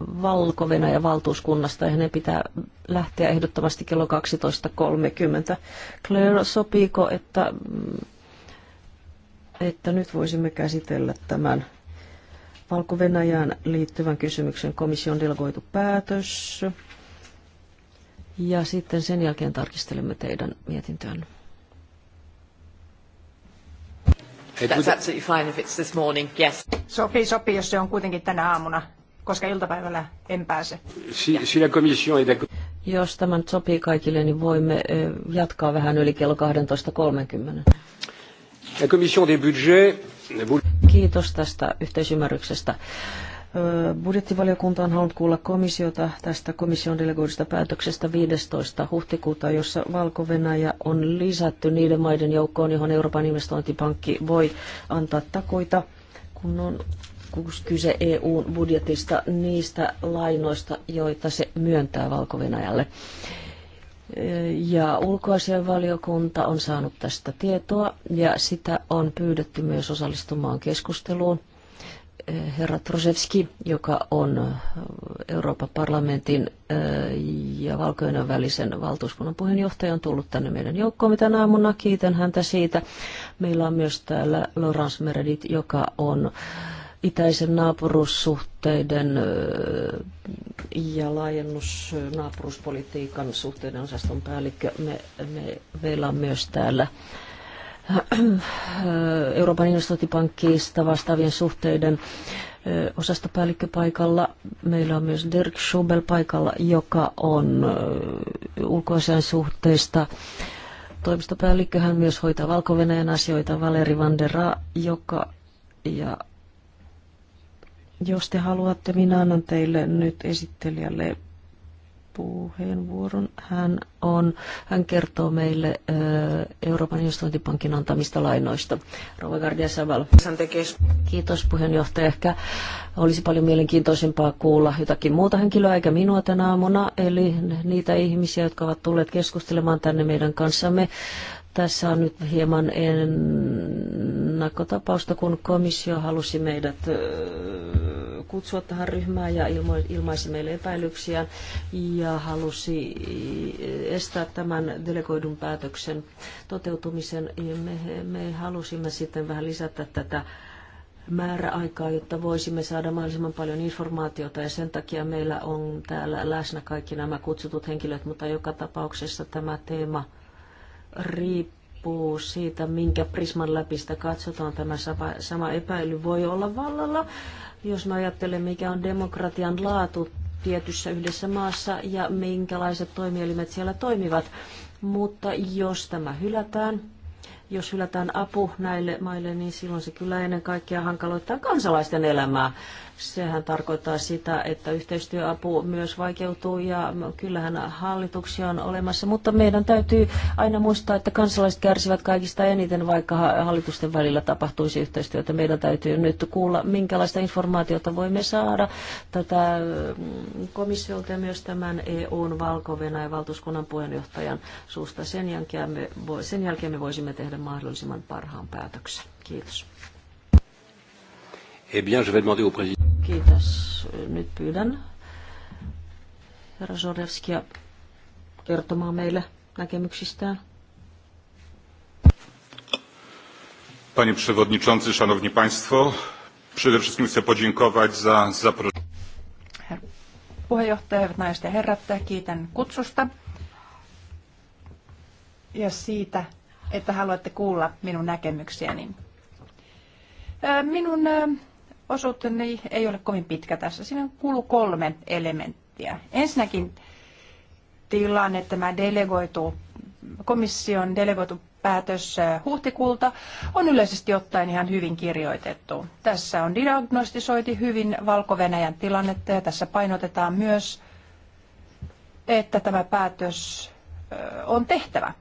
valko valtuuskunnasta ja hänen pitää lähteä ehdottomasti kello 12.30. Claire, sopiiko, että, että nyt voisimme käsitellä tämän valko liittyvän kysymyksen komission delegoitu päätös? Ja sitten sen jälkeen tarkistelemme teidän mietintöänne. That's absolutely fine if it's this morning, yes. Sopii, sopii, jos se on kuitenkin tänä aamuna, koska iltapäivällä en pääse. Si, si la commission est d'accord. Jos tämä nyt sopii kaikille, niin voimme jatkaa vähän yli kello 12.30. La commission des budgets... Kiitos tästä yhteisymmärryksestä. Budjettivaliokunta on halunnut kuulla komissiota tästä komission delegoidusta päätöksestä 15. huhtikuuta, jossa valko on lisätty niiden maiden joukkoon, johon Euroopan investointipankki voi antaa takuita, kun on kyse EUn budjetista niistä lainoista, joita se myöntää valko -Venäjälle. Ja ulkoasianvaliokunta on saanut tästä tietoa ja sitä on pyydetty myös osallistumaan keskusteluun – herra Trosevski, joka on Euroopan parlamentin ja valkoinen välisen valtuuskunnan puheenjohtaja, on tullut tänne meidän joukkoomme tänä aamuna. Kiitän häntä siitä. Meillä on myös täällä Laurence Meredit, joka on itäisen naapurussuhteiden ja laajennus naapuruspolitiikan suhteiden osaston päällikkö. Me, me, meillä on myös täällä äh, Äh, Euroopan investointipankkiista vastaavien suhteiden äh, osastopäällikkö paikalla. Meillä on myös Dirk Schubel paikalla, joka on äh, ulkoasian suhteista toimistopäällikkö. Hän myös hoitaa valko asioita. Valeri Vandera, joka ja jos te haluatte, minä annan teille nyt esittelijälle puheenvuoron. Hän, on, hän kertoo meille Euroopan investointipankin antamista lainoista. Rova Gardia Saval. Kiitos puheenjohtaja. Ehkä olisi paljon mielenkiintoisempaa kuulla jotakin muuta henkilöä eikä minua tänä aamuna, eli niitä ihmisiä, jotka ovat tulleet keskustelemaan tänne meidän kanssamme. Tässä on nyt hieman ennakkotapausta, kun komissio halusi meidät kutsua tähän ryhmään ja ilmaisi meille epäilyksiä ja halusi eh, estää tämän delegoidun päätöksen toteutumisen. Me, me halusimme sitten vähän lisätä tätä määräaikaa, jotta voisimme saada mahdollisimman paljon informaatiota ja sen takia meillä on täällä läsnä kaikki nämä kutsutut henkilöt, mutta joka tapauksessa tämä teema riippuu siitä, minkä prisman läpi sitä katsotaan. Tämä sama epäily voi olla vallalla jos me ajattelemme, mikä on demokratian laatu tietyssä yhdessä maassa ja minkälaiset toimielimet siellä toimivat, mutta jos tämä hylätään, jos hylätään apu näille maille, niin silloin se kyllä ennen kaikkea hankaloittaa kansalaisten elämää. Sehän tarkoittaa sitä, että yhteistyöapu myös vaikeutuu ja kyllähän hallituksia on olemassa, mutta meidän täytyy aina muistaa, että kansalaiset kärsivät kaikista eniten, vaikka hallitusten välillä tapahtuisi yhteistyötä. Meidän täytyy nyt kuulla, minkälaista informaatiota voimme saada tätä mm, komissiolta ja myös tämän EUn valko valtuuskunnan puheenjohtajan suusta. Sen jälkeen me, sen jälkeen me voisimme tehdä saada mahdollisimman parhaan päätöksen. Kiitos. Eh bien, je vais demander au président. Kiitos. Nyt pyydän herra Zordevskia kertomaan meille näkemyksistään. Panie Przewodniczący, Szanowni Państwo, przede wszystkim chcę podziękować za zaproszenie. Herra Puheenjohtaja, hyvät naiset ja herrat, kiitän kutsusta ja siitä, että haluatte kuulla minun näkemyksiäni. Minun osuuteni ei ole kovin pitkä tässä. Siinä kuuluu kolme elementtiä. Ensinnäkin tilanne, tämä delegoitu, komission delegoitu päätös huhtikuulta on yleisesti ottaen ihan hyvin kirjoitettu. Tässä on diagnostisoiti hyvin Valko-Venäjän tilannetta ja tässä painotetaan myös, että tämä päätös on tehtävä.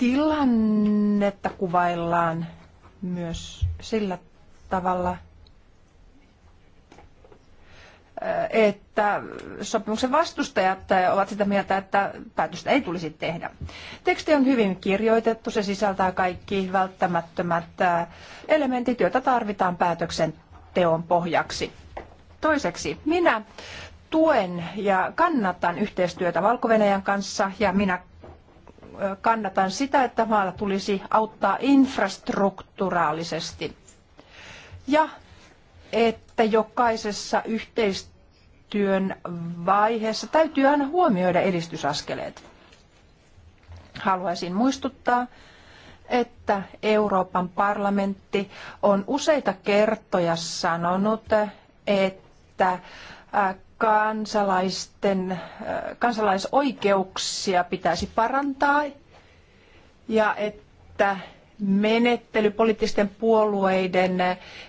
tilannetta kuvaillaan myös sillä tavalla, äh, että sopimuksen vastustajat äh, ovat sitä mieltä, että päätöstä ei tulisi tehdä. Teksti on hyvin kirjoitettu, se sisältää kaikki välttämättömät äh, elementit, joita tarvitaan päätöksenteon pohjaksi. Toiseksi, minä tuen ja kannatan yhteistyötä valko kanssa ja minä kannatan sitä, että maata tulisi auttaa infrastrukturaalisesti ja että jokaisessa yhteistyön vaiheessa täytyy aina huomioida edistysaskeleet. Haluaisin muistuttaa, että Euroopan parlamentti on useita kertoja sanonut, että kansalaisten, äh, kansalaisoikeuksia pitäisi parantaa ja että menettely poliittisten puolueiden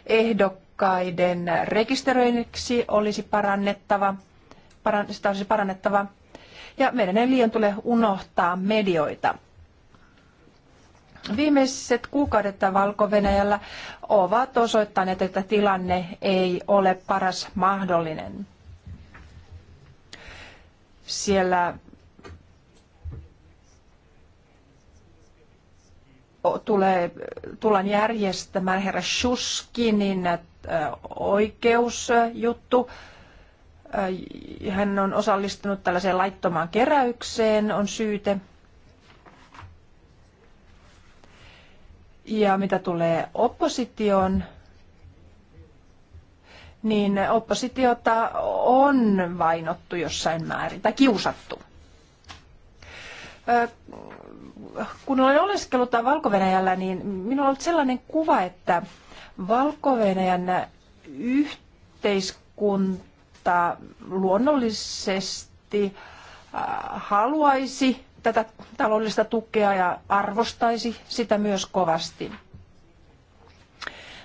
ehdokkaiden rekisteröinniksi olisi parannettava, paran, sitä olisi parannettava. Ja meidän ei liian tule unohtaa medioita. Viimeiset kuukaudet valko ovat osoittaneet, että tilanne ei ole paras mahdollinen siellä tulee, tullaan järjestämään herra Shuskinin äh, oikeusjuttu. Äh, hän on osallistunut tällaiseen laittomaan keräykseen, on syyte. Ja mitä tulee oppositioon, niin oppositiota on vainottu jossain määrin tai kiusattu. Kun olen oleskellut valko niin minulla on ollut sellainen kuva, että valko yhteiskunta luonnollisesti haluaisi tätä taloudellista tukea ja arvostaisi sitä myös kovasti.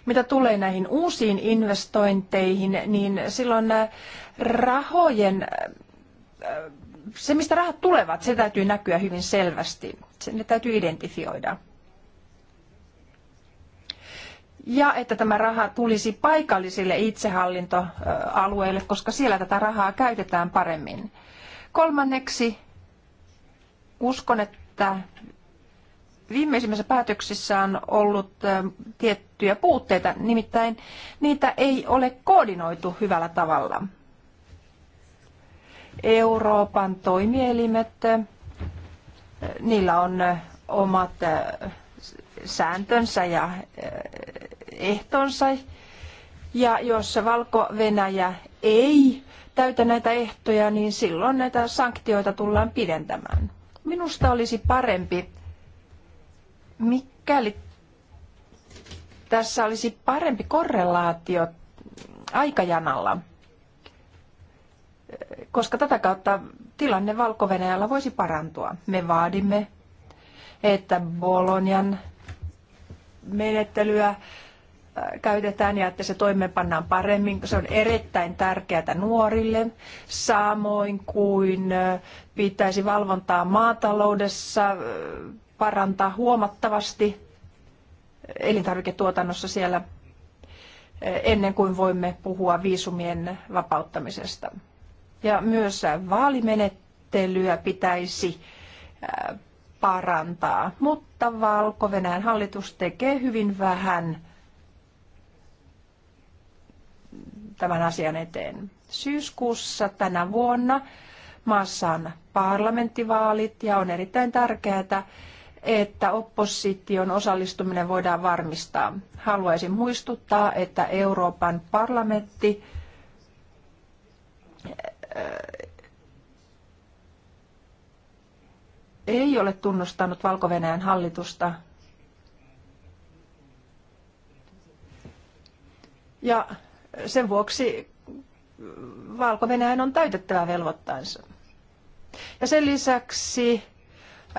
Mitä tulee näihin uusiin investointeihin, niin silloin äh, rahojen, äh, äh, se mistä rahat tulevat, se täytyy näkyä hyvin selvästi. Ne täytyy identifioida ja että tämä raha tulisi paikallisille itsehallintoalueille, koska siellä tätä rahaa käytetään paremmin. Kolmanneksi uskon, että viimeisimmässä päätöksissä on ollut tiet, tiettyjä puutteita, nimittäin niitä ei ole koordinoitu hyvällä tavalla. Euroopan toimielimet, niillä on omat sääntönsä ja ehtonsa. Ja jos Valko-Venäjä ei täytä näitä ehtoja, niin silloin näitä sanktioita tullaan pidentämään. Minusta olisi parempi, mikäli tässä olisi parempi korrelaatio aikajanalla, koska tätä kautta tilanne valko voisi parantua. Me vaadimme, että Bolonian menettelyä äh, käytetään ja että se toimeenpannaan paremmin. Se on erittäin tärkeää nuorille, samoin kuin äh, pitäisi valvontaa maataloudessa äh, parantaa huomattavasti elintarviketuotannossa siellä eh, ennen kuin voimme puhua viisumien vapauttamisesta. Ja myös vaalimenettelyä pitäisi eh, parantaa, mutta valko hallitus tekee hyvin vähän tämän asian eteen. Syyskuussa tänä vuonna maassa on parlamenttivaalit ja on erittäin tärkeää, että opposition osallistuminen voidaan varmistaa. Haluaisin muistuttaa, että Euroopan parlamentti ei ole tunnustanut valko hallitusta. Ja sen vuoksi valko on täytettävä velvoittaansa. Ja sen lisäksi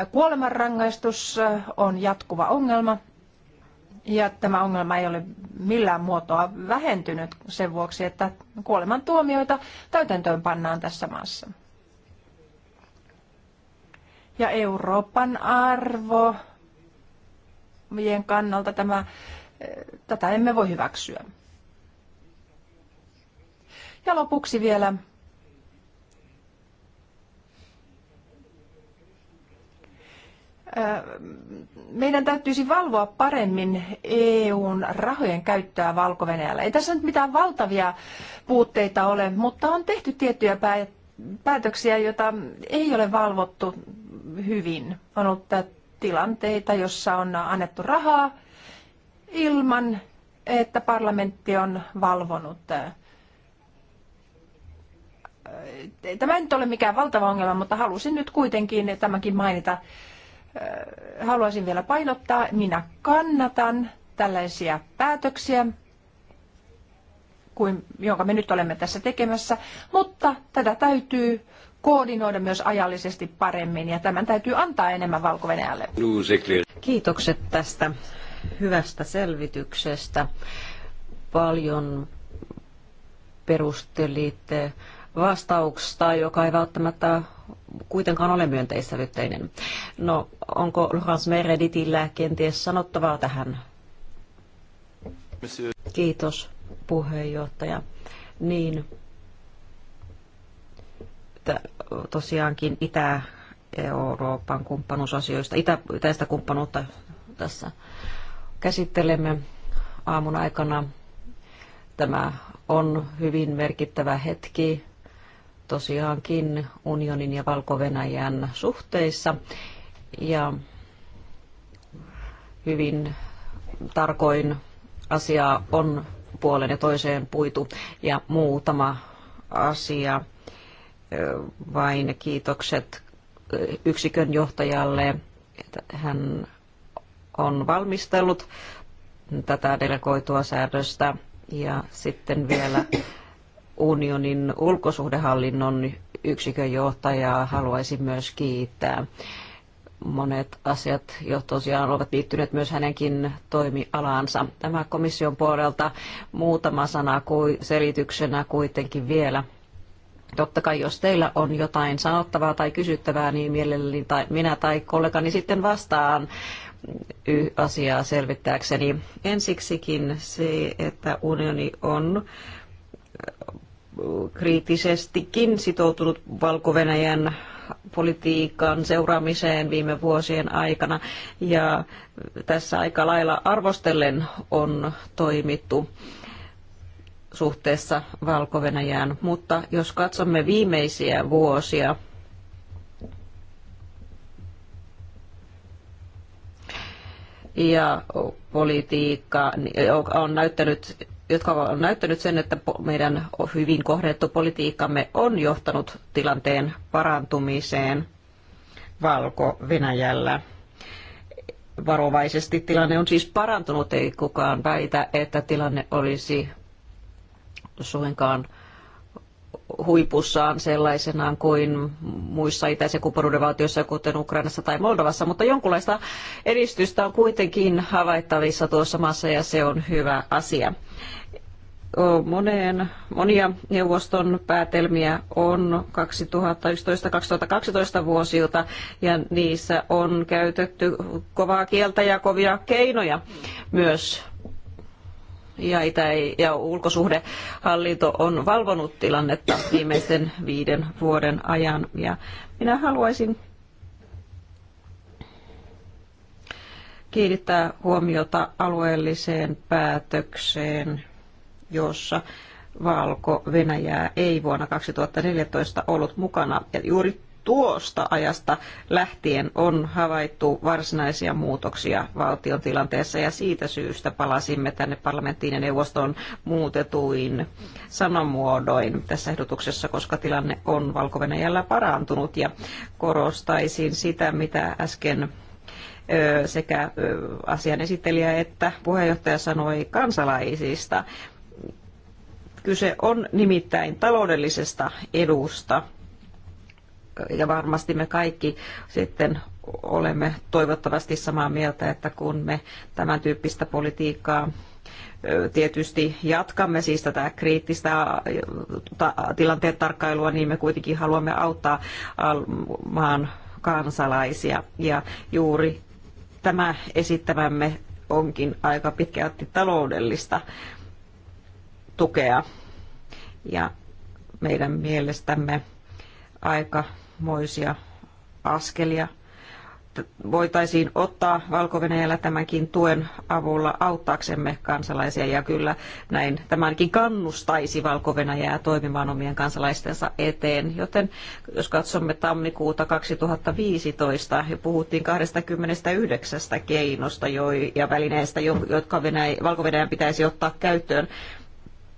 Kuolemanrangaistus on jatkuva ongelma ja tämä ongelma ei ole millään muotoa vähentynyt sen vuoksi, että kuolemantuomioita täytäntöön pannaan tässä maassa. Ja Euroopan arvo kannalta tämä, tätä emme voi hyväksyä. Ja lopuksi vielä meidän täytyisi valvoa paremmin EUn rahojen käyttöä valko -Venäjällä. Ei tässä nyt mitään valtavia puutteita ole, mutta on tehty tiettyjä päätöksiä, joita ei ole valvottu hyvin. On ollut tilanteita, jossa on annettu rahaa ilman, että parlamentti on valvonut tämä ei nyt ole mikään valtava ongelma, mutta halusin nyt kuitenkin tämänkin mainita haluaisin vielä painottaa, minä kannatan tällaisia päätöksiä, kuin, jonka me nyt olemme tässä tekemässä, mutta tätä täytyy koordinoida myös ajallisesti paremmin ja tämän täytyy antaa enemmän valko -Venäjälle. Kiitokset tästä hyvästä selvityksestä. Paljon perustelitte vastausta, joka ei välttämättä kuitenkaan ole myönteissävytteinen. No, onko Laurence Mereditillä kenties sanottavaa tähän? Monsieur. Kiitos, puheenjohtaja. Niin, tosiaankin Itä-Euroopan kumppanuusasioista, itä, tästä kumppanuutta tässä käsittelemme aamun aikana. Tämä on hyvin merkittävä hetki tosiaankin unionin ja valko suhteissa. Ja hyvin tarkoin asiaa on puolen ja toiseen puitu. Ja muutama asia, vain kiitokset yksikön johtajalle. Hän on valmistellut tätä delegoitua säädöstä ja sitten vielä unionin ulkosuhdehallinnon yksikön johtajaa haluaisin myös kiittää. Monet asiat jo tosiaan ovat liittyneet myös hänenkin toimialaansa. Tämä komission puolelta muutama sana selityksenä kuitenkin vielä. Totta kai, jos teillä on jotain sanottavaa tai kysyttävää, niin mielelläni tai minä tai kollegani sitten vastaan asiaa selvittääkseni. Ensiksikin se, että unioni on kriittisestikin sitoutunut valko politiikan seuraamiseen viime vuosien aikana ja tässä aika lailla arvostellen on toimittu suhteessa valko -Venäjään. mutta jos katsomme viimeisiä vuosia, ja politiikka on näyttänyt jotka on näyttänyt sen, että meidän hyvin kohdettu politiikkamme on johtanut tilanteen parantumiseen Valko-Venäjällä. Varovaisesti tilanne on siis parantunut, ei kukaan väitä, että tilanne olisi suinkaan huipussaan sellaisenaan kuin muissa itäisen kumppanuuden valtioissa, kuten Ukrainassa tai Moldovassa, mutta jonkunlaista edistystä on kuitenkin havaittavissa tuossa maassa ja se on hyvä asia. Moneen, monia neuvoston päätelmiä on 2011-2012 vuosilta ja niissä on käytetty kovaa kieltä ja kovia keinoja myös ja, Itä- ja ulkosuhdehallinto on valvonut tilannetta viimeisten viiden vuoden ajan. Ja minä haluaisin kiinnittää huomiota alueelliseen päätökseen, jossa Valko-Venäjää ei vuonna 2014 ollut mukana. Ja juuri tuosta ajasta lähtien on havaittu varsinaisia muutoksia valtion tilanteessa ja siitä syystä palasimme tänne parlamenttiin ja neuvoston muutetuin sanamuodoin tässä ehdotuksessa, koska tilanne on valko parantunut ja korostaisin sitä, mitä äsken sekä asian esittelijä että puheenjohtaja sanoi kansalaisista. Kyse on nimittäin taloudellisesta edusta ja varmasti me kaikki sitten olemme toivottavasti samaa mieltä, että kun me tämän tyyppistä politiikkaa tietysti jatkamme siis tätä kriittistä tilanteen tarkkailua, niin me kuitenkin haluamme auttaa maan kansalaisia. Ja juuri tämä esittämämme onkin aika pitkälti taloudellista tukea. Ja meidän mielestämme aika moisia askelia voitaisiin ottaa valko tämänkin tuen avulla auttaaksemme kansalaisia ja kyllä näin tämänkin kannustaisi valko toimimaan omien kansalaistensa eteen. Joten jos katsomme tammikuuta 2015 ja puhuttiin 29 keinosta jo, ja välineistä, jotka valko pitäisi ottaa käyttöön,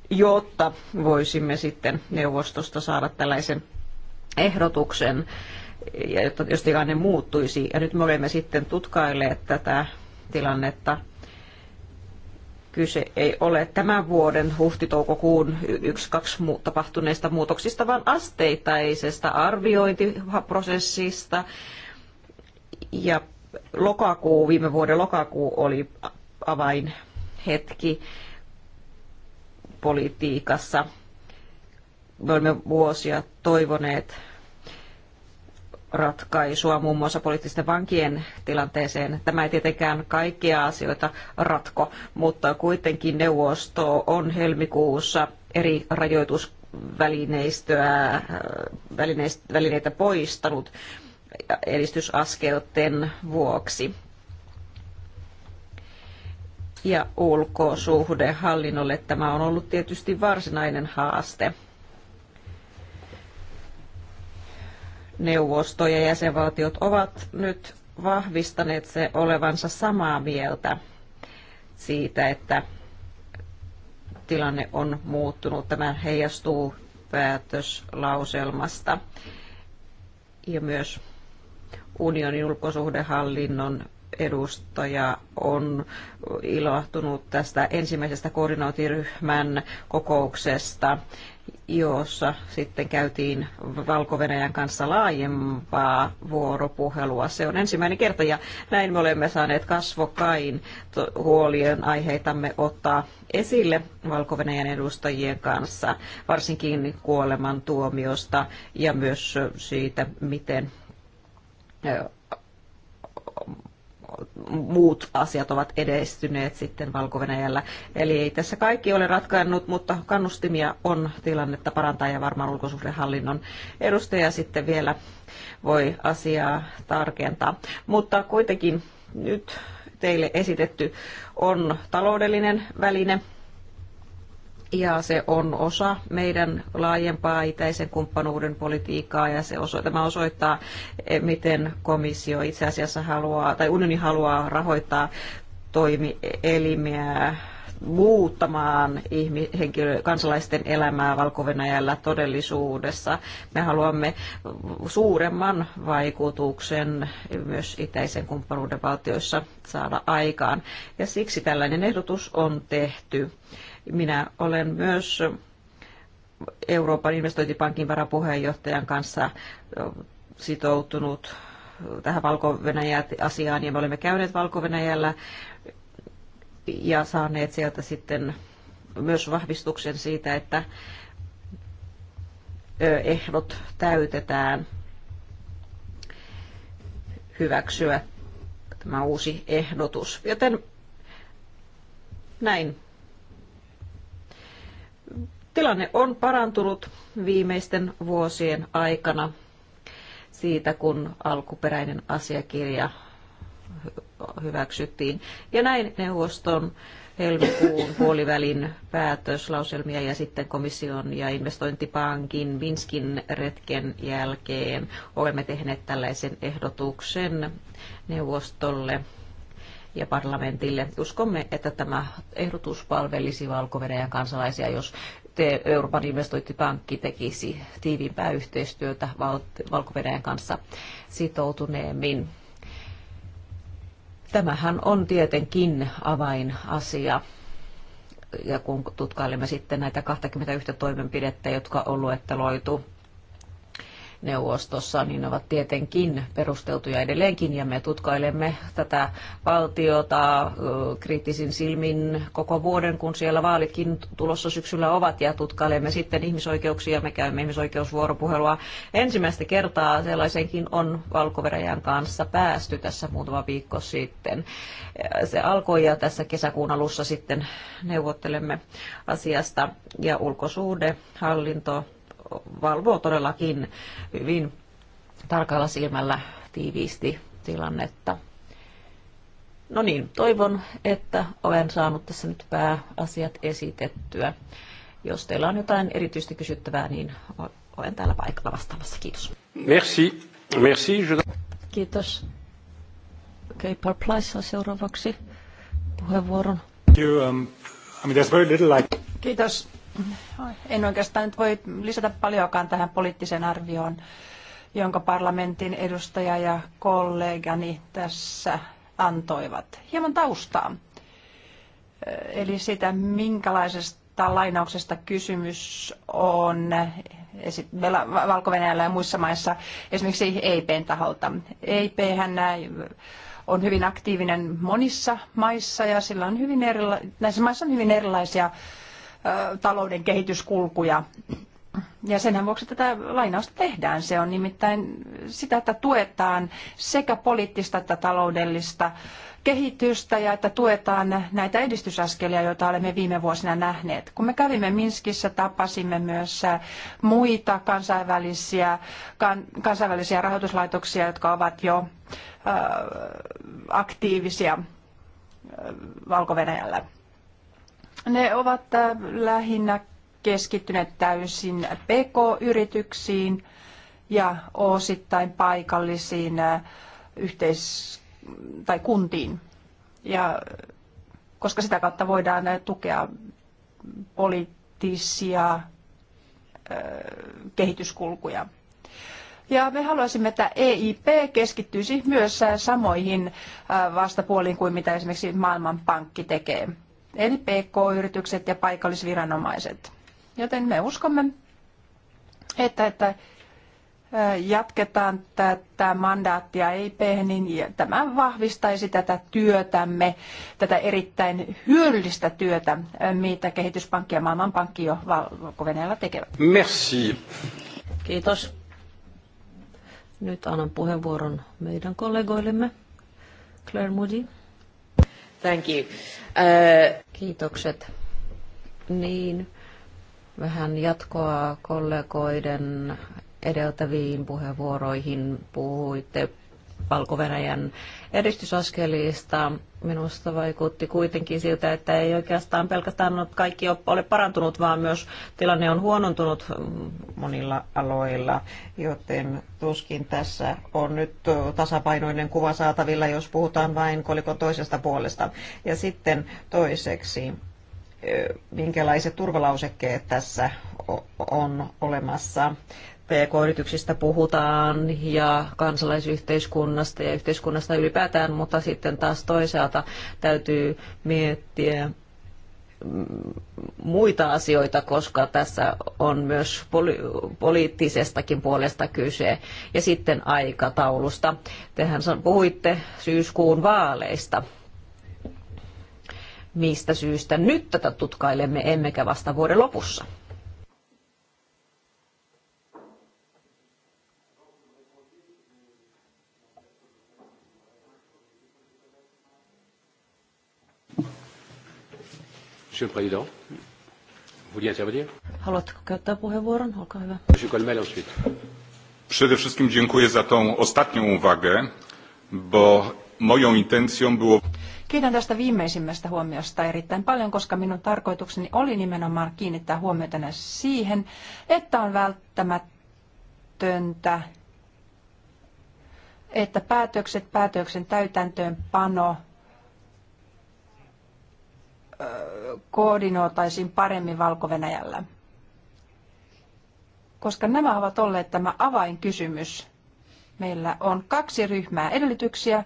jotta voisimme sitten neuvostosta saada tällaisen ehdotuksen, jotta jos tilanne muuttuisi. Ja nyt me olemme sitten tutkailleet tätä tilannetta kyse ei ole tämän vuoden huhti-toukokuun yksi kaksi tapahtuneista muutoksista, vaan asteittaisesta arviointiprosessista. Ja lokakuu, viime vuoden lokakuu oli avainhetki politiikassa me olemme vuosia toivoneet ratkaisua muun muassa poliittisten vankien tilanteeseen. Tämä ei tietenkään kaikkia asioita ratko, mutta kuitenkin neuvosto on helmikuussa eri rajoitusvälineistöä, välineitä poistanut edistysaskelten vuoksi. Ja ulkosuhdehallinnolle tämä on ollut tietysti varsinainen haaste neuvosto ja jäsenvaltiot ovat nyt vahvistaneet se olevansa samaa mieltä siitä, että tilanne on muuttunut. Tämä heijastuu päätöslauselmasta ja myös unionin ulkosuhdehallinnon edustaja on ilahtunut tästä ensimmäisestä koordinaatiryhmän kokouksesta jossa sitten käytiin valko kanssa laajempaa vuoropuhelua. Se on ensimmäinen kerta ja näin me olemme saaneet kasvokkain huolien aiheitamme ottaa esille valko edustajien kanssa, varsinkin kuolemantuomiosta ja myös siitä, miten muut asiat ovat edestyneet sitten valko -Venäjällä. Eli ei tässä kaikki ole ratkaannut, mutta kannustimia on tilannetta parantaa ja varmaan ulkosuhdehallinnon edustaja sitten vielä voi asiaa tarkentaa. Mutta kuitenkin nyt teille esitetty on taloudellinen väline, ja se on osa meidän laajempaa itäisen kumppanuuden politiikkaa ja se oso, tämä osoittaa, e, miten komissio itse asiassa haluaa, tai unioni haluaa rahoittaa toimielimiä muuttamaan ihmi- henkilö- kansalaisten elämää valko todellisuudessa. Me haluamme suuremman vaikutuksen myös itäisen kumppanuuden valtioissa saada aikaan. Ja siksi tällainen ehdotus on tehty. Minä olen myös Euroopan investointipankin varapuheenjohtajan kanssa sitoutunut tähän valko asiaan ja me olemme käyneet valko ja saaneet sieltä sitten myös vahvistuksen siitä, että ehdot täytetään hyväksyä tämä uusi ehdotus. Joten näin Tilanne on parantunut viimeisten vuosien aikana siitä, kun alkuperäinen asiakirja hyväksyttiin. Ja näin neuvoston helmikuun puolivälin päätöslauselmia ja sitten komission ja investointipankin Minskin retken jälkeen olemme tehneet tällaisen ehdotuksen neuvostolle ja parlamentille. Uskomme, että tämä ehdotus palvelisi valko kansalaisia, jos Euroopan investointipankki tekisi tiiviimpää yhteistyötä valko kanssa sitoutuneemmin. Tämähän on tietenkin avainasia ja kun tutkailemme sitten näitä 21 toimenpidettä, jotka on luetteloitu neuvostossa, niin ovat tietenkin perusteltuja edelleenkin ja me tutkailemme tätä valtiota kriittisin silmin koko vuoden, kun siellä vaalitkin tulossa syksyllä ovat ja tutkailemme sitten ihmisoikeuksia, me käymme ihmisoikeusvuoropuhelua. Ensimmäistä kertaa sellaisenkin on valko kanssa päästy tässä muutama viikko sitten. Se alkoi ja tässä kesäkuun alussa sitten neuvottelemme asiasta ja ulkosuhdehallinto valvoo todellakin hyvin tarkalla silmällä tiiviisti tilannetta. No niin, toivon, että olen saanut tässä nyt pääasiat esitettyä. Jos teillä on jotain erityisesti kysyttävää, niin olen täällä paikalla vastaamassa. Kiitos. Merci. Merci. Je... Kiitos. Okay, Parplais saa seuraavaksi puheenvuoron. You, um, I mean, very like... Kiitos en oikeastaan nyt voi lisätä paljonkaan tähän poliittiseen arvioon, jonka parlamentin edustaja ja kollegani tässä antoivat. Hieman taustaa, eli sitä, minkälaisesta lainauksesta kysymys on valko ja muissa maissa, esimerkiksi EIPn taholta. EIP on hyvin aktiivinen monissa maissa ja sillä on hyvin erila- näissä maissa on hyvin erilaisia talouden kehityskulkuja. Ja senhän vuoksi tätä lainausta tehdään. Se on nimittäin sitä, että tuetaan sekä poliittista että taloudellista kehitystä ja että tuetaan näitä edistysaskelia, joita olemme viime vuosina nähneet. Kun me kävimme Minskissä, tapasimme myös muita kansainvälisiä, kansainvälisiä rahoituslaitoksia, jotka ovat jo aktiivisia Valko-Venäjällä. Ne ovat äh, lähinnä keskittyneet täysin PK-yrityksiin ja osittain paikallisiin äh, yhteis- tai kuntiin. Ja koska sitä kautta voidaan äh, tukea poliittisia kehityskulkuja. Ja me haluaisimme, että EIP keskittyisi myös samoihin vastapuoliin kuin mitä esimerkiksi Maailmanpankki tekee eli PK-yritykset ja paikallisviranomaiset. Joten me uskomme, että, että jatketaan tätä mandaattia EIP, niin tämä vahvistaisi tätä työtämme, tätä erittäin hyödyllistä työtä, mitä kehityspankki ja maailmanpankki jo valko tekevät. Merci. Kiitos. Nyt annan puheenvuoron meidän kollegoillemme. Claire Moody. Thank you. Uh... Kiitokset. Niin, vähän jatkoa kollegoiden edeltäviin puheenvuoroihin. Puhuitte valko edistysaskelista. Minusta vaikutti kuitenkin siltä, että ei oikeastaan pelkästään kaikki ole parantunut, vaan myös tilanne on huonontunut monilla aloilla, joten tuskin tässä on nyt tasapainoinen kuva saatavilla, jos puhutaan vain kolikon toisesta puolesta. Ja sitten toiseksi eh, minkälaiset turvalausekkeet tässä on olemassa. PK-yrityksistä puhutaan ja kansalaisyhteiskunnasta ja yhteiskunnasta ylipäätään, mutta sitten taas toisaalta täytyy miettiä mm, muita asioita, koska tässä on myös poli- poliittisestakin puolesta kyse. Ja sitten aikataulusta. Tehän puhuitte syyskuun vaaleista. Mistä syystä nyt tätä tutkailemme, emmekä vasta vuoden lopussa? Monsieur le Président, vous intervenir? käyttää Monsieur Colmel ensuite. Przede wszystkim dziękuję za tą ostatnią uwagę, bo moją intencją było... Kiitän tästä viimeisimmästä huomiosta erittäin paljon, koska minun tarkoitukseni oli nimenomaan kiinnittää huomiota siihen, että on välttämätöntä, että päätökset, päätöksen täytäntöönpano koordinoitaisiin paremmin valko -Venäjällä. Koska nämä ovat olleet tämä avainkysymys. Meillä on kaksi ryhmää edellytyksiä.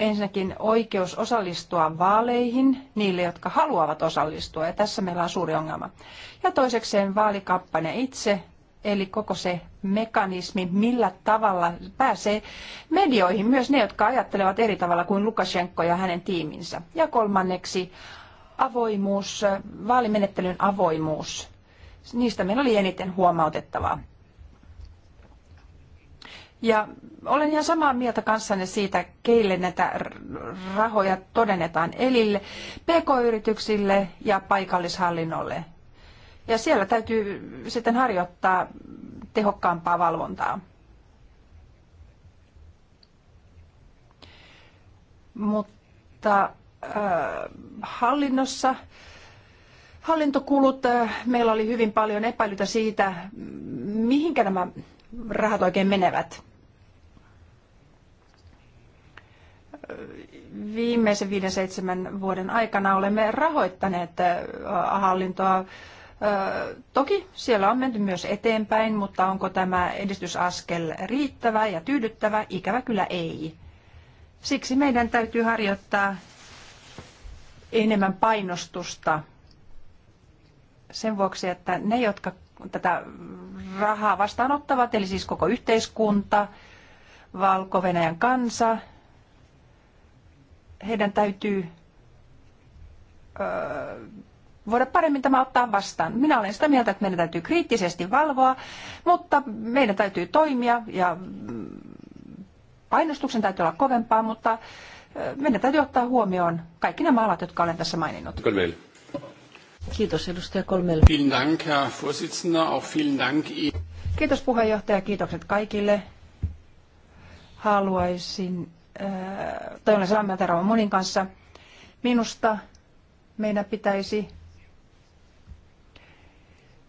Ensinnäkin oikeus osallistua vaaleihin niille, jotka haluavat osallistua, ja tässä meillä on suuri ongelma. Ja toisekseen vaalikampanja itse, eli koko se mekanismi, millä tavalla pääsee medioihin myös ne, jotka ajattelevat eri tavalla kuin Lukashenko ja hänen tiiminsä. Ja kolmanneksi avoimuus, vaalimenettelyn avoimuus. Niistä meillä oli eniten huomautettavaa. Ja olen ihan samaa mieltä kanssanne siitä, keille näitä rahoja todennetaan elille, pk-yrityksille ja paikallishallinnolle. Ja siellä täytyy sitten harjoittaa tehokkaampaa valvontaa. Mutta äh, hallinnossa hallintokulut, äh, meillä oli hyvin paljon epäilytä siitä, mihinkä nämä rahat oikein menevät. Viimeisen 5-7 vuoden aikana olemme rahoittaneet äh, hallintoa Toki siellä on menty myös eteenpäin, mutta onko tämä edistysaskel riittävä ja tyydyttävä? Ikävä kyllä ei. Siksi meidän täytyy harjoittaa enemmän painostusta sen vuoksi, että ne, jotka tätä rahaa vastaanottavat, eli siis koko yhteiskunta, Valko-Venäjän kansa, heidän täytyy öö, voida paremmin tämä ottaa vastaan. Minä olen sitä mieltä, että meidän täytyy kriittisesti valvoa, mutta meidän täytyy toimia ja mm, painostuksen täytyy olla kovempaa, mutta meidän täytyy ottaa huomioon kaikki nämä alat, jotka olen tässä maininnut. Kiitos edustaja Kolmelle. Vielen Kiitos puheenjohtaja, kiitokset kaikille. Haluaisin, äh, tai olen samaa mieltä Monin kanssa, minusta meidän pitäisi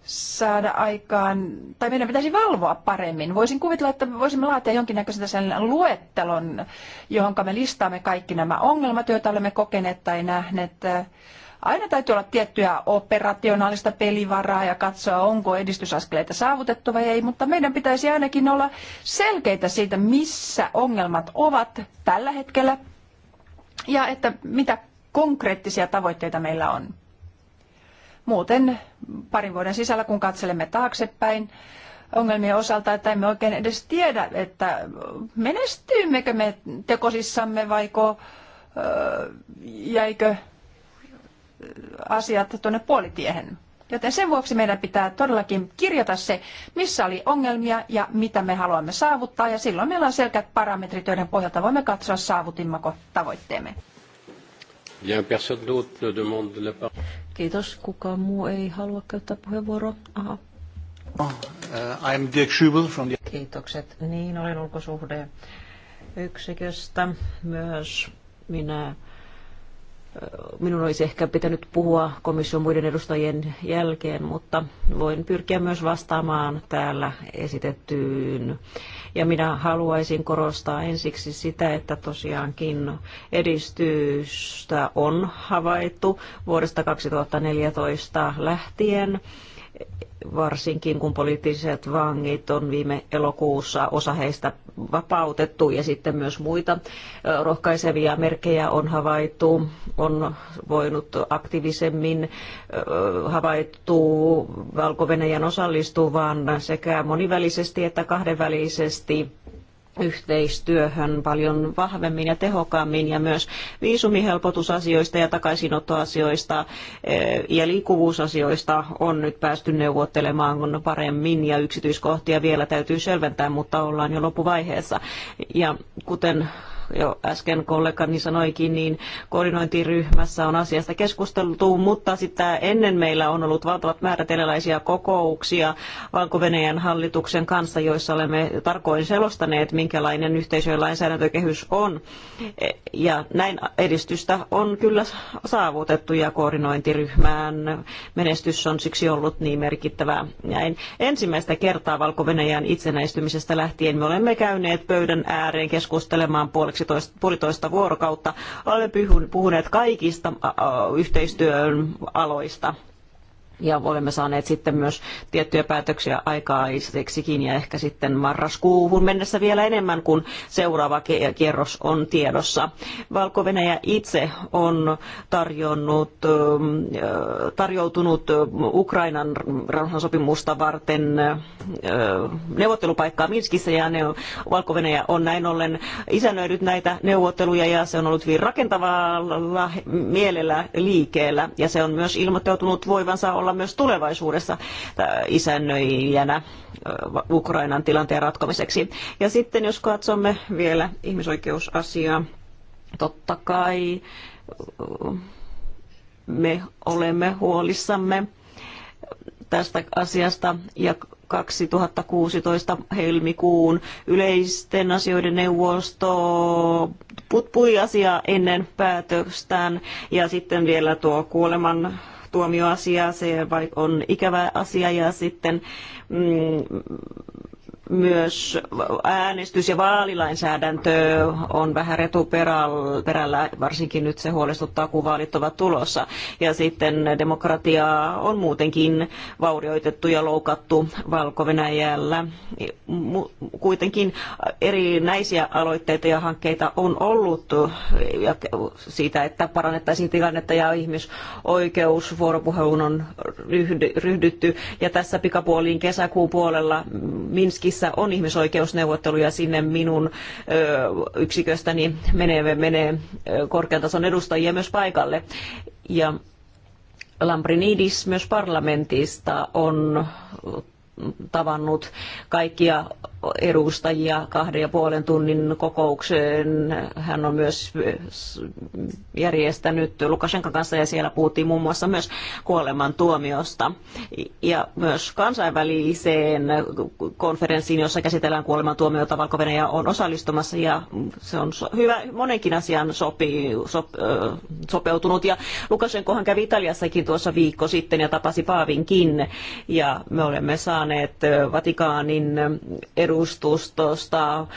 saada aikaan, tai meidän pitäisi valvoa paremmin. Voisin kuvitella, että voisimme laatia jonkinnäköisen sellainen luettelon, johon me listaamme kaikki nämä ongelmat, joita olemme kokeneet tai nähneet. Aina täytyy olla tiettyä operationaalista pelivaraa ja katsoa, onko edistysaskeleita saavutettu vai ei, mutta meidän pitäisi ainakin olla selkeitä siitä, missä ongelmat ovat tällä hetkellä ja että mitä konkreettisia tavoitteita meillä on muuten parin vuoden sisällä, kun katselemme taaksepäin ongelmien osalta, että emme oikein edes tiedä, että menestyimmekö me tekosissamme vaiko jäikö asiat tuonne puolitiehen. Joten sen vuoksi meidän pitää todellakin kirjata se, missä oli ongelmia ja mitä me haluamme saavuttaa. Ja silloin meillä on selkeät parametrit, joiden pohjalta voimme katsoa saavutimmako tavoitteemme. Bien, personne d'autre demande la parole. Kiitos. Kukaan muu ei halua käyttää puheenvuoroa. Aha. Oh, uh, I'm Dirk Schubel from the... Kiitokset. Niin, olen ulkosuhde yksiköstä myös minä minun olisi ehkä pitänyt puhua komission muiden edustajien jälkeen, mutta voin pyrkiä myös vastaamaan täällä esitettyyn. Ja minä haluaisin korostaa ensiksi sitä, että tosiaankin edistystä on havaittu vuodesta 2014 lähtien varsinkin kun poliittiset vangit on viime elokuussa osa heistä vapautettu ja sitten myös muita rohkaisevia merkkejä on havaittu, on voinut aktiivisemmin havaittu valko osallistuvan sekä monivälisesti että kahdenvälisesti yhteistyöhön paljon vahvemmin ja tehokkaammin ja myös viisumihelpotusasioista ja takaisinottoasioista eh, ja liikkuvuusasioista on nyt päästy neuvottelemaan paremmin ja yksityiskohtia vielä täytyy selventää, mutta ollaan jo loppuvaiheessa. Ja kuten jo äsken kollegani sanoikin, niin koordinointiryhmässä on asiasta keskusteltu, mutta sitä ennen meillä on ollut valtavat määrät erilaisia kokouksia valko hallituksen kanssa, joissa olemme tarkoin selostaneet, minkälainen yhteisöjen lainsäädäntökehys on. Ja näin edistystä on kyllä saavutettu ja koordinointiryhmään menestys on siksi ollut niin merkittävää. Näin ensimmäistä kertaa valko itsenäistymisestä lähtien me olemme käyneet pöydän ääreen keskustelemaan puolet puolitoista vuorokautta. Olemme puhuneet kaikista yhteistyön aloista ja olemme saaneet sitten myös tiettyjä päätöksiä aikaiseksikin ja ehkä sitten marraskuuhun mennessä vielä enemmän, kun seuraava kierros on tiedossa. valko itse on tarjonnut, ähm, äh, tarjoutunut äh, Ukrainan rauhansopimusta varten äh, neuvottelupaikkaa Minskissä ja ne, valko on näin ollen isännöidyt näitä neuvotteluja ja se on ollut hyvin rakentavalla mielellä liikkeellä ja se on myös ilmoittautunut voivansa olla olla myös tulevaisuudessa isännöijänä Ukrainan tilanteen ratkomiseksi. Ja sitten jos katsomme vielä ihmisoikeusasiaa, totta kai me olemme huolissamme tästä asiasta ja 2016 helmikuun yleisten asioiden neuvosto putpui asiaa ennen päätöstään ja sitten vielä tuo kuoleman rikostuomioasiaa. Se on ikävä asia ja sitten mm, myös äänestys- ja vaalilainsäädäntö on vähän retuperällä, varsinkin nyt se huolestuttaa, kun vaalit ovat tulossa. Ja sitten demokratiaa on muutenkin vaurioitettu ja loukattu valko -Venäjällä. Kuitenkin erinäisiä aloitteita ja hankkeita on ollut ja siitä, että parannettaisiin tilannetta ja vuoropuheluun on ryhdytty. Ja tässä pikapuoliin kesäkuun puolella Minskissä missä on ihmisoikeusneuvotteluja sinne minun yksiköstäni menee, menee korkean tason edustajia myös paikalle. Ja Lambrinidis myös parlamentista on tavannut kaikkia edustajia kahden ja puolen tunnin kokoukseen. Hän on myös järjestänyt Lukashenkan kanssa ja siellä puhuttiin muun muassa myös kuolemantuomiosta ja myös kansainväliseen konferenssiin, jossa käsitellään kuolemantuomiota valko on osallistumassa ja se on hyvä, monenkin asian sopi, sop, sopeutunut ja Lukashenkohan kävi Italiassakin tuossa viikko sitten ja tapasi Paavinkin ja me olemme saaneet saaneet Vatikaanin edustustosta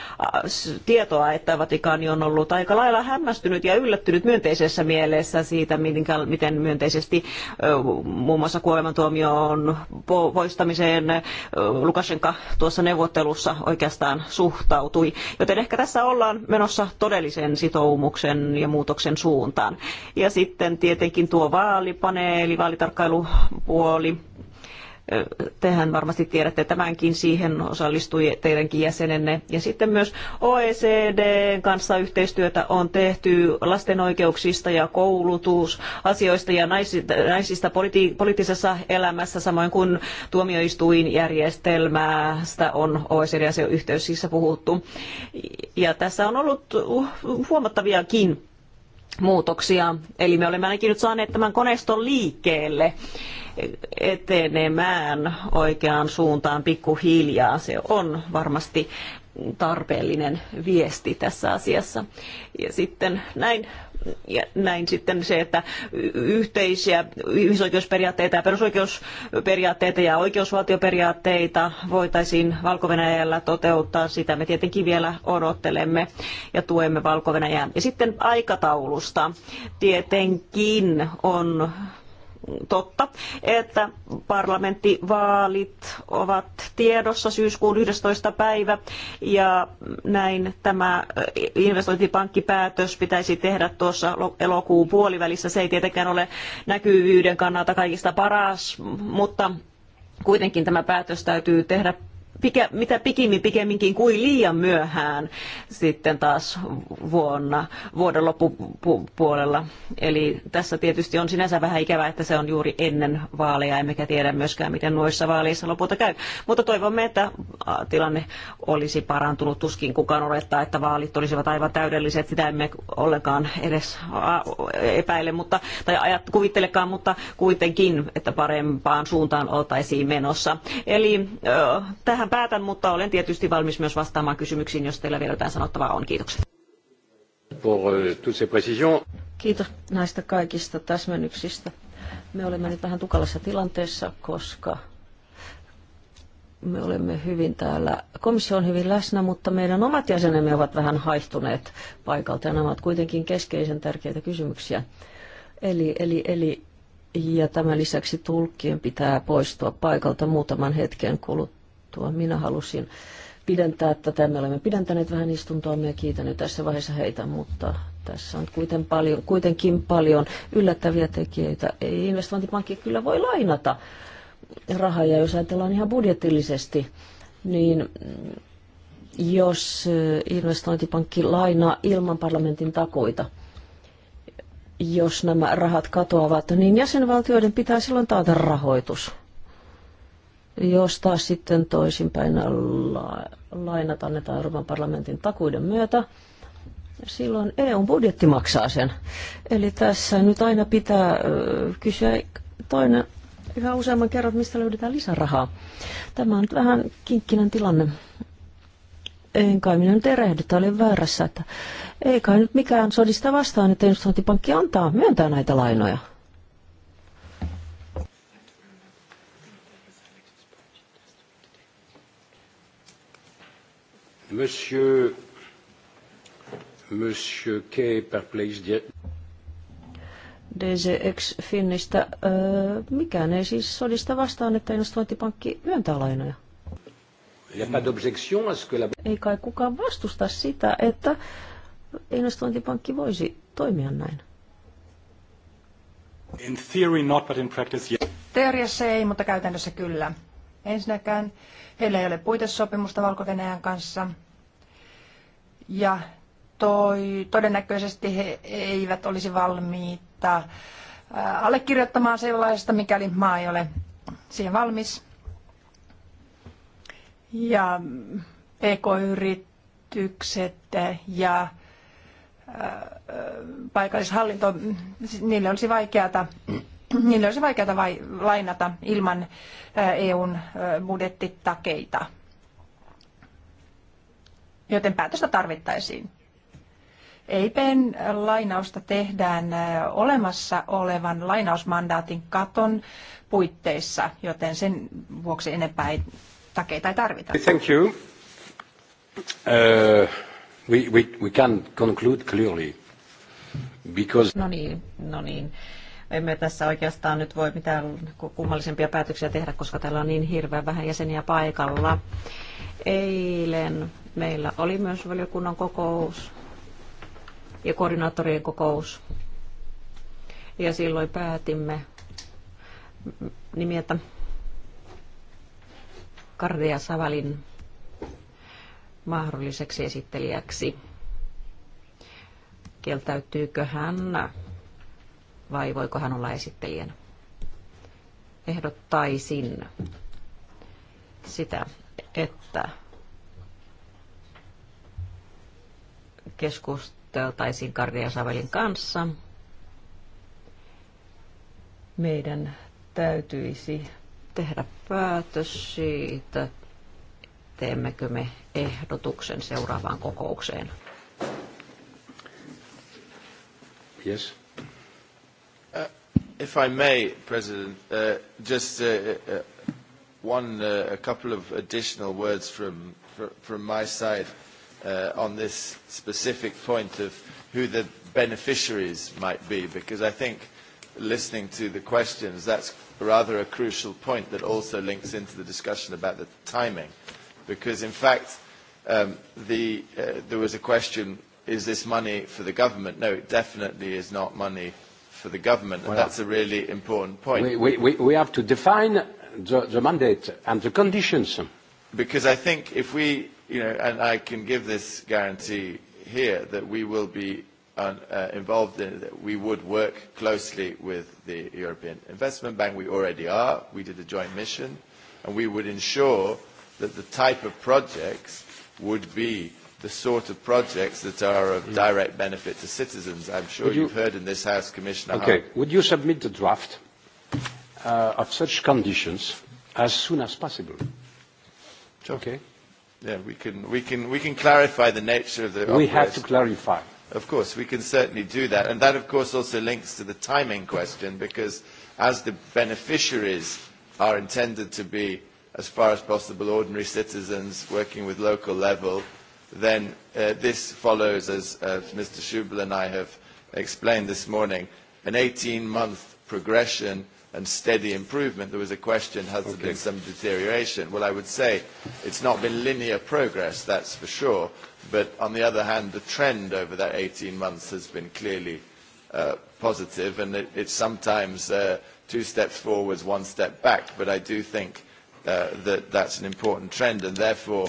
tietoa, että Vatikaani on ollut aika lailla hämmästynyt ja yllättynyt myönteisessä mielessä siitä, miten myönteisesti muun muassa kuolemantuomion poistamiseen Lukashenka tuossa neuvottelussa oikeastaan suhtautui. Joten ehkä tässä ollaan menossa todellisen sitoumuksen ja muutoksen suuntaan. Ja sitten tietenkin tuo vaalipaneeli, vaalitarkkailupuoli, Tehän varmasti tiedätte tämänkin, siihen osallistui teidänkin jäsenenne. Ja sitten myös OECD kanssa yhteistyötä on tehty lasten oikeuksista ja koulutusasioista ja naisista politi- poliittisessa elämässä, samoin kuin tuomioistuinjärjestelmästä on OECD-yhteyksissä puhuttu. Ja tässä on ollut huomattaviakin muutoksia. Eli me olemme ainakin nyt saaneet tämän koneiston liikkeelle etenemään oikeaan suuntaan pikkuhiljaa. Se on varmasti tarpeellinen viesti tässä asiassa. Ja sitten näin ja näin sitten se, että yhteisiä ihmisoikeusperiaatteita ja perusoikeusperiaatteita ja oikeusvaltioperiaatteita voitaisiin valko toteuttaa, sitä me tietenkin vielä odottelemme ja tuemme valko -Venäjää. Ja sitten aikataulusta tietenkin on totta, että parlamenttivaalit ovat tiedossa syyskuun 11. päivä ja näin tämä eh, investointipankkipäätös pitäisi tehdä tuossa elokuun puolivälissä. Se ei tietenkään ole näkyvyyden kannalta kaikista paras, mutta kuitenkin tämä päätös täytyy tehdä pikä, mitä pikimmin pikemminkin kuin liian myöhään sitten taas vuonna, vuoden loppupuolella. Eli tässä tietysti on sinänsä vähän ikävää, että se on juuri ennen vaaleja, emmekä tiedä myöskään, miten noissa vaaleissa lopulta käy. Mutta toivomme, että tilanne olisi parantunut. Tuskin kukaan olettaa, että vaalit olisivat aivan täydelliset. Sitä emme ollenkaan edes epäile mutta, tai ajat, kuvittelekaan, mutta kuitenkin, että parempaan suuntaan oltaisiin menossa. Eli tähän tähän päätän, mutta olen tietysti valmis myös vastaamaan kysymyksiin, jos teillä vielä jotain sanottavaa on. Kiitokset. Euh, Kiitos näistä kaikista täsmennyksistä. Me olemme nyt vähän tukalassa tilanteessa, koska me olemme hyvin täällä. Komissio on hyvin läsnä, mutta meidän omat jäsenemme ovat vähän haihtuneet paikalta ja nämä ovat kuitenkin keskeisen tärkeitä kysymyksiä. Eli, eli, eli ja tämän lisäksi tulkkien pitää poistua paikalta muutaman hetken kuluttua Tuo Minä halusin pidentää tätä. Me olemme pidentäneet vähän istuntoa ja kiitän tässä vaiheessa heitä, mutta tässä on kuiten paljon, kuitenkin paljon yllättäviä tekijöitä. Ei investointipankki kyllä voi lainata rahaa ja jos ajatellaan ihan budjetillisesti, niin jos eh, investointipankki lainaa ilman parlamentin takuita, jos nämä rahat katoavat, niin jäsenvaltioiden pitää silloin taata rahoitus jos taas sitten toisinpäin lainat annetaan Euroopan parlamentin takuiden myötä, silloin eu budjetti maksaa sen. Eli tässä nyt aina pitää kysyä toinen yhä useamman kerran, mistä löydetään lisärahaa. Tämä on nyt vähän kinkkinen tilanne. En kai minä nyt erehdy, tämä oli väärässä, että ei kai nyt mikään sodista vastaan, että investointipankki antaa, myöntää näitä lainoja. Monsieur, Monsieur Kay, perplex, Finnistä. Öö, mikään ei siis sodista vastaan, että investointipankki myöntää lainoja. Ei kai kukaan vastusta sitä, että investointipankki voisi toimia näin. In theory not, but in practice yes. Teoriassa ei, mutta käytännössä kyllä. Ensinnäkään Heillä ei ole puitesopimusta valko kanssa. Ja toi, todennäköisesti he eivät olisi valmiita allekirjoittamaan sellaista, mikäli maa ei ole siihen valmis. Ja PK-yritykset ja paikallishallinto, siis niille olisi vaikeata niille olisi vaikeaa vai, lainata ilman EUn budjettitakeita. Joten päätöstä tarvittaisiin. EIPn lainausta tehdään olemassa olevan lainausmandaatin katon puitteissa, joten sen vuoksi enempää ei, takeita ei tarvita. Thank you. Uh, we, we, we can conclude clearly. Because... No niin, no niin emme tässä oikeastaan nyt voi mitään kummallisempia päätöksiä tehdä, koska täällä on niin hirveän vähän jäseniä paikalla. Eilen meillä oli myös valiokunnan kokous ja koordinaattorien kokous. Ja silloin päätimme nimetä Kardia Savalin mahdolliseksi esittelijäksi. Kieltäytyykö hän vai voiko hän olla esittelijänä? Ehdottaisin sitä, että keskusteltaisiin Karja Savelin kanssa. Meidän täytyisi tehdä päätös siitä, teemmekö me ehdotuksen seuraavaan kokoukseen. Yes. If I may, President, uh, just uh, uh, uh, one, uh, a couple of additional words from, from my side uh, on this specific point of who the beneficiaries might be, because I think listening to the questions, that's rather a crucial point that also links into the discussion about the timing. Because in fact, um, the, uh, there was a question, is this money for the government? No, it definitely is not money for the government, and well, that's a really important point. We, we, we, we have to define the, the mandate and the conditions. Because I think if we, you know, and I can give this guarantee here that we will be un, uh, uh, involved in that we would work closely with the European Investment Bank. We already are. We did a joint mission, and we would ensure that the type of projects would be the sort of projects that are of direct benefit to citizens. I'm sure Would you, you've heard in this House, Commissioner. Okay. Hart. Would you submit the draft uh, of such conditions as soon as possible? Sure. Okay. Yeah, we can, we, can, we can clarify the nature of the. We operation. have to clarify. Of course, we can certainly do that. And that, of course, also links to the timing question, because as the beneficiaries are intended to be, as far as possible, ordinary citizens working with local level, then uh, this follows, as uh, Mr. Schubel and I have explained this morning, an 18-month progression and steady improvement. There was a question, has okay. there been some deterioration? Well, I would say it's not been linear progress, that's for sure. But on the other hand, the trend over that 18 months has been clearly uh, positive, and it, it's sometimes uh, two steps forwards, one step back. But I do think uh, that that's an important trend, and therefore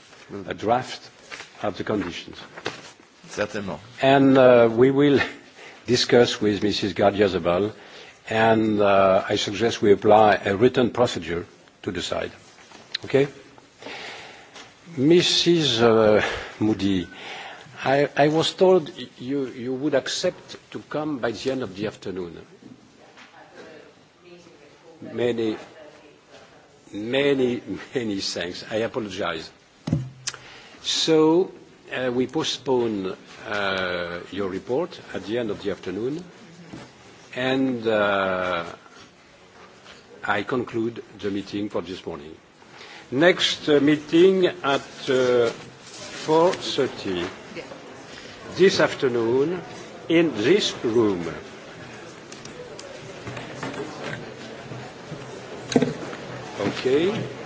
a draft of the conditions. Certainly. And uh, we will (laughs) discuss with Mrs. Gardiazabal, and uh, I suggest we apply a written procedure to decide. Okay? Mrs. Uh, Moody, I, I was told you, you would accept to come by the end of the afternoon. Many, many, (laughs) many thanks. I apologize. So uh, we postpone uh, your report at the end of the afternoon, and uh, I conclude the meeting for this morning. Next uh, meeting at uh, 4.30 this afternoon in this room. Okay.